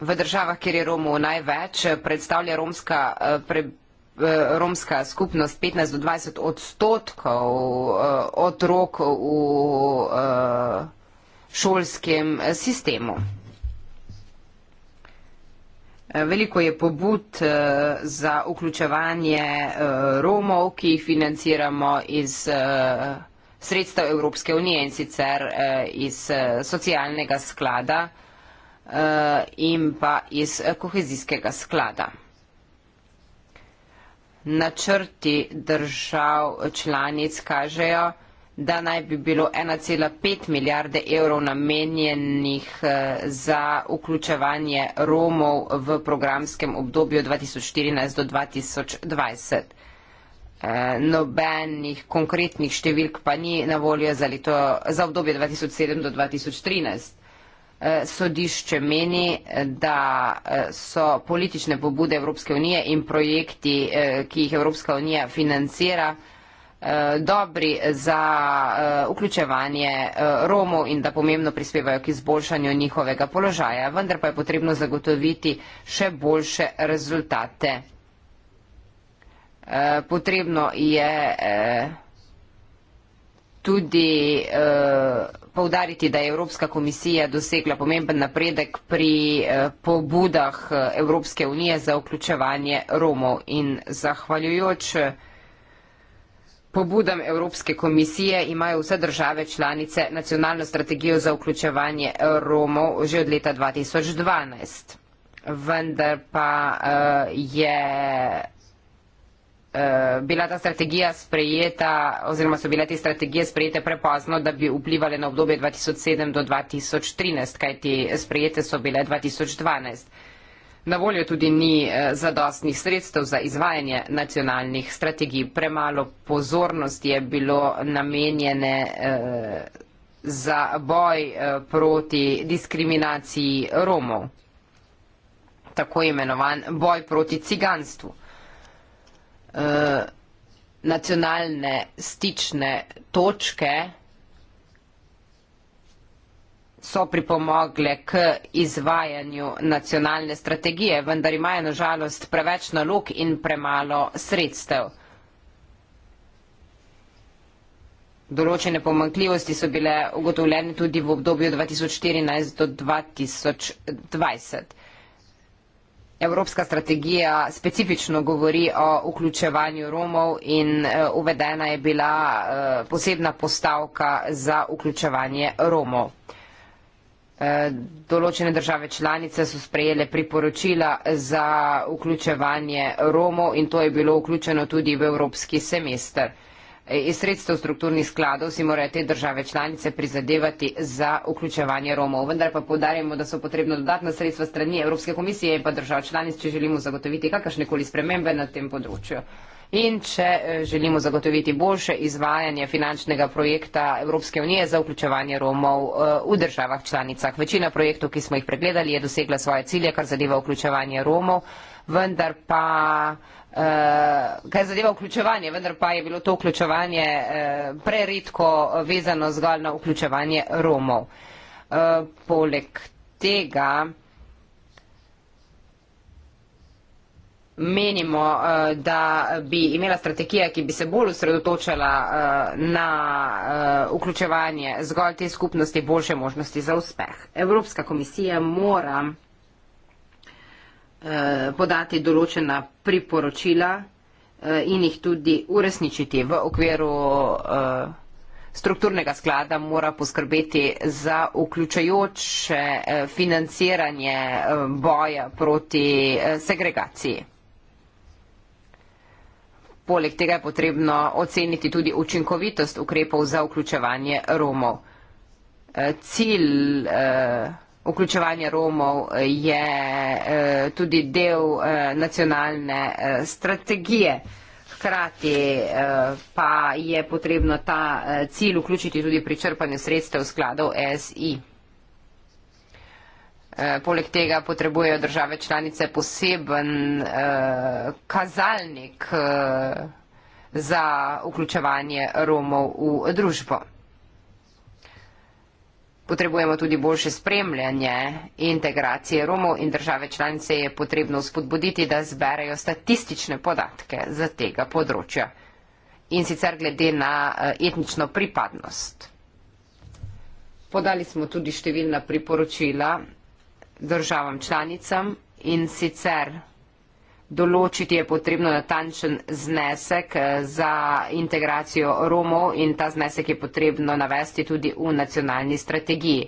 V državah, kjer je Romov največ, predstavlja romska prebivalstva romska skupnost 15 do 20 odstotkov eh, otrok v eh, šolskem sistemu. Eh, veliko je pobud za vključevanje Romov, ki jih financiramo iz sredstev Evropske unije in sicer iz socialnega sklada in pa iz kohezijskega sklada načrti držav članic kažejo, da naj bi bilo 1,5 milijarde evrov namenjenih eh, za vključevanje Romov v programskem obdobju 2014 do 2020. Eh, nobenih konkretnih številk pa ni na voljo za, leto, za obdobje 2007 do 2013. Eh, sodišče meni, eh, da eh, so politične pobude Evropske unije in projekti, ki jih Evropska unija financira, dobri za vključevanje Romov in da pomembno prispevajo k izboljšanju njihovega položaja, vendar pa je potrebno zagotoviti še boljše rezultate. Potrebno je tudi uh, eh, povdariti, da je Evropska komisija dosegla pomemben napredek pri uh, pobudah eh, Evropske unije za vključevanje Romov in zahvaljujoč Pobudam Evropske komisije imajo vse države članice nacionalno strategijo za vključevanje Romov že od leta 2012. Vendar pa uh, je Eh, bila ta strategija sprejeta oziroma so bile te strategije sprejete prepozno, da bi vplivali na obdobje 2007 do 2013, kajti sprejete so bile 2012. Na voljo tudi ni eh, zadostnih sredstev za izvajanje nacionalnih strategij. Premalo pozornosti je bilo namenjene eh, za boj proti diskriminaciji Romov, tako imenovan boj proti ciganstvu. Eh, nacionalne stične točke so pripomogle k izvajanju nacionalne strategije, vendar imajo nažalost preveč nalog in premalo sredstev. Določene pomankljivosti so bile ugotovljene tudi v obdobju 2014 do 2020 evropska strategija specifično govori o vključevanju Romov in eh, uvedena je bila eh, posebna postavka za vključevanje Romov. Eh, določene države članice so sprejele priporočila za vključevanje Romov in to je bilo vključeno tudi v evropski semester iz sredstev strukturnih skladov si morajo te države članice prizadevati za vključevanje Romov. Vendar pa povdarjamo, da so potrebno dodatna sredstva strani Evropske komisije in pa držav članic, če želimo zagotoviti kakršnekoli spremembe na tem področju. In če eh, želimo zagotoviti boljše izvajanje finančnega projekta Evropske unije za vključevanje Romov eh, v državah članicah. Večina projektov, ki smo jih pregledali, je dosegla svoje cilje, kar zadeva vključevanje Romov, vendar pa Eh, kaj zadeva vključevanje, vendar pa je bilo to vključevanje eh, preredko vezano zgolj na vključevanje Romov. Eh, poleg tega menimo, da bi imela strategija, ki bi se bolj usredotočala na vključevanje zgolj te skupnosti, boljše možnosti za uspeh. Evropska komisija mora Eh, podati določena priporočila eh, in jih tudi uresničiti v okviru eh, strukturnega sklada mora poskrbeti za vključajoče financiranje boja proti segregaciji. Poleg tega je potrebno oceniti tudi učinkovitost ukrepov za vključevanje Romov. Cilj vključevanje Romov je eh, tudi del eh, nacionalne eh, strategije. Hkrati pa je potrebno ta cilj vključiti tudi pri črpanju sredstev skladov ESI. Poleg tega potrebujejo države članice poseben kazalnik za vključevanje Romov v družbo. Potrebujemo tudi boljše spremljanje integracije Romov in države članice je potrebno spodbuditi, da zberejo statistične podatke za tega področja in sicer glede na eh, etnično pripadnost. Podali smo tudi številna priporočila državam članicam in sicer določiti je potrebno natančen znesek eh, za integracijo Romov in ta znesek je potrebno navesti tudi v nacionalni strategiji.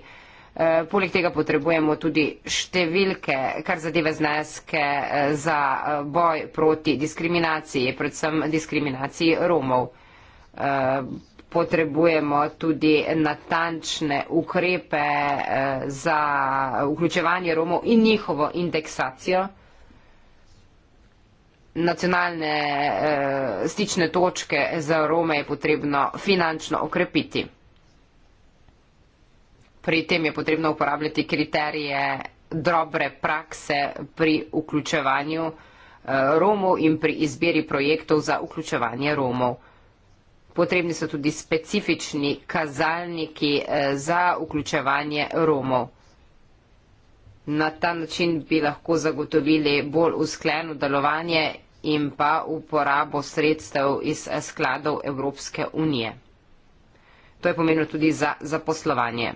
Eh, poleg tega potrebujemo tudi številke, kar zadeve zneske eh, za boj proti diskriminaciji, predvsem diskriminaciji Romov. Potrebujemo tudi natančne ukrepe za vključevanje Romov in njihovo indeksacijo nacionalne e, stične točke za Rome je potrebno finančno okrepiti. Pri tem je potrebno uporabljati kriterije dobre prakse pri vključevanju e, Romov in pri izbiri projektov za vključevanje Romov. Potrebni so tudi specifični kazalniki e, za vključevanje Romov. Na ta način bi lahko zagotovili bolj usklenu delovanje in pa uporabo sredstev iz eh, skladov Evropske unije. To je pomenilo tudi za zaposlovanje.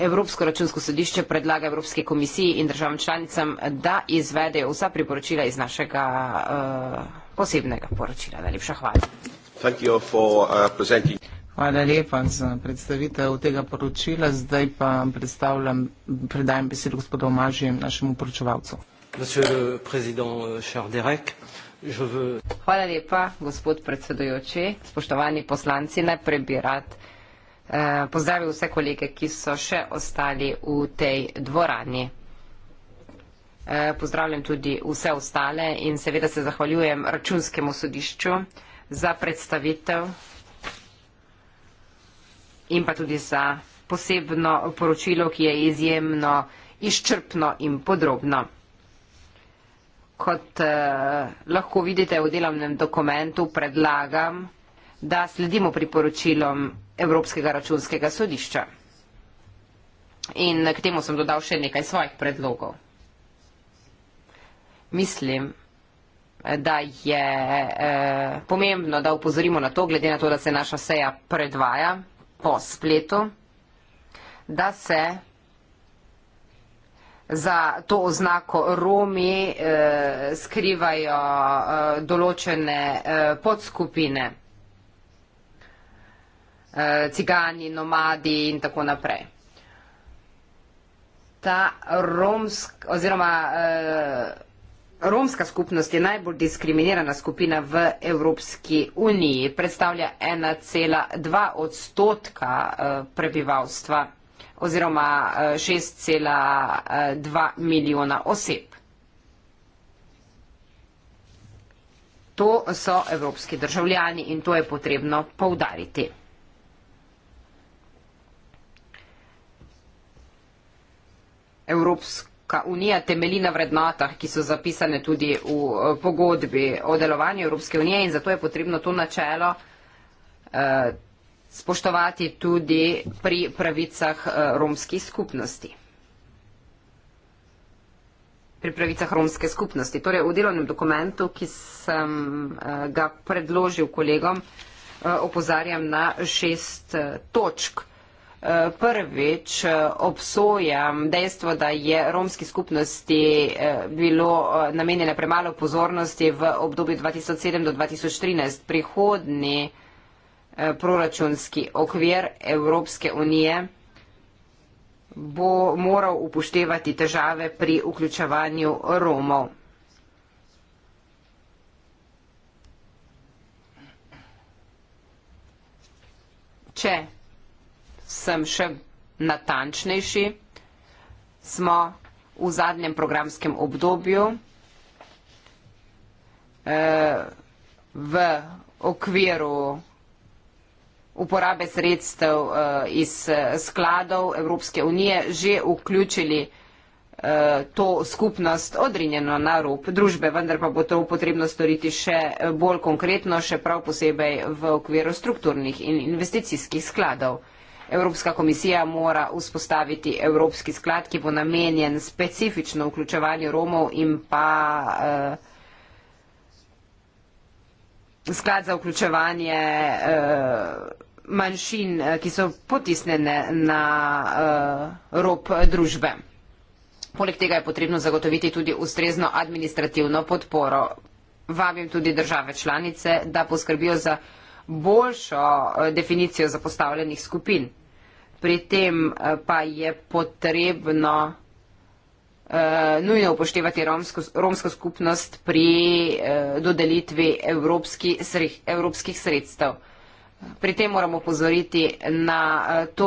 Evropsko računsko sodišče predlaga Evropske komisiji in državam članicam, da izvedejo vsa priporočila iz našega uh, posebnega poročila. Najlepša hvala. Uh, hvala lepa za predstavitev tega poročila. Zdaj pa predstavljam, predajam besedo gospodu Omažijem, našemu poročevalcu. Monsieur le Président, euh, cher Derek, je veux... Hvala lepa, gospod predsedujoči, spoštovani poslanci, najprej bi rad eh, pozdravil vse kolege, ki so še ostali v tej dvorani. Eh, pozdravljam tudi vse ostale in seveda se zahvaljujem računskemu sodišču za predstavitev in pa tudi za posebno poročilo, ki je izjemno izčrpno in podrobno kot eh, lahko vidite v delovnem dokumentu, predlagam, da sledimo priporočilom Evropskega računskega sodišča. In eh, k temu sem dodal še nekaj svojih predlogov. Mislim, eh, da je pomembno, da upozorimo na to, glede na to, da se naša seja predvaja po spletu, da se za to oznako Romi eh, skrivajo eh, določene eh, podskupine, eh, cigani, nomadi in tako naprej. Ta romsk, oziroma, eh, romska skupnost je najbolj diskriminirana skupina v Evropski uniji, predstavlja 1,2 odstotka eh, prebivalstva oziroma 6,2 eh, eh, milijona oseb. To so evropski državljani in to je potrebno poudariti. Evropska unija temeli na vrednotah, ki so zapisane tudi v eh, pogodbi o delovanju Evropske unije in zato je potrebno to načelo eh, spoštovati tudi pri pravicah eh, romskih skupnosti. Pri pravicah romske skupnosti. Torej, v delovnem dokumentu, ki sem eh, ga predložil kolegom, eh, opozarjam na šest točk. Prvič obsojam dejstvo, da je romski skupnosti bilo namenjene premalo pozornosti v obdobju 2007 do 2013. Prihodni Eh, proračunski okvir Evropske unije bo moral upoštevati težave pri vključevanju Romov. Če sem še natančnejši, smo v zadnjem programskem obdobju eh, v okviru uporabe sredstev eh, iz eh, skladov Evropske unije že vključili eh, to skupnost odrinjeno na rob družbe, vendar pa bo to potrebno storiti še bolj konkretno, še prav posebej v okviru strukturnih in investicijskih skladov. Evropska komisija mora vzpostaviti evropski sklad, ki bo namenjen specifično vključevanju Romov in pa eh, sklad za vključevanje uh, manjšin, eh, ki so potisnjene na uh, rob družbe. Poleg tega je potrebno zagotoviti tudi ustrezno administrativno podporo. Vabim tudi države članice, da poskrbijo za boljšo definicijo zapostavljenih skupin. Pri tem pa je potrebno Eh, nujno upoštevati romsko, romsko skupnost pri uh, dodelitvi evropski, sreh, evropskih sredstev. Pri tem moramo pozoriti na eh, to,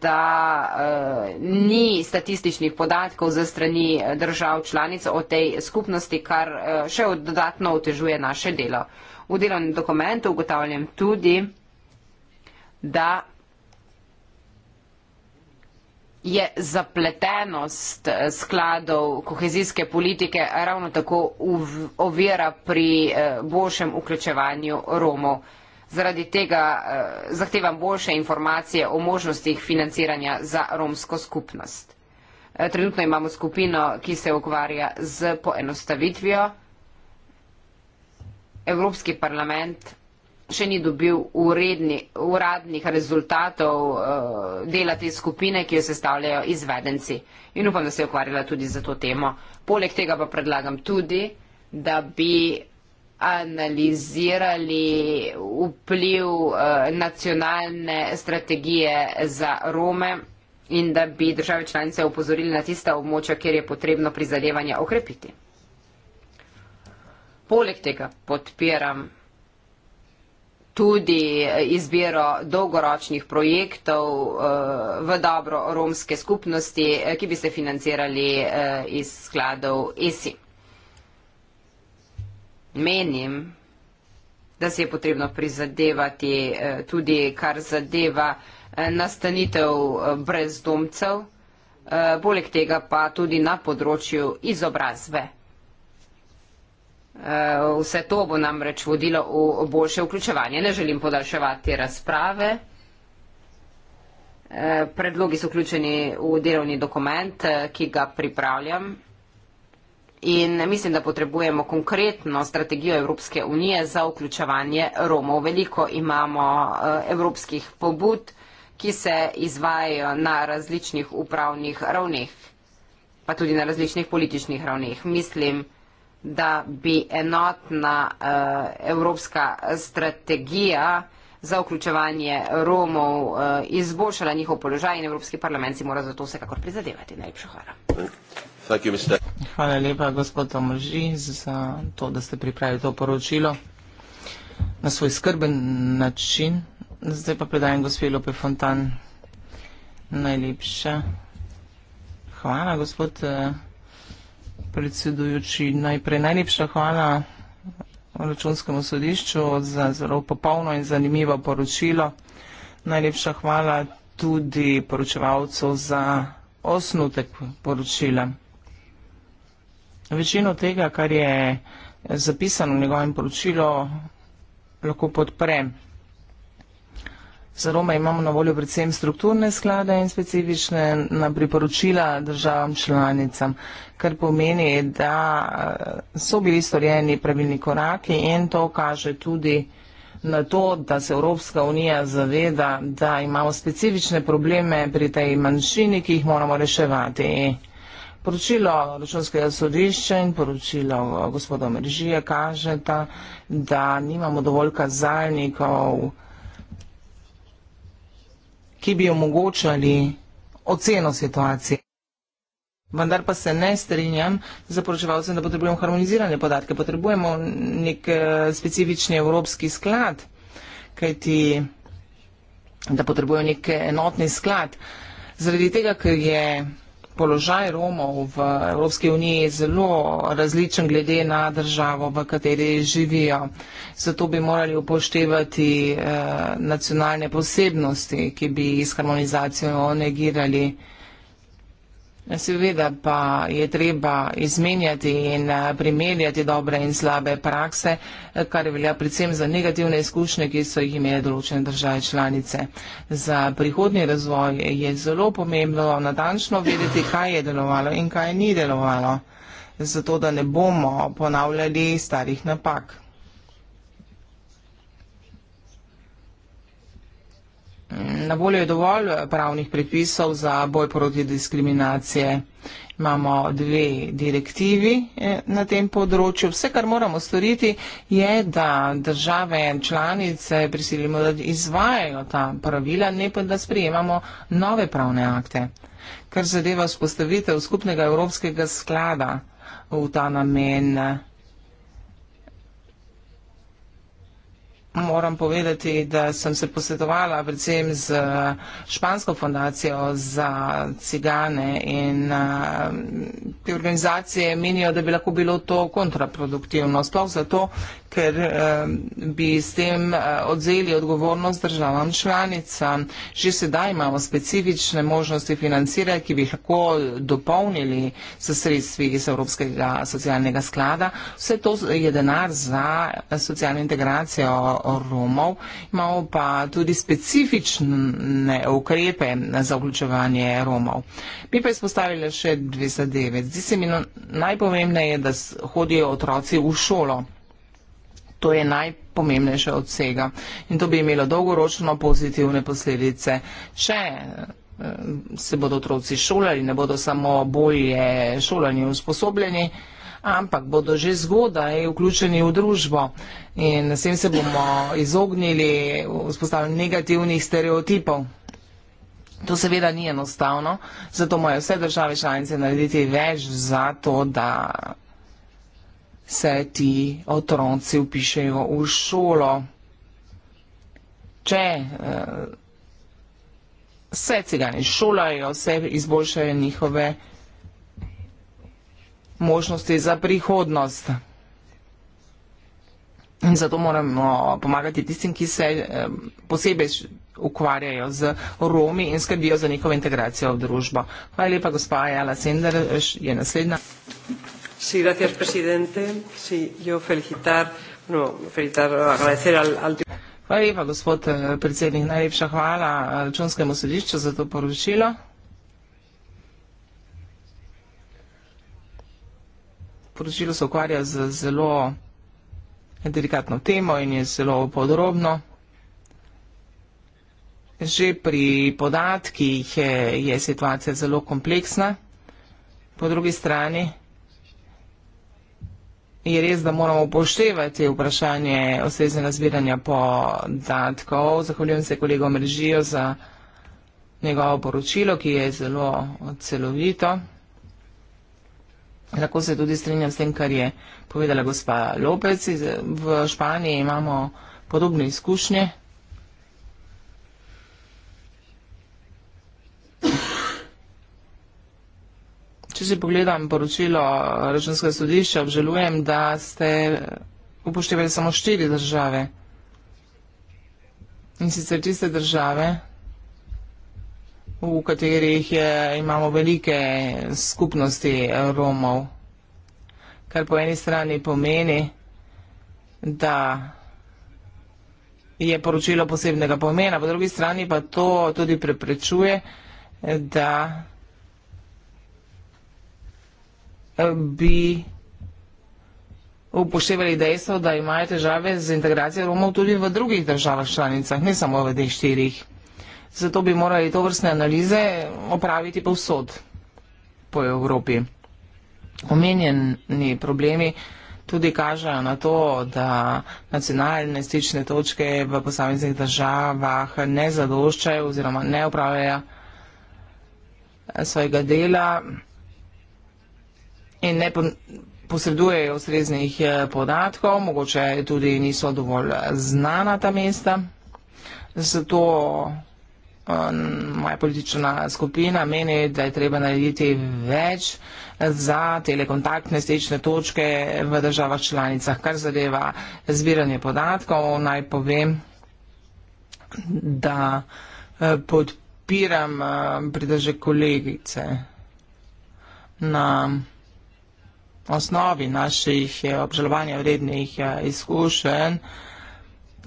da ni statističnih podatkov za strani držav članic o tej skupnosti, kar še dodatno otežuje naše delo. V delovnem dokumentu ugotavljam tudi, da je zapletenost eh, skladov kohezijske politike ravno tako ovira pri eh, boljšem vključevanju Romov. Zaradi tega eh, zahtevam boljše informacije o možnostih financiranja za romsko skupnost. Trenutno imamo skupino, ki se ukvarja z poenostavitvijo. Evropski parlament še ni dobil uredni, uradnih rezultatov uh, dela te skupine, ki jo sestavljajo izvedenci. In upam, da se je ukvarjala tudi za to temo. Poleg tega pa predlagam tudi, da bi analizirali vpliv uh, nacionalne strategije za Rome in da bi države članice upozorili na tista območja, kjer je potrebno prizadevanja okrepiti. Poleg tega podpiram tudi izbiro dolgoročnih projektov eh, v dobro romske skupnosti, eh, ki bi se financirali eh, iz skladov ESI. Menim, da se je potrebno prizadevati tudi, kar zadeva nastanitev brezdomcev, poleg tega pa tudi na področju izobrazbe. Eh, vse to bo namreč vodilo v boljše vključevanje. Ne želim podaljševati razprave. Eh, predlogi so vključeni v delovni dokument, eh, ki ga pripravljam. In mislim, da potrebujemo konkretno strategijo Evropske unije za vključevanje Romov. Veliko imamo evropskih pobud, ki se izvajajo na različnih upravnih ravneh, pa tudi na različnih političnih ravneh. Mislim, da bi enotna eh, evropska strategija za vključevanje Romov eh, izboljšala njihov položaj in Evropski parlament si mora za to vsekakor prizadevati. Najlepša hvala. Hvala lepa, gospod Tomoži, za to, da ste pripravili to poročilo na svoj skrben način. Zdaj pa predajem gospe Lope Fontan. Najlepša. Hvala, gospod Tomoži. Eh, predsedujoči. Najprej najlepša hvala računskemu sodišču za zelo popolno in zanimivo poročilo. Najlepša hvala tudi poročevalcu za osnutek poročila. Večino tega, kar je zapisano v njegovem poročilu, lahko podprem. Za Rome imamo na voljo predvsem strukturne sklade in specifične na priporočila državam članicam, kar pomeni, da eh, so bili storjeni pravilni koraki in to kaže tudi na to, da se Evropska unija zaveda, da imamo specifične probleme pri tej manjšini, ki jih moramo reševati. Poročilo računskega sodišča in poročilo eh, gospoda Mrežije kažeta, da nimamo dovolj kazalnikov ki bi omogočali oceno situacije. Vendar pa se ne strinjam z zaporočevalcem, da potrebujemo harmonizirane podatke. Potrebujemo nek eh, specifični evropski sklad, kajti da potrebujemo nek enotni sklad. Zaradi tega, ker je položaj Romov v Evropski uniji je zelo različen glede na državo, v kateri živijo. Zato bi morali upoštevati eh, nacionalne posebnosti, ki bi jih s harmonizacijo negirali. Seveda pa je treba izmenjati in eh, primerjati dobre in slabe prakse, eh, kar velja predvsem za negativne izkušnje, ki so jih imele določene države članice. Za prihodnji razvoj je zelo pomembno natančno vedeti, kaj je delovalo in kaj ni delovalo, zato da ne bomo ponavljali starih napak. na voljo je dovolj pravnih predpisov za boj proti diskriminacije. Imamo dve direktivi eh, na tem področju. Vse, kar moramo storiti, je, da države članice prisilimo, da izvajajo ta pravila, ne pa da sprijemamo nove pravne akte. Kar zadeva vzpostavitev skupnega evropskega sklada v ta namen, moram povedati, da sem se posvetovala predvsem z Špansko fondacijo za cigane in eh, te organizacije menijo, da bi lahko bilo to kontraproduktivno. Sploh zato, ker bi s tem eh, odzeli odgovornost državam članicam. Že sedaj imamo specifične možnosti financiranja, ki bi jih lahko dopolnili s sredstvi iz Evropskega socialnega sklada. Vse to je denar za socialno integracijo Romov. Imamo pa tudi specifične ukrepe za vključevanje Romov. Mi pa izpostavili še 209. Zdi se mi najpomembneje, da hodijo otroci v šolo. To je najpomembnejše od vsega in to bi imelo dolgoročno pozitivne posledice. Če eh, se bodo otroci šolali, ne bodo samo bolje šolani in usposobljeni, ampak bodo že zgodaj vključeni v družbo in s tem se bomo izognili vzpostavljanju negativnih stereotipov. To seveda ni enostavno, zato morajo vse države članice narediti več za to, da se ti otroci upišejo v šolo. Če uh, se cigani šolajo, se izboljšajo njihove možnosti za prihodnost. In zato moramo pomagati tistim, ki se eh, posebej ukvarjajo z Romi in skrbijo za njihovo integracijo v družbo. Hvala lepa, gospa Jala Sender, je naslednja. Sí, gracias, presidente. Sí, yo felicitar, bueno, felicitar, agradecer al. al... Hvala lepa, gospod eh, predsednik. Najlepša hvala eh, računskemu sodišču za to poročilo. Poročilo se ukvarja z zelo delikatno temo in je zelo podrobno. Že pri podatkih je, je situacija zelo kompleksna. Po drugi strani je res, da moramo upoštevati vprašanje osebne nazbiranja podatkov. Zahvaljujem se kolegom Režijo za njegovo poročilo, ki je zelo celovito. Lahko se tudi strinjam s tem, kar je povedala gospa Lopec. V Španiji imamo podobne izkušnje. Če si pogledam poročilo računskega sodišča, obžalujem, da ste upoštevali samo štiri države. In sicer tiste države, v katerih je, imamo velike skupnosti Romov, kar po eni strani pomeni, da je poročilo posebnega pomena, po drugi strani pa to tudi preprečuje, da bi upoštevali dejstvo, da imajo težave z integracijo Romov tudi v drugih državah članicah, ne samo v teh štirih. Zato bi morali to vrstne analize opraviti povsod po Evropi. Omenjeni problemi tudi kažejo na to, da nacionalne stične točke v posameznih državah ne zadoščajo oziroma ne upravljajo svojega dela in ne posredujejo ustreznih eh, podatkov, mogoče tudi niso dovolj eh, znana ta mesta. Zato eh, moja politična skupina meni, da je treba narediti več za telekontaktne stečne točke v državah članicah, kar zadeva zbiranje podatkov. Naj povem, da podpiram pridrže kolegice na osnovi naših eh, obžalovanja vrednih eh, izkušenj.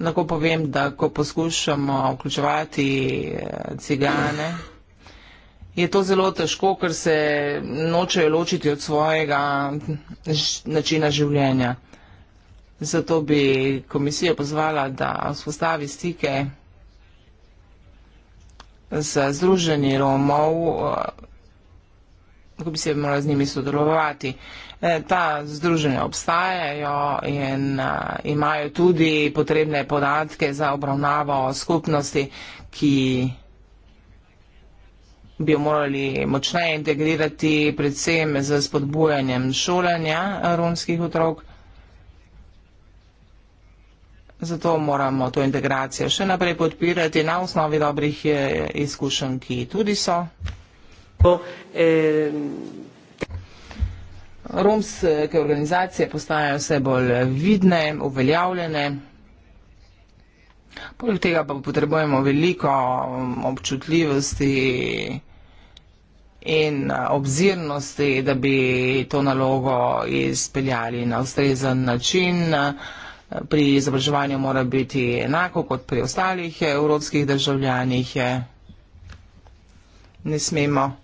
Lahko povem, da ko poskušamo vključevati eh, cigane, je to zelo težko, ker se nočejo ločiti od svojega načina življenja. Zato bi komisija pozvala, da vzpostavi stike z Združenji Romov, ko bi se morali z njimi sodelovati. E, ta združenja obstajajo in e, imajo tudi potrebne podatke za obravnavo skupnosti, ki bi jo morali močneje integrirati predvsem z spodbujanjem šolanja romskih otrok. Zato moramo to integracijo še naprej podpirati na osnovi dobrih e, izkušenj, ki tudi so. Bo, eh, romske organizacije postajajo vse bolj vidne, uveljavljene. Poleg tega pa potrebujemo veliko um, občutljivosti in uh, obzirnosti, da bi to nalogo izpeljali na ustrezen način. Pri izobraževanju mora biti enako kot pri ostalih evropskih državljanih. Ne smemo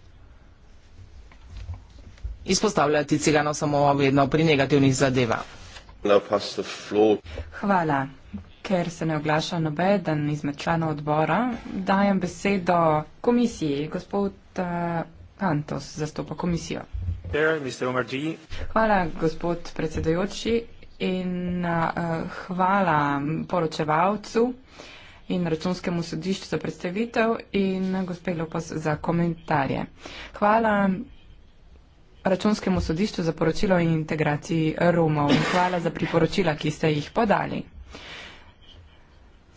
izpostavljati cigano samo vedno pri negativnih zadevah. Hvala. Ker se ne oglaša nobeden izmed članov odbora, dajem besedo komisiji. Gospod eh, Kantos zastopa komisijo. Hvala, gospod predsedojoči, in uh, hvala poročevalcu in računskemu sodišču za predstavitev in eh, gospe Lopas za komentarje. Hvala računskemu sodišču za poročilo o integraciji Romov in hvala za priporočila, ki ste jih podali.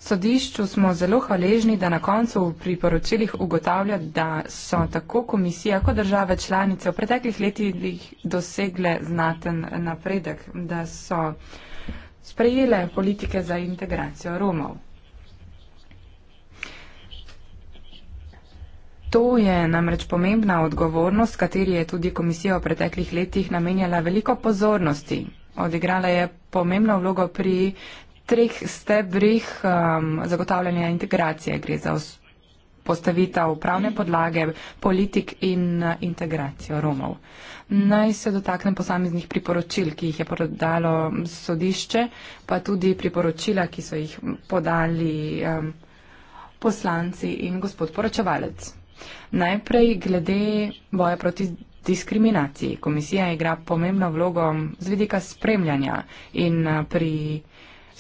Sodišču smo zelo hvaležni, da na koncu v priporočilih ugotavlja, da so tako komisija kot države članice v preteklih letih dosegle znaten napredek, da so sprejele politike za integracijo Romov. To je namreč pomembna odgovornost, kateri je tudi komisija v preteklih letih namenjala veliko pozornosti. Odigrala je pomembno vlogo pri treh stebrih um, zagotavljanja integracije. Gre za postavitev pravne podlage, politik in uh, integracijo Romov. Naj se dotaknem posameznih priporočil, ki jih je podalo um, sodišče, pa tudi priporočila, ki so jih podali um, poslanci in gospod poročevalec. Najprej glede boja proti diskriminaciji. Komisija igra pomembno vlogo z vidika spremljanja in eh, pri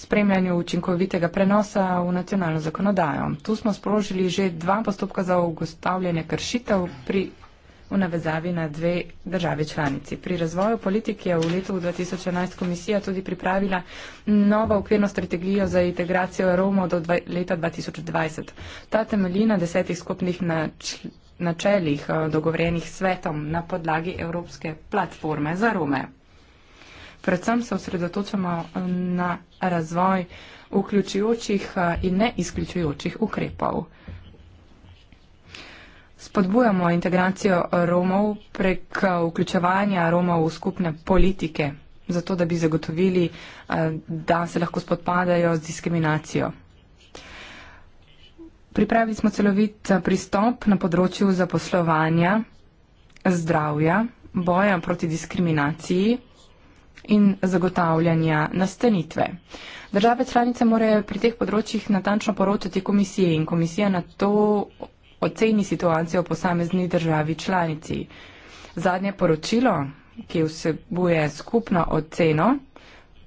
spremljanju učinkovitega prenosa v nacionalno zakonodajo. Tu smo sprožili že dva postopka za ugostavljanje kršitev pri v navezavi na dve državi članici. Pri razvoju politik je v letu 2011 komisija tudi pripravila novo okvirno strategijo za integracijo Romov do dva, leta 2020. Ta temelji na desetih skupnih načelih, eh, dogovorjenih s svetom na podlagi Evropske platforme za Rome. Predvsem se osredotočamo eh, na razvoj vključujočih eh, in ne izključujočih ukrepov spodbujamo integracijo Romov prek eh, vključevanja Romov v skupne politike, zato da bi zagotovili, eh, da se lahko spopadajo z diskriminacijo. Pripravili smo celovit eh, pristop na področju zaposlovanja, zdravja, boja proti diskriminaciji in zagotavljanja nastanitve. Države članice morajo pri teh področjih natančno poročati komisiji in komisija na to oceni situacijo v posamezni državi članici. Zadnje poročilo, ki vsebuje skupno oceno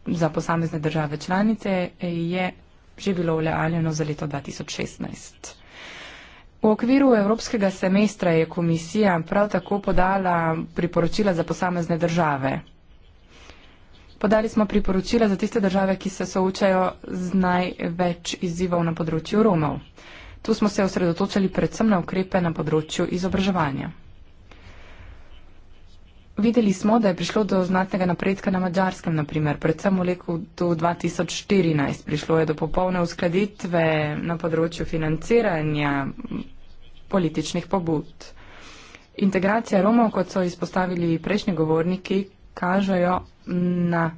za posamezne države članice, je že bilo uljavljeno za leto 2016. V okviru evropskega semestra je komisija prav tako podala priporočila za posamezne države. Podali smo priporočila za tiste države, ki se soočajo z največ izzivov na področju Romov. Tu smo se osredotočali predvsem na ukrepe na področju izobraževanja. Videli smo, da je prišlo do znatnega napredka na mađarskem, naprimer. predvsem v leku 2014. Prišlo je do popolne uskladitve na področju financiranja političnih pobud. Integracija Romov, kot so izpostavili prejšnji govorniki, kažejo na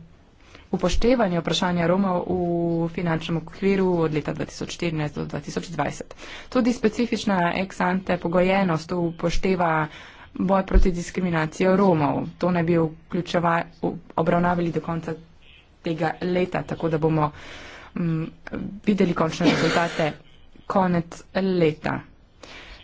upoštevanje vprašanja Romov v finančnem okviru od leta 2014 do 2020. Tudi specifična ex-ante pogojenost upošteva boj proti diskriminacijo Romov. To naj bi obravnavali do konca tega leta, tako da bomo m, mm, videli končne rezultate konec leta.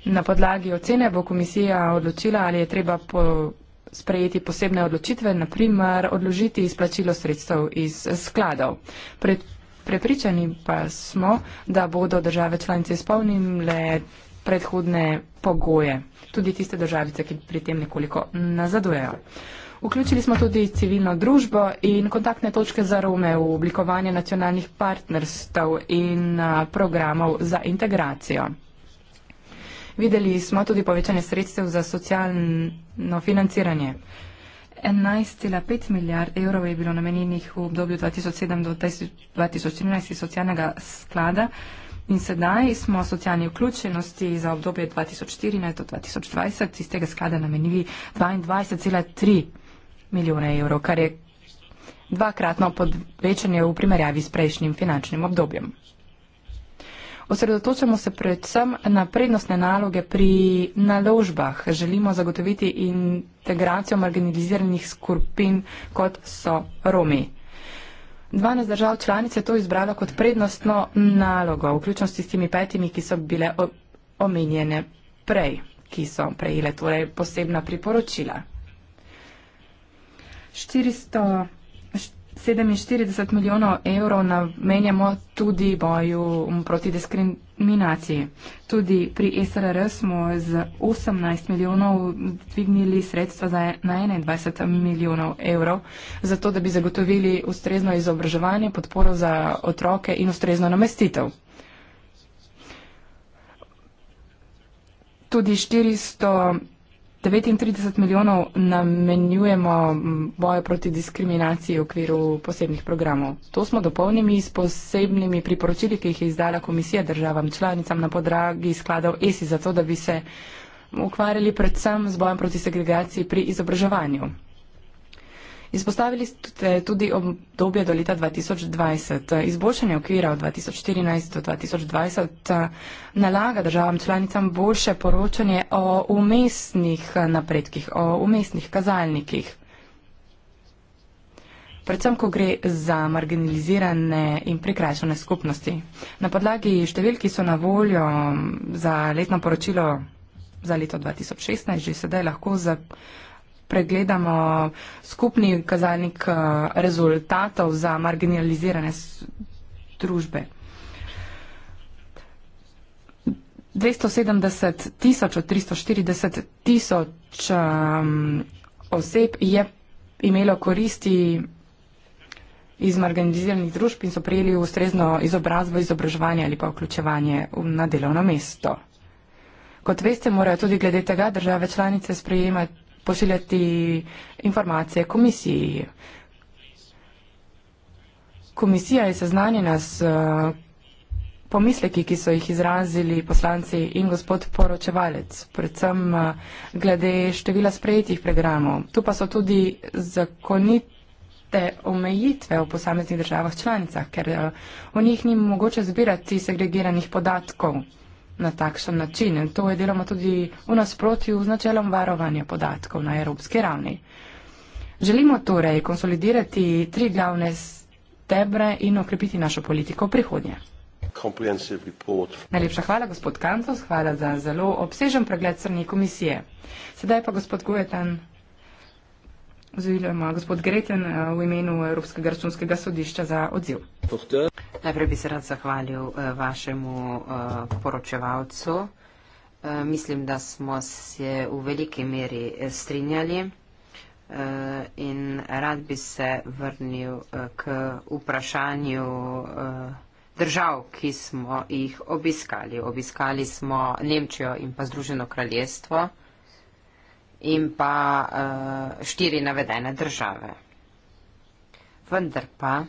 Na podlagi ocene bo komisija odločila, ali je treba po sprejeti posebne odločitve, naprimer odložiti izplačilo sredstev iz skladov. Pre, prepričani pa smo, da bodo države članice izpolnile predhodne pogoje, tudi tiste državice, ki pri tem nekoliko nazadujejo. Vključili smo tudi civilno družbo in kontaktne točke za Rome v oblikovanje nacionalnih partnerstv in programov za integracijo. Videli smo tudi povečanje sredstev za socialno financiranje. 11,5 milijard evrov je bilo namenjenih v obdobju 2007 do 2013 iz socialnega sklada in sedaj smo socialni vključenosti za obdobje 2014 do 2020 iz tega sklada namenili 22,3 milijone evrov, kar je dvakratno povečanje v primerjavi s prejšnjim finančnim obdobjem. Osredotočamo se predvsem na prednostne naloge pri naložbah. Želimo zagotoviti integracijo marginaliziranih skupin, kot so Romi. 12 držav članic je to izbralo kot prednostno nalogo, vključno s tistimi petimi, ki so bile omenjene prej, ki so prejele torej posebna priporočila. 400 47 milijonov evrov namenjamo tudi boju proti diskriminaciji. Tudi pri SRR smo z 18 milijonov dvignili sredstva za e-, na 21 milijonov evrov, zato da bi zagotovili ustrezno izobraževanje, podporo za otroke in ustrezno namestitev. Tudi 400 milijonov 39 milijonov namenjujemo mm, boju proti diskriminaciji v okviru posebnih programov. To smo dopolnili s posebnimi priporočili, ki jih je izdala komisija državam članicam na podragi skladov ESI, zato da bi se ukvarjali predvsem z bojem proti segregaciji pri izobraževanju. Izpostavili ste tudi obdobje do leta 2020. Izboljšanje okvira od 2014 do 2020 nalaga državam članicam boljše poročanje o umestnih napredkih, o umestnih kazalnikih. Predvsem, ko gre za marginalizirane in prikrajšane skupnosti. Na podlagi števil, ki so na voljo za letno poročilo za leto 2016, že sedaj lahko za pregledamo skupni kazalnik eh, rezultatov za marginalizirane družbe. 270 tisoč od 340 tisoč um, oseb je imelo koristi iz marginaliziranih družb in so prijeli ustrezno izobrazbo, izobraževanje ali pa vključevanje na delovno mesto. Kot veste, morajo tudi glede tega države članice sprejemati pošiljati informacije komisiji. Komisija je seznanjena s eh, pomisleki, ki so jih izrazili poslanci in gospod poročevalec, predvsem eh, glede števila sprejetih programov. Tu pa so tudi zakonite omejitve v posameznih državah članicah, ker eh, v njih ni mogoče zbirati segregiranih podatkov na takšen način. In to je deloma tudi v nasprotju z načelom varovanja podatkov na evropski ravni. Želimo torej konsolidirati tri glavne stebre in okrepiti našo politiko v prihodnje. Najlepša hvala, gospod Kantos, hvala za zelo obsežen pregled strani komisije. Sedaj pa gospod Gujetan, Zavilo ima eh, gospod Greten eh, v imenu Evropskega računskega sodišča za odziv. Najprej bi se rad zahvalil eh, vašemu poročevalcu. Mislim, da smo se v veliki meri strinjali in rad bi se vrnil k vprašanju držav, ki smo jih obiskali. Obiskali smo Nemčijo in pa Združeno kraljestvo in pa uh, štiri navedene države. Vendar pa uh,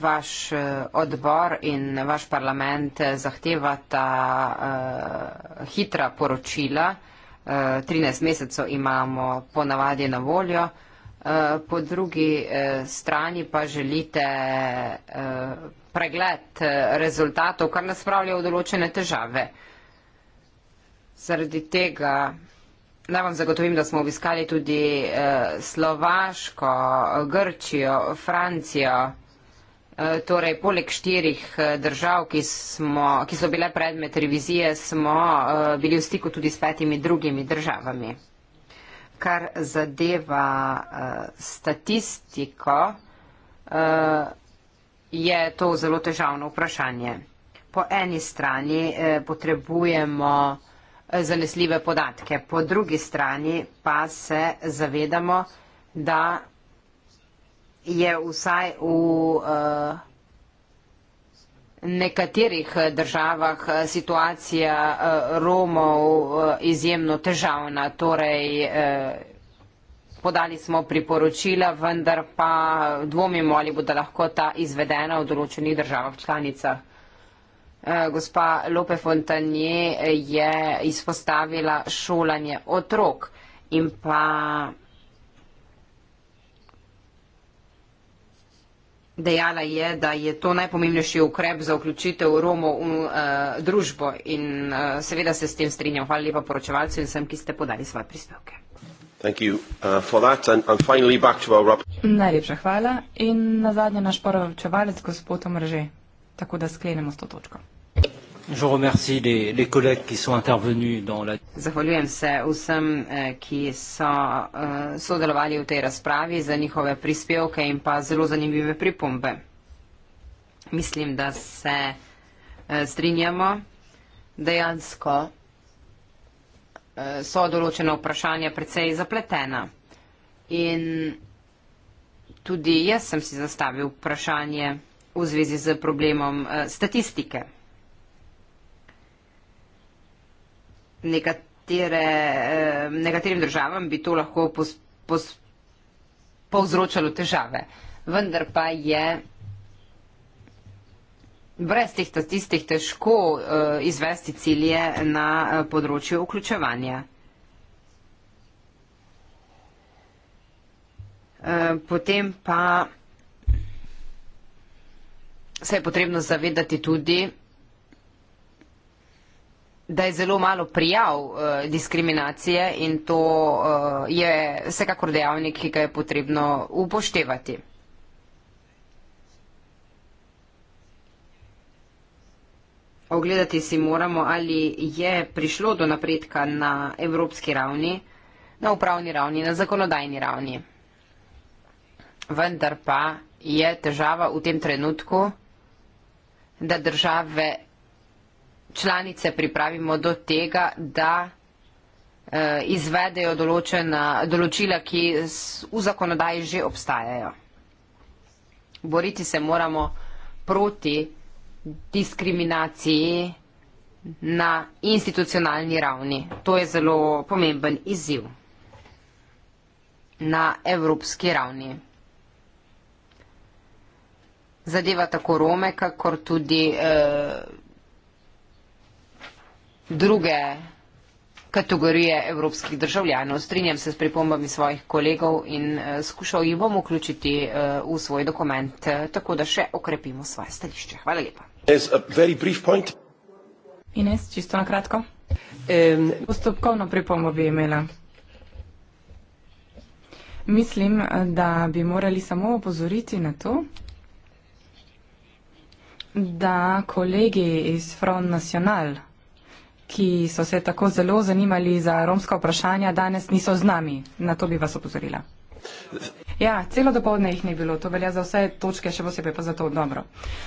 vaš uh, odbor in vaš parlament zahtevata uh, hitra poročila. Uh, 13 mesecev imamo ponavadi na voljo. Po drugi strani pa želite pregled rezultatov, kar nas spravlja v določene težave. Zaradi tega naj vam zagotovim, da smo obiskali tudi eh, Slovaško, Grčijo, Francijo. Eh, torej, poleg štirih eh, držav, ki, smo, ki so bile predmet revizije, smo bili v stiku tudi s petimi drugimi državami. Kar zadeva statistiko, je to zelo težavno vprašanje. Po eni strani potrebujemo zanesljive podatke. Po drugi strani pa se zavedamo, da je vsaj v eh, nekaterih državah situacija eh, Romov eh, izjemno težavna. Torej, podali smo priporočila, vendar pa dvomimo, ali bo da lahko ta izvedena v določenih državah članicah. Eh, gospa Lope Fontanje je izpostavila šolanje otrok in pa dejala je, da je to najpomembnejši ukrep za vključitev Romov v uh, družbo in uh, seveda se s tem strinjam. Hvala lepa poročevalcu in vsem, ki ste podali svoje prispevke. Uh, Najlepša hvala in na zadnje naš poročevalec, gospod Omrže, tako da sklenemo s to točko. Je remercie les, les collègues qui sont intervenus dans la... Zahvaljujem se vsem, eh, ki so uh, sodelovali v tej razpravi za njihove prispevke in pa zelo zanimive pripombe. Mislim, da se uh, strinjamo. Dejansko uh, so določena vprašanja precej zapletena. In tudi jaz sem si zastavil vprašanje v zvezi z problemom uh, statistike. nekatere, eh, nekaterim državam bi to lahko pos, pos, povzročalo težave. Vendar pa je brez teh statistik težko eh, izvesti cilje na eh, področju vključevanja. Eh, potem pa se je potrebno zavedati tudi, da je zelo malo prijav uh, diskriminacije in to uh, je vsekakor dejavnik, ki ga je potrebno upoštevati. Ogledati si moramo, ali je prišlo do napredka na evropski ravni, na upravni ravni, na zakonodajni ravni. Vendar pa je težava v tem trenutku, da države članice pripravimo do tega, da eh, izvedejo določena, določila, ki v zakonodaji že obstajajo. Boriti se moramo proti diskriminaciji na institucionalni ravni. To je zelo pomemben izziv na evropski ravni. Zadevata korome, kakor tudi eh, druge kategorije evropskih državljanov. Strinjam se s pripombami svojih kolegov in eh, skušal jih bom vključiti eh, v svoj dokument, eh, tako da še okrepimo svoje stališče. Hvala lepa. Ines, čisto na kratko. Um, postopkovno pripombo bi imela. Mislim, da bi morali samo opozoriti na to, da kolegi iz Front National ki so se tako zelo zanimali za romska vprašanja, danes niso z nami. Na to bi vas opozorila. Ja, celo dopoledne jih ni bilo, to velja za vse točke, še posebej pa za to dobro.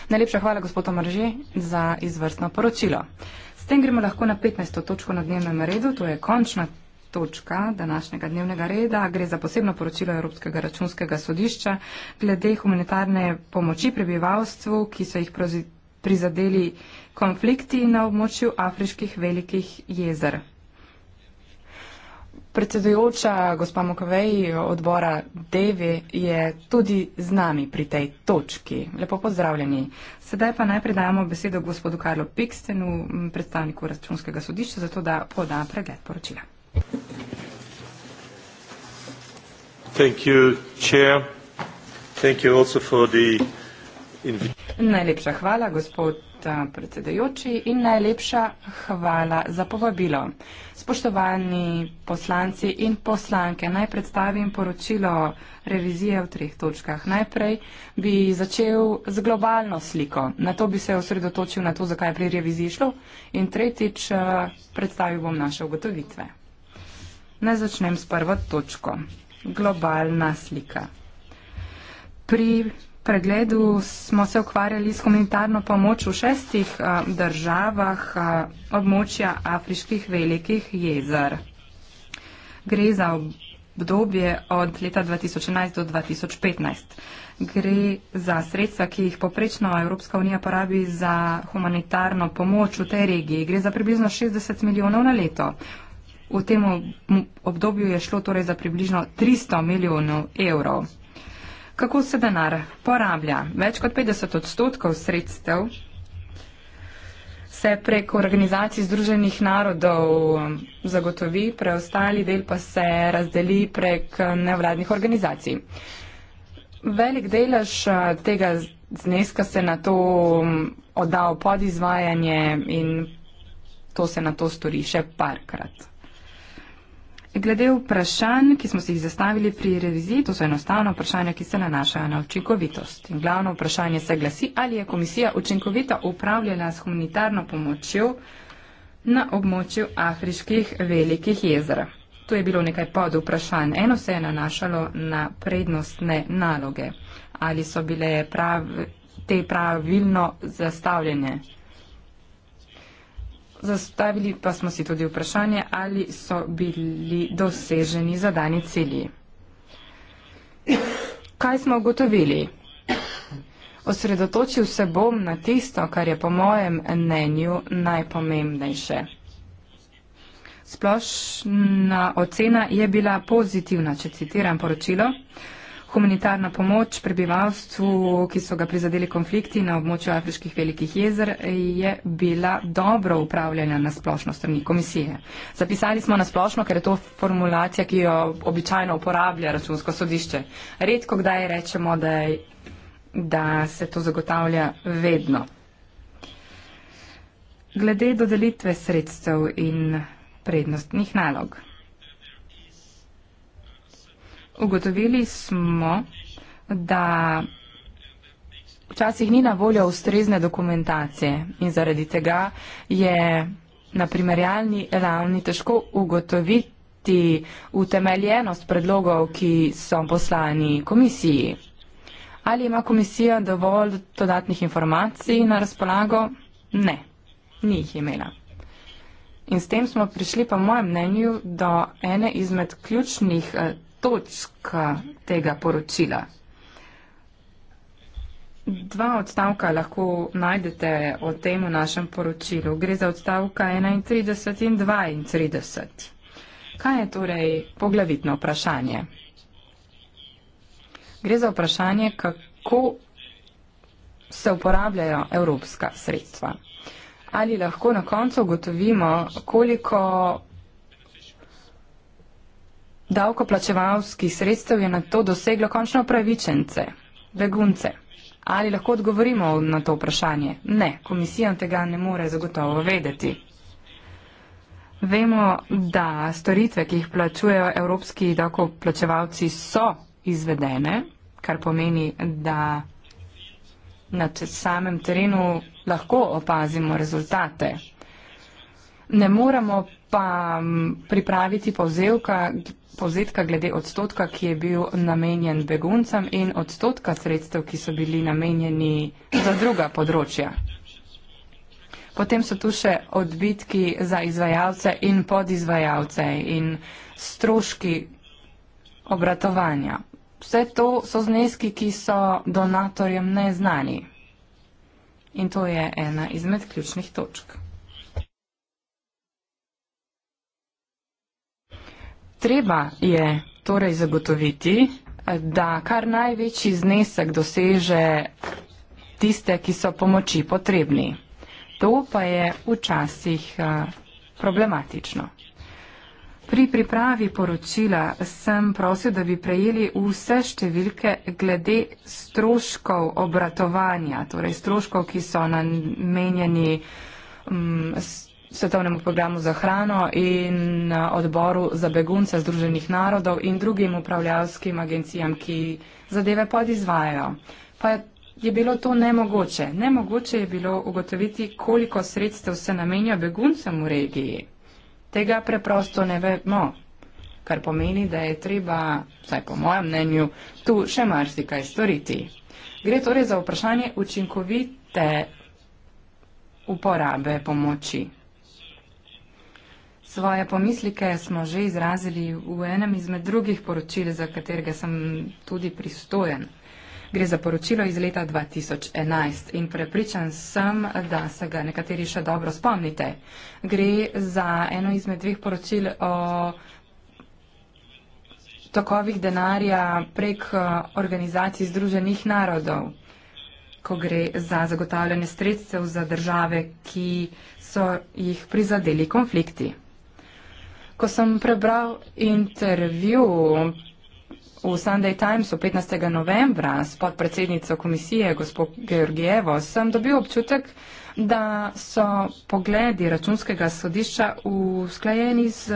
Najlepša hvala gospodu Marži za izvrstno poročilo. S tem gremo lahko na 15. točko na dnevnem redu, to je končna točka današnjega dnevnega reda. Gre za posebno poročilo Evropskega računskega sodišča glede humanitarne pomoči prebivalstvu, ki so jih prizadeli konflikti na območju afriških velikih jezer. Predsedujoča gospa Mokovej odbora Devi je tudi z nami pri tej točki. Lepo pozdravljeni. Sedaj pa najprej dajemo besedo gospodu Karlo Pikstenu, predstavniku računskega sodišča, zato da poda pregled poročila. Thank you, chair. Thank you also for the Najlepša hvala, gospod Eh, predsedujoči in najlepša hvala za povabilo. Spoštovani poslanci in poslanke, naj predstavim poročilo revizije v treh točkah. Najprej bi začel z globalno sliko, na to bi se osredotočil na to, zakaj je pri reviziji šlo in tretjič eh, predstavil bom naše ugotovitve. Naj začnem s prvo točko. Globalna slika. Pri pregledu smo se ukvarjali s humanitarno pomoč v šestih a, državah a, območja afriških velikih jezer. Gre za obdobje od leta 2011 do 2015. Gre za sredstva, ki jih poprečno Evropska unija porabi za humanitarno pomoč v tej regiji. Gre za približno 60 milijonov na leto. V tem obdobju je šlo torej za približno 300 milijonov evrov kako se denar porablja. Več kot 50 odstotkov sredstev se prek organizacij Združenih narodov um, zagotovi, preostali del pa se razdeli prek um, nevladnih organizacij. Velik delež uh, tega zneska se na to um, oddal pod izvajanje in to se na to stori še parkrat. Glede vprašanj, ki smo si jih zastavili pri reviziji, to so enostavno vprašanja, ki se nanašajo na učinkovitost. In glavno vprašanje se glasi, ali je komisija učinkovita upravljena s humanitarno pomočjo na območju afriških velikih jezer. To je bilo nekaj pod vprašanj. Eno se je nanašalo na prednostne naloge. Ali so bile prav, te pravilno zastavljene? Zastavili pa smo si tudi vprašanje, ali so bili doseženi zadani cilji. Kaj smo ugotovili? Osredotočil se bom na tisto, kar je po mojem mnenju najpomembnejše. Splošna ocena je bila pozitivna, če citiram poročilo humanitarna pomoč prebivalstvu, ki so ga prizadeli konflikti na območju afriških velikih jezer, je bila dobro upravljena na splošno strani komisije. Zapisali smo na splošno, ker je to formulacija, ki jo običajno uporablja računsko sodišče. Redko kdaj rečemo, da, je, da se to zagotavlja vedno. Glede dodelitve sredstev in prednostnih nalog. Ugotovili smo, da včasih ni na voljo ustrezne dokumentacije in zaradi tega je na primerjalni ravni težko ugotoviti utemeljenost predlogov, ki so poslani komisiji. Ali ima komisija dovolj dodatnih informacij na razpolago? Ne, ni jih imela. In s tem smo prišli, po mojem mnenju, do ene izmed ključnih eh, točka tega poročila. Dva odstavka lahko najdete o tem v našem poročilu. Gre za odstavka 31 in 32. Kaj je torej poglavitno vprašanje? Gre za vprašanje, kako se uporabljajo evropska sredstva. Ali lahko na koncu ugotovimo, koliko davkoplačevalskih sredstev je na to doseglo končno pravičence, begunce. Ali lahko odgovorimo na to vprašanje? Ne, komisija tega ne more zagotovo vedeti. Vemo, da storitve, ki jih plačujejo evropski davkoplačevalci, so izvedene, kar pomeni, da na samem terenu lahko opazimo rezultate. Ne moramo pa pripraviti povzevka, povzetka glede odstotka, ki je bil namenjen beguncem in odstotka sredstev, ki so bili namenjeni za druga področja. Potem so tu še odbitki za izvajalce in podizvajalce in stroški obratovanja. Vse to so zneski, ki so donatorjem neznani. In to je ena izmed ključnih točk. Treba je torej zagotoviti, da kar največji znesek doseže tiste, ki so pomoči potrebni. To pa je včasih problematično. Pri pripravi poročila sem prosil, da bi prejeli vse številke glede stroškov obratovanja, torej stroškov, ki so namenjeni. Um, svetovnemu programu za hrano in eh, odboru za begunce Združenih narodov in drugim upravljavskim agencijam, ki zadeve podizvajajo. Pa je bilo to nemogoče. Nemogoče je bilo ugotoviti, koliko sredstev se namenja beguncem v regiji. Tega preprosto ne vemo, kar pomeni, da je treba, vsaj po mojem mnenju, tu še marsikaj storiti. Gre torej za vprašanje učinkovite uporabe pomoči. Svoje pomislike smo že izrazili v enem izmed drugih poročil, za katerega sem tudi pristojen. Gre za poročilo iz leta 2011 in prepričan sem, da se ga nekateri še dobro spomnite. Gre za eno izmed dveh poročil o tokovih denarja prek eh, organizacij Združenih narodov, ko gre za zagotavljanje sredstev za države, ki so jih prizadeli konflikti ko sem prebral intervju v Sunday Timesu 15. novembra s podpredsednico komisije, gospod Georgijevo, sem dobil občutek, da so pogledi računskega sodišča usklajeni z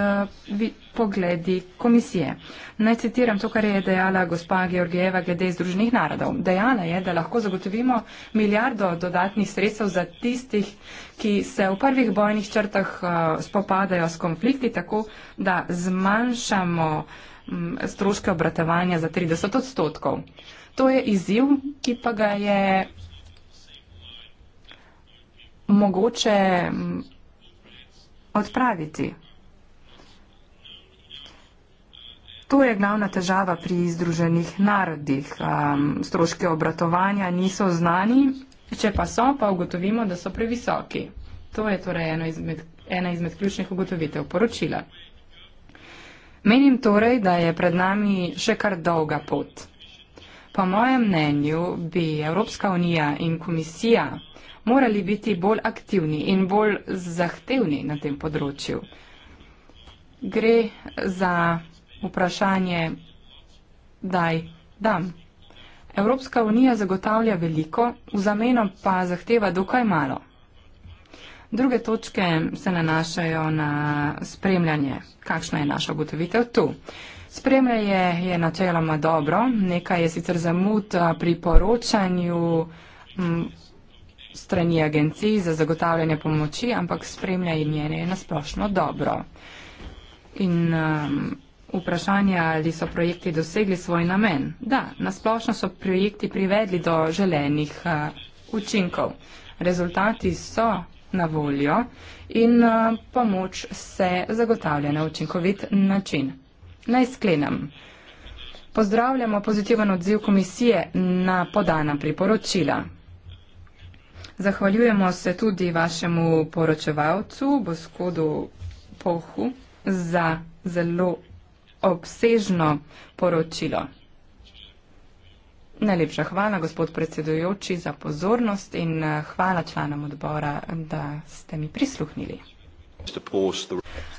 pogledi komisije. Naj citiram to, kar je dejala gospa Georgijeva glede Združenih narodov. Dejala je, da lahko zagotovimo milijardo dodatnih sredstev za tistih, ki se v prvih bojnih črtah uh, spopadajo s konflikti, tako da zmanjšamo stroške obratovanja za 30 odstotkov. To je izziv, ki pa ga je mogoče mm, odpraviti. To je glavna težava pri združenih narodih. Um, Stroške obratovanja niso znani, če pa so, pa ugotovimo, da so previsoki. To je torej eno izmed, ena izmed ključnih ugotovitev poročila. Menim torej, da je pred nami še kar dolga pot. Po mojem mnenju bi Evropska unija in komisija morali biti bolj aktivni in bolj zahtevni na tem področju. Gre za vprašanje, daj, dam. Evropska unija zagotavlja veliko, v zameno pa zahteva dokaj malo. Druge točke se nanašajo na spremljanje. Kakšna je naša ugotovitev tu? Spremljanje je načeloma dobro, nekaj je sicer zamud pri poročanju, strani agencij za zagotavljanje pomoči, ampak spremlja in njene je nasplošno dobro. In um, vprašanje, ali so projekti dosegli svoj namen. Da, nasplošno so projekti privedli do želenih uh, učinkov. Rezultati so na voljo in uh, pomoč se zagotavlja na učinkovit način. Naj sklenem. Pozdravljamo pozitiven odziv komisije na podana priporočila. Zahvaljujemo se tudi vašemu poročevalcu, gospodu Pohu, za zelo obsežno poročilo. Najlepša hvala, gospod predsedujoči, za pozornost in eh, hvala članom odbora, da ste mi prisluhnili.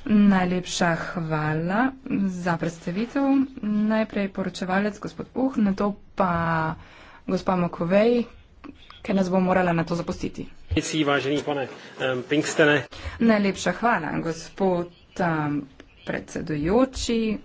Najlepša hvala za predstavitev. Najprej poročevalec, gospod Puh, na to pa gospa Mokovej, ker nas bo morala na to zapustiti. Si, važeni, pone, um, Najlepša hvala, gospod um, predsedujoči,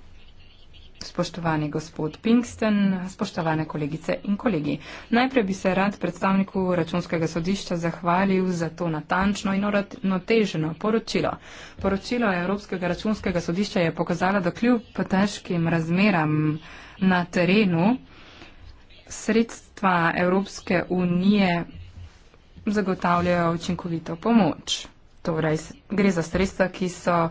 spoštovani gospod Pinksten, spoštovane kolegice in kolegi. Najprej bi se rad predstavniku računskega sodišča zahvalil za to natančno in noteženo poročilo. Poročilo Evropskega računskega sodišča je pokazalo, da kljub težkim razmeram na terenu, sredstva Evropske unije zagotavljajo učinkovito pomoč. Torej, gre za sredstva, ki so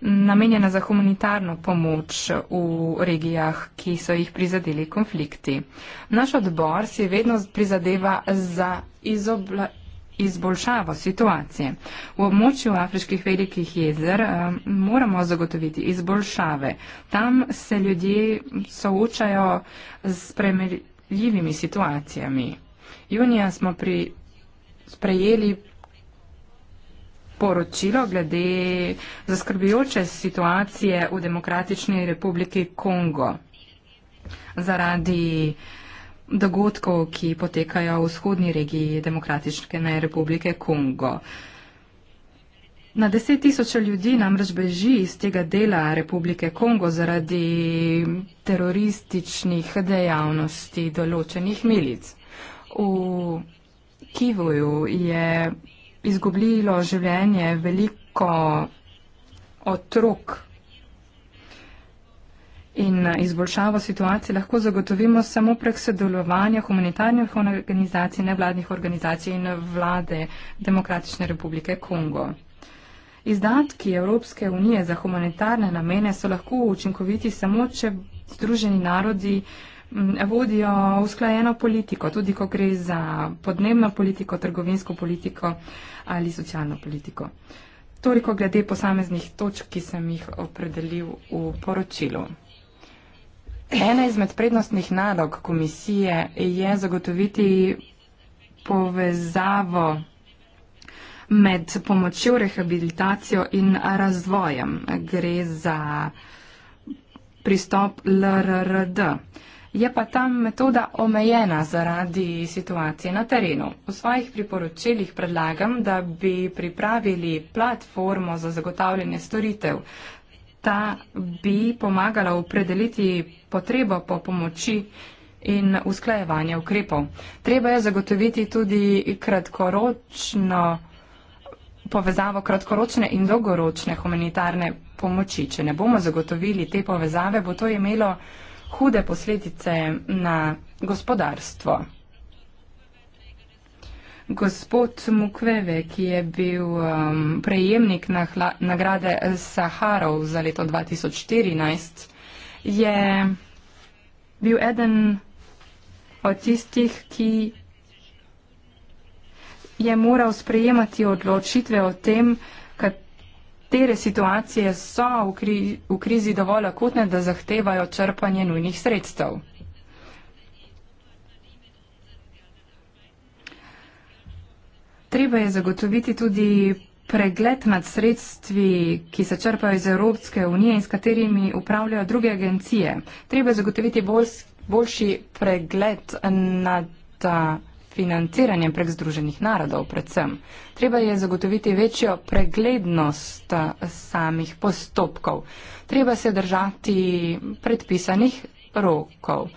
namenjena za humanitarno pomoč v regijah, ki so jih prizadeli konflikti. Naš odbor si vedno prizadeva za izobla izboljšavo situacije. V območju afriških velikih jezer eh, moramo zagotoviti izboljšave. Tam se ljudje soočajo s premeritvami ljivimi situacijami. Junija smo pri, sprejeli poročilo glede zaskrbijoče situacije v Demokratični republiki Kongo zaradi dogodkov, ki potekajo v vzhodni regiji Demokratične republike Kongo. Uh, Na deset tisoče ljudi namreč beži iz tega dela Republike Kongo zaradi terorističnih dejavnosti določenih milic. V Kivuju je izgubilo življenje veliko otrok in izboljšavo situacije lahko zagotovimo samo prek sodelovanja humanitarnih organizacij, nevladnih organizacij in vlade Demokratične republike Kongo. Izdatki Evropske unije za humanitarne namene so lahko učinkoviti samo, če združeni narodi vodijo usklajeno politiko, tudi ko gre za podnebno politiko, trgovinsko politiko ali socialno politiko. Toliko glede posameznih točk, ki sem jih opredelil v poročilu. Ena izmed prednostnih nalog komisije je zagotoviti povezavo med pomočjo, rehabilitacijo in razvojem. Gre za pristop LRRD. Je pa ta metoda omejena zaradi situacije na terenu. V svojih priporočilih predlagam, da bi pripravili platformo za zagotavljanje storitev. Ta bi pomagala opredeliti potrebo po pomoči in usklajevanje ukrepov. Treba je zagotoviti tudi kratkoročno povezavo kratkoročne in dolgoročne humanitarne pomoči. Če ne bomo zagotovili te povezave, bo to imelo hude posledice na gospodarstvo. Gospod Mukveve, ki je bil um, prejemnik nahla, nagrade Saharov za leto 2014, je bil eden od tistih, ki je moral sprejemati odločitve o tem, katere situacije so v, kri, v krizi dovolj akutne, da zahtevajo črpanje nujnih sredstev. Treba je zagotoviti tudi pregled nad sredstvi, ki se črpajo iz Evropske unije in s katerimi upravljajo druge agencije. Treba je zagotoviti bolj, boljši pregled nad. Uh, financiranjem prek Združenih narodov predvsem. Treba je zagotoviti večjo preglednost eh, samih postopkov. Treba se držati predpisanih rokov.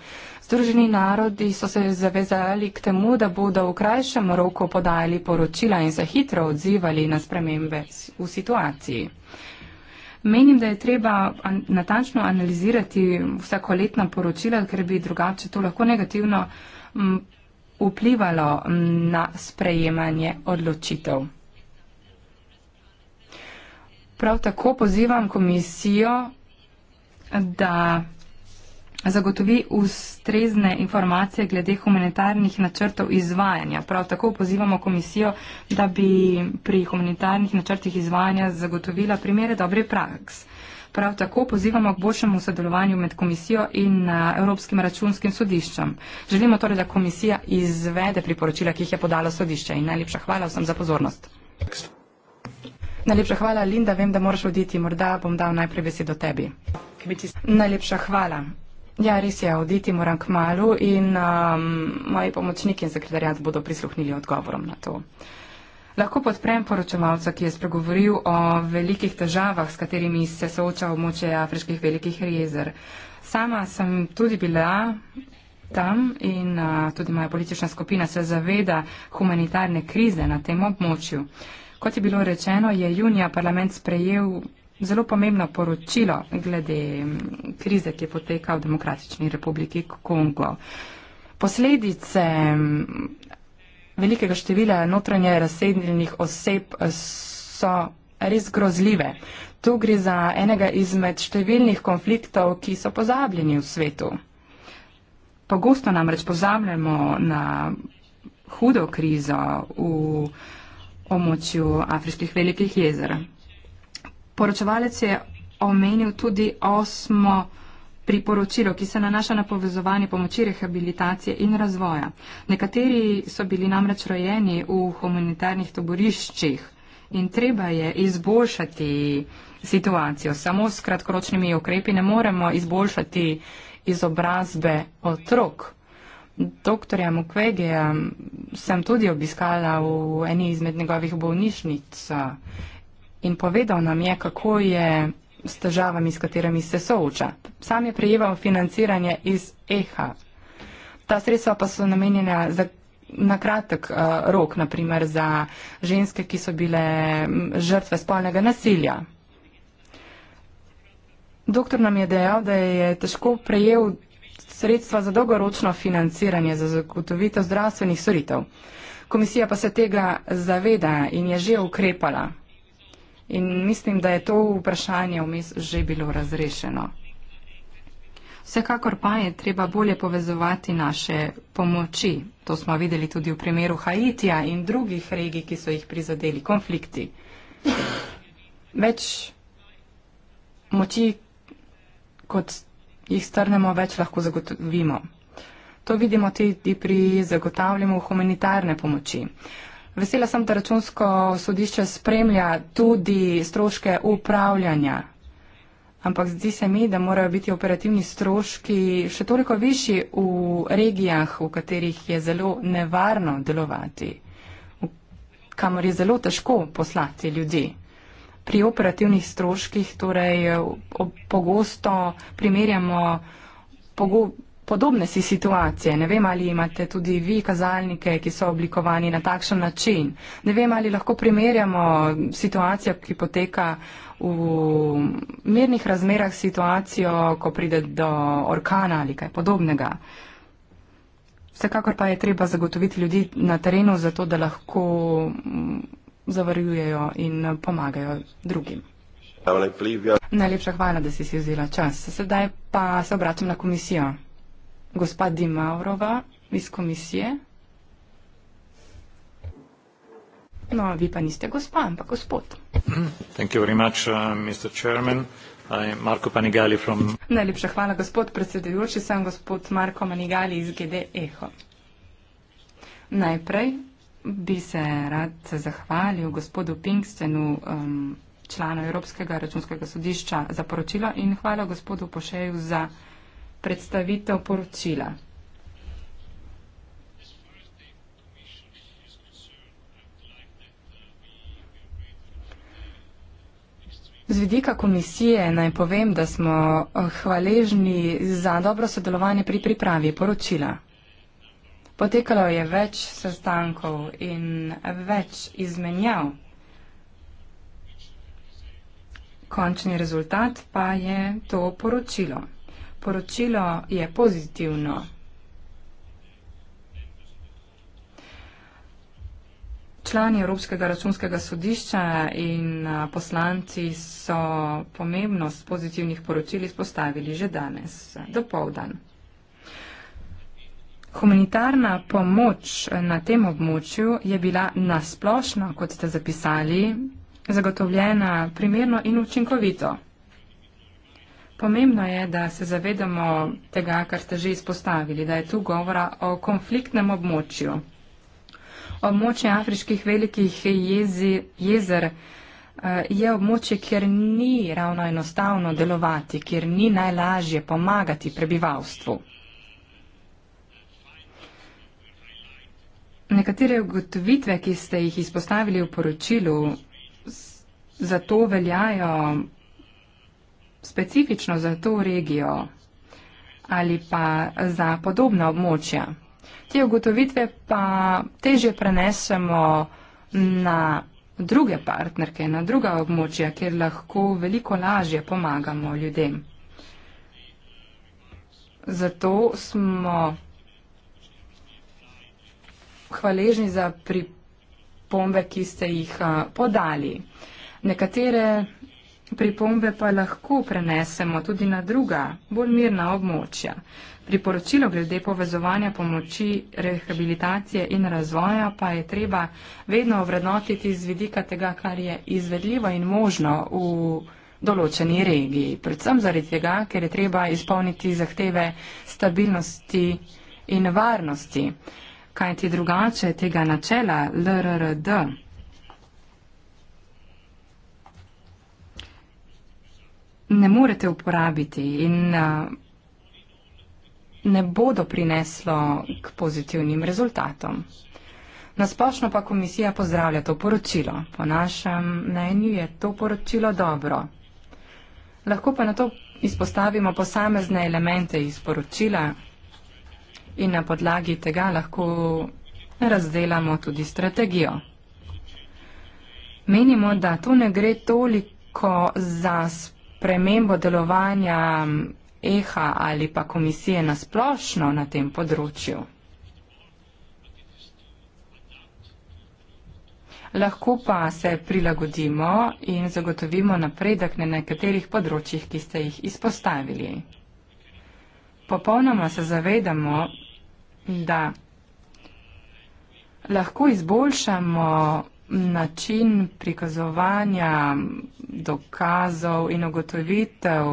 Združeni narodi so se zavezali k temu, da bodo v krajšem roku podajali poročila in se hitro odzivali na spremembe v situaciji. Menim, da je treba natančno analizirati vsakoletna poročila, ker bi drugače to lahko negativno vplivalo mm, na sprejemanje odločitev. Prav tako pozivam komisijo, da zagotovi ustrezne informacije glede humanitarnih načrtov izvajanja. Prav tako pozivamo komisijo, da bi pri humanitarnih načrtih izvajanja zagotovila primere dobre prakse. Prav tako pozivamo k boljšemu sodelovanju med komisijo in eh, Evropskim računskim sodiščem. Želimo torej, da komisija izvede priporočila, ki jih je podala sodišče. In najlepša hvala vsem za pozornost. Najlepša hvala, Linda. Vem, da moraš oditi. Morda bom dal najprej besedo tebi. Najlepša hvala. Ja, res je, oditi moram k malu in um, moji pomočniki in sekretarjat bodo prisluhnili odgovorom na to. Lahko podprem poročevalca, ki je spregovoril o velikih težavah, s katerimi se sooča območje afriških velikih jezer. Sama sem tudi bila tam in a, tudi moja politična skupina se zaveda humanitarne krize na tem območju. Kot je bilo rečeno, je junija parlament sprejel zelo pomembno poročilo glede krize, ki je poteka v Demokratični republiki Kongo. Posledice velikega števila notranje razsedljenih oseb eh, so res grozljive. Tu gre za enega izmed številnih konfliktov, ki so pozabljeni v svetu. Pogosto namreč pozabljamo na hudo krizo v območju afriških velikih jezer. Poročevalec je omenil tudi osmo priporočilo, ki se nanaša na povezovanje pomoči rehabilitacije in razvoja. Nekateri so bili namreč rojeni v humanitarnih toboriščih in treba je izboljšati situacijo. Samo s kratkoročnimi ukrepi ne moremo izboljšati izobrazbe otrok. Doktorja Mukwege sem tudi obiskala v eni izmed njegovih bolnišnic in povedal nam je, kako je s težavami, s katerimi se sooča. Sam je prejeval financiranje iz EHA. Ta sredstva pa so namenjena za, na kratek uh, rok, naprimer za ženske, ki so bile žrtve spolnega nasilja. Doktor nam je dejal, da je težko prejel sredstva za dolgoročno financiranje, za zagotovitev zdravstvenih storitev. Komisija pa se tega zaveda in je že ukrepala. In mislim, da je to vprašanje vmes že bilo razrešeno. Vsekakor pa je treba bolje povezovati naše pomoči. To smo videli tudi v primeru Haitija in drugih regij, ki so jih prizadeli konflikti. Več moči, kot jih strnemo, več lahko zagotovimo. To vidimo tudi pri zagotavljanju humanitarne pomoči. Vesela sem, da računsko sodišče spremlja tudi stroške upravljanja. Ampak zdi se mi, da morajo biti operativni stroški še toliko višji v regijah, v katerih je zelo nevarno delovati, kamor je zelo težko poslati ljudi. Pri operativnih stroških torej eh, pogosto primerjamo pogo podobne si situacije. Ne vem, ali imate tudi vi kazalnike, ki so oblikovani na takšen način. Ne vem, ali lahko primerjamo situacijo, ki poteka v mirnih razmerah s situacijo, ko pride do orkana ali kaj podobnega. Vsekakor pa je treba zagotoviti ljudi na terenu, zato da lahko mm, zavarjujejo in pomagajo drugim. Najlepša hvala, da si si vzela čas. Sedaj pa se obračam na komisijo gospa Dimavrova iz komisije. No, vi pa niste gospa, ampak gospod. Thank you very much, uh, Mr. Chairman. Marko Panigali from... Najlepša hvala, gospod predsedujoči. Sem gospod Marko Panigali iz GD Eho. Najprej bi se rad zahvalil gospodu Pinkstenu, um, članu Evropskega računskega sodišča, za poročilo in hvala gospodu Pošeju za predstavitev poročila. Z vidika komisije naj povem, da smo eh, hvaležni za dobro sodelovanje pri pripravi poročila. Potekalo je več sestankov in več izmenjav. Končni rezultat pa je to poročilo poročilo je pozitivno. Člani Evropskega računskega sodišča in poslanci so pomembnost pozitivnih poročil izpostavili že danes, do povdan. Humanitarna pomoč na tem območju je bila nasplošno, kot ste zapisali, zagotovljena primerno in učinkovito. Pomembno je, da se zavedamo tega, kar ste že izpostavili, da je tu govora o konfliktnem območju. Območje afriških velikih jezi, jezer eh, je območje, kjer ni ravno enostavno delovati, kjer ni najlažje pomagati prebivalstvu. Nekatere ugotovitve, ki ste jih izpostavili v poročilu, zato veljajo specifično za to regijo ali pa za podobna območja. Te ugotovitve pa težje prenesemo na druge partnerke, na druga območja, kjer lahko veliko lažje pomagamo ljudem. Zato smo hvaležni za pripombe, ki ste jih podali. Nekatere Pripombe pa lahko prenesemo tudi na druga, bolj mirna območja. Priporočilo glede povezovanja pomoči, rehabilitacije in razvoja pa je treba vedno vrednotiti z vidika tega, kar je izvedljivo in možno v določeni regiji. Predvsem zaradi tega, ker je treba izpolniti zahteve stabilnosti in varnosti. Kaj ti drugače tega načela LRRD ne morete uporabiti in uh, ne bodo prineslo k pozitivnim rezultatom. Nasplošno pa komisija pozdravlja to poročilo. Po našem mnenju je to poročilo dobro. Lahko pa na to izpostavimo posamezne elemente iz poročila in na podlagi tega lahko razdelamo tudi strategijo. Menimo, da to ne gre toliko za spoštovanje, spremembo delovanja EHA ali pa komisije na splošno na tem področju? Lahko pa se prilagodimo in zagotovimo napredek na nekaterih področjih, ki ste jih izpostavili. Popolnoma se zavedamo, da lahko izboljšamo način prikazovanja dokazov in ugotovitev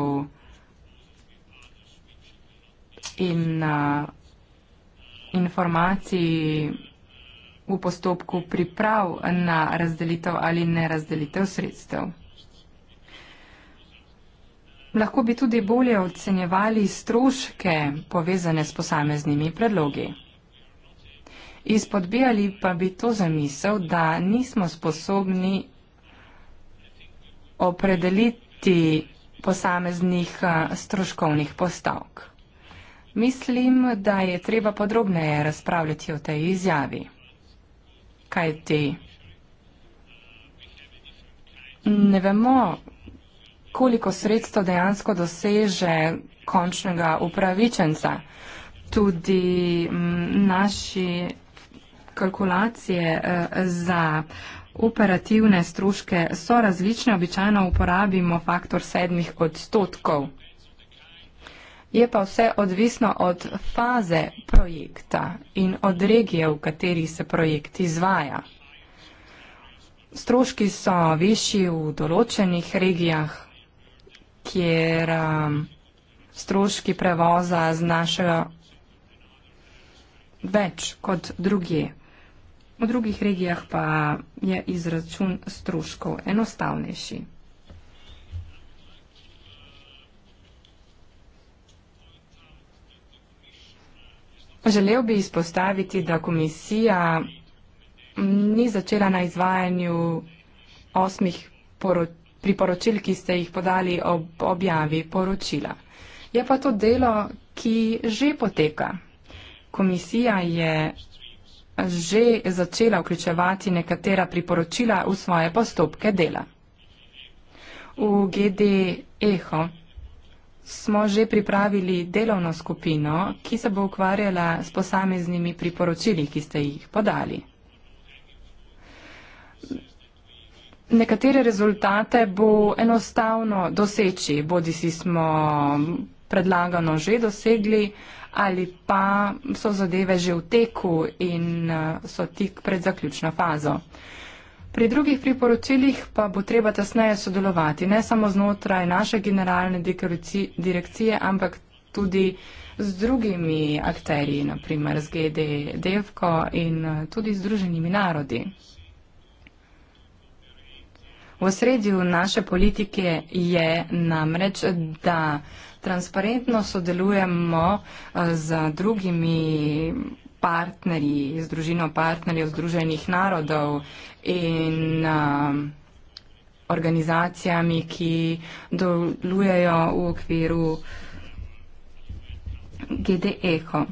in uh, informacij v postopku priprav na razdelitev ali nerazdelitev sredstev. Lahko bi tudi bolje ocenjevali stroške povezane s posameznimi predlogi. Izpodbijali pa bi to zamisel, da nismo sposobni opredeliti posameznih stroškovnih postavk. Mislim, da je treba podrobneje razpravljati o tej izjavi. Kaj ti? Ne vemo, koliko sredstvo dejansko doseže končnega upravičenca. Tudi naši kalkulacije eh, za operativne stroške so različne, običajno uporabimo faktor sedmih odstotkov. Je pa vse odvisno od faze projekta in od regije, v kateri se projekt izvaja. Stroški so višji v določenih regijah, kjer eh, stroški prevoza znašajo več kot druge v drugih regijah pa je izračun stroškov enostavnejši. Želel bi izpostaviti, da komisija ni začela na izvajanju osmih priporočil, ki ste jih podali ob objavi poročila. Je pa to delo, ki že poteka. Komisija je že začela vključevati nekatera priporočila v svoje postopke dela. V GD Eho smo že pripravili delovno skupino, ki se bo ukvarjala s posameznimi priporočili, ki ste jih podali. Nekatere rezultate bo enostavno doseči, bodi si smo predlagano že dosegli ali pa so zadeve že v teku in eh, so tik pred zaključno fazo. Pri drugih priporočilih pa bo treba tesneje sodelovati, ne samo znotraj naše generalne direkcije, ampak tudi z drugimi akterji, naprimer z GD Devko in eh, tudi z druženimi narodi. V sredju naše politike je namreč, da transparentno sodelujemo eh, z drugimi partnerji, z družino partnerjev Združenih narodov in eh, organizacijami, ki delujejo v okviru GDEHO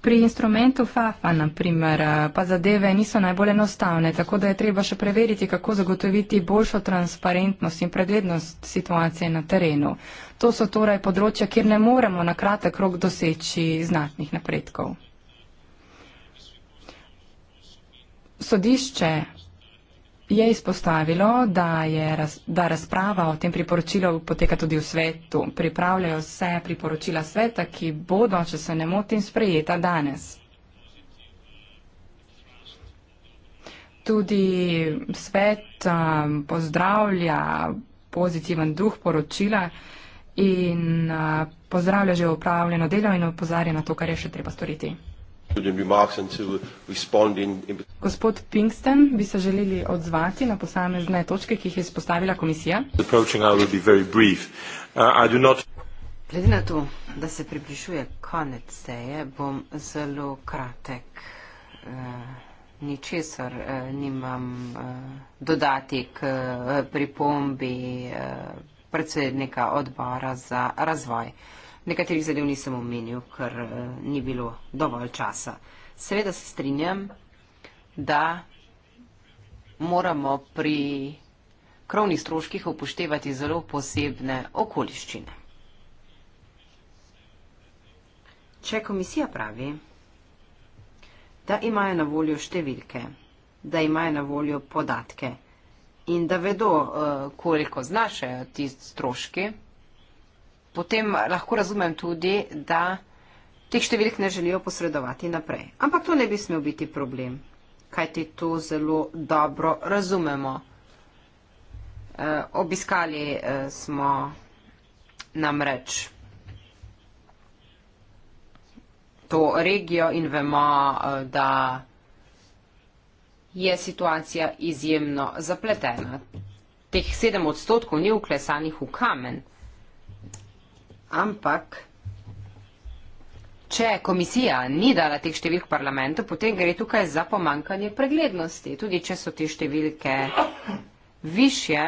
pri instrumentu fafa, naprimer, eh, pa zadeve niso najbolj enostavne, tako da je treba še preveriti, kako zagotoviti boljšo transparentnost in preglednost situacije na terenu. To so torej področja, kjer ne moremo na kratek rok doseči znatnih napredkov. Sodišče je izpostavilo, da, je raz, da razprava o tem priporočilu poteka tudi v svetu. Pripravljajo se priporočila sveta, ki bodo, če se ne motim, sprejeta danes. Tudi svet um, pozdravlja pozitiven duh poročila in uh, pozdravlja že upravljeno delo in opozarja na to, kar je še treba storiti. Gospod Pinkston, bi se želeli odzvati na posamezne točke, ki jih je izpostavila komisija? Uh, Glede na to, da se približuje konec seje, bom zelo kratek. Uh, ničesar uh, nimam dodati k pripombi predsednika odbora za razvoj nekaterih zadev nisem omenil, ker eh, ni bilo dovolj časa. Seveda se strinjam, da moramo pri krovnih stroških upoštevati zelo posebne okoliščine. Če komisija pravi, da imajo na voljo številke, da imajo na voljo podatke in da vedo, eh, koliko znašajo ti stroški, potem lahko razumem tudi, da teh številk ne želijo posredovati naprej. Ampak to ne bi smel biti problem, kajti to zelo dobro razumemo. E, obiskali e, smo namreč to regijo in vemo, e, da je situacija izjemno zapletena. Teh sedem odstotkov ni uklesanih v kamen. Ampak, če komisija ni dala teh številk parlamentu, potem gre tukaj za pomankanje preglednosti. Tudi, če so te številke više,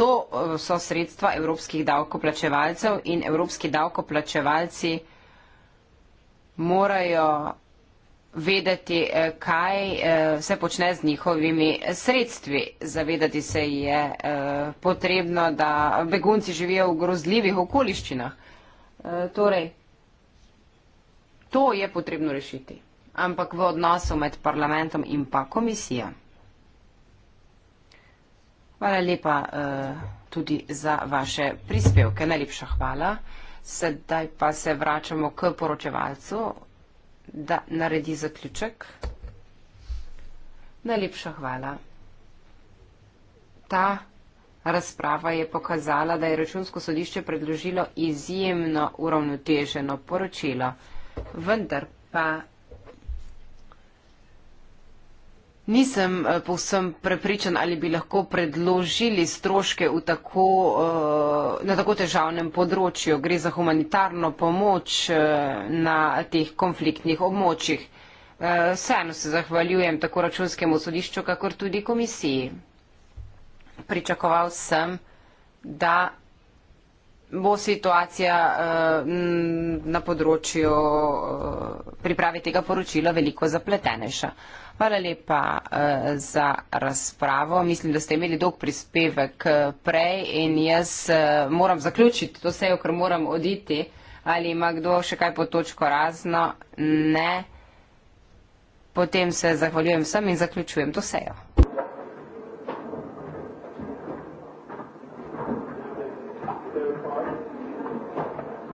to eh, so sredstva evropskih davkoplačevalcev in evropski davkoplačevalci morajo vedeti, eh, kaj eh, se počne z njihovimi sredstvi. Zavedati se je eh, potrebno, da begunci živijo v grozljivih okoliščinah. Torej, to je potrebno rešiti, ampak v odnosu med parlamentom in pa komisijo. Hvala lepa tudi za vaše prispevke. Najlepša hvala. Sedaj pa se vračamo k poročevalcu da naredi zaključek. Najlepša hvala. Ta razprava je pokazala, da je računsko sodišče predložilo izjemno uravnoteženo poročilo, vendar pa. Nisem eh, povsem prepričan, ali bi lahko predložili stroške tako, eh, na tako težavnem področju. Gre za humanitarno pomoč eh, na teh konfliktnih območjih. Vseeno se zahvaljujem tako računskemu sodišču, kakor tudi komisiji. Pričakoval sem, da bo situacija eh, na področju eh, priprave tega poročila veliko zapletenejša. Hvala lepa eh, za razpravo. Mislim, da ste imeli dolg prispevek prej in jaz moram zaključiti to sejo, ker moram oditi. Ali ima kdo še kaj pod točko razno? Ne. Potem se zahvaljujem vsem in zaključujem to sejo.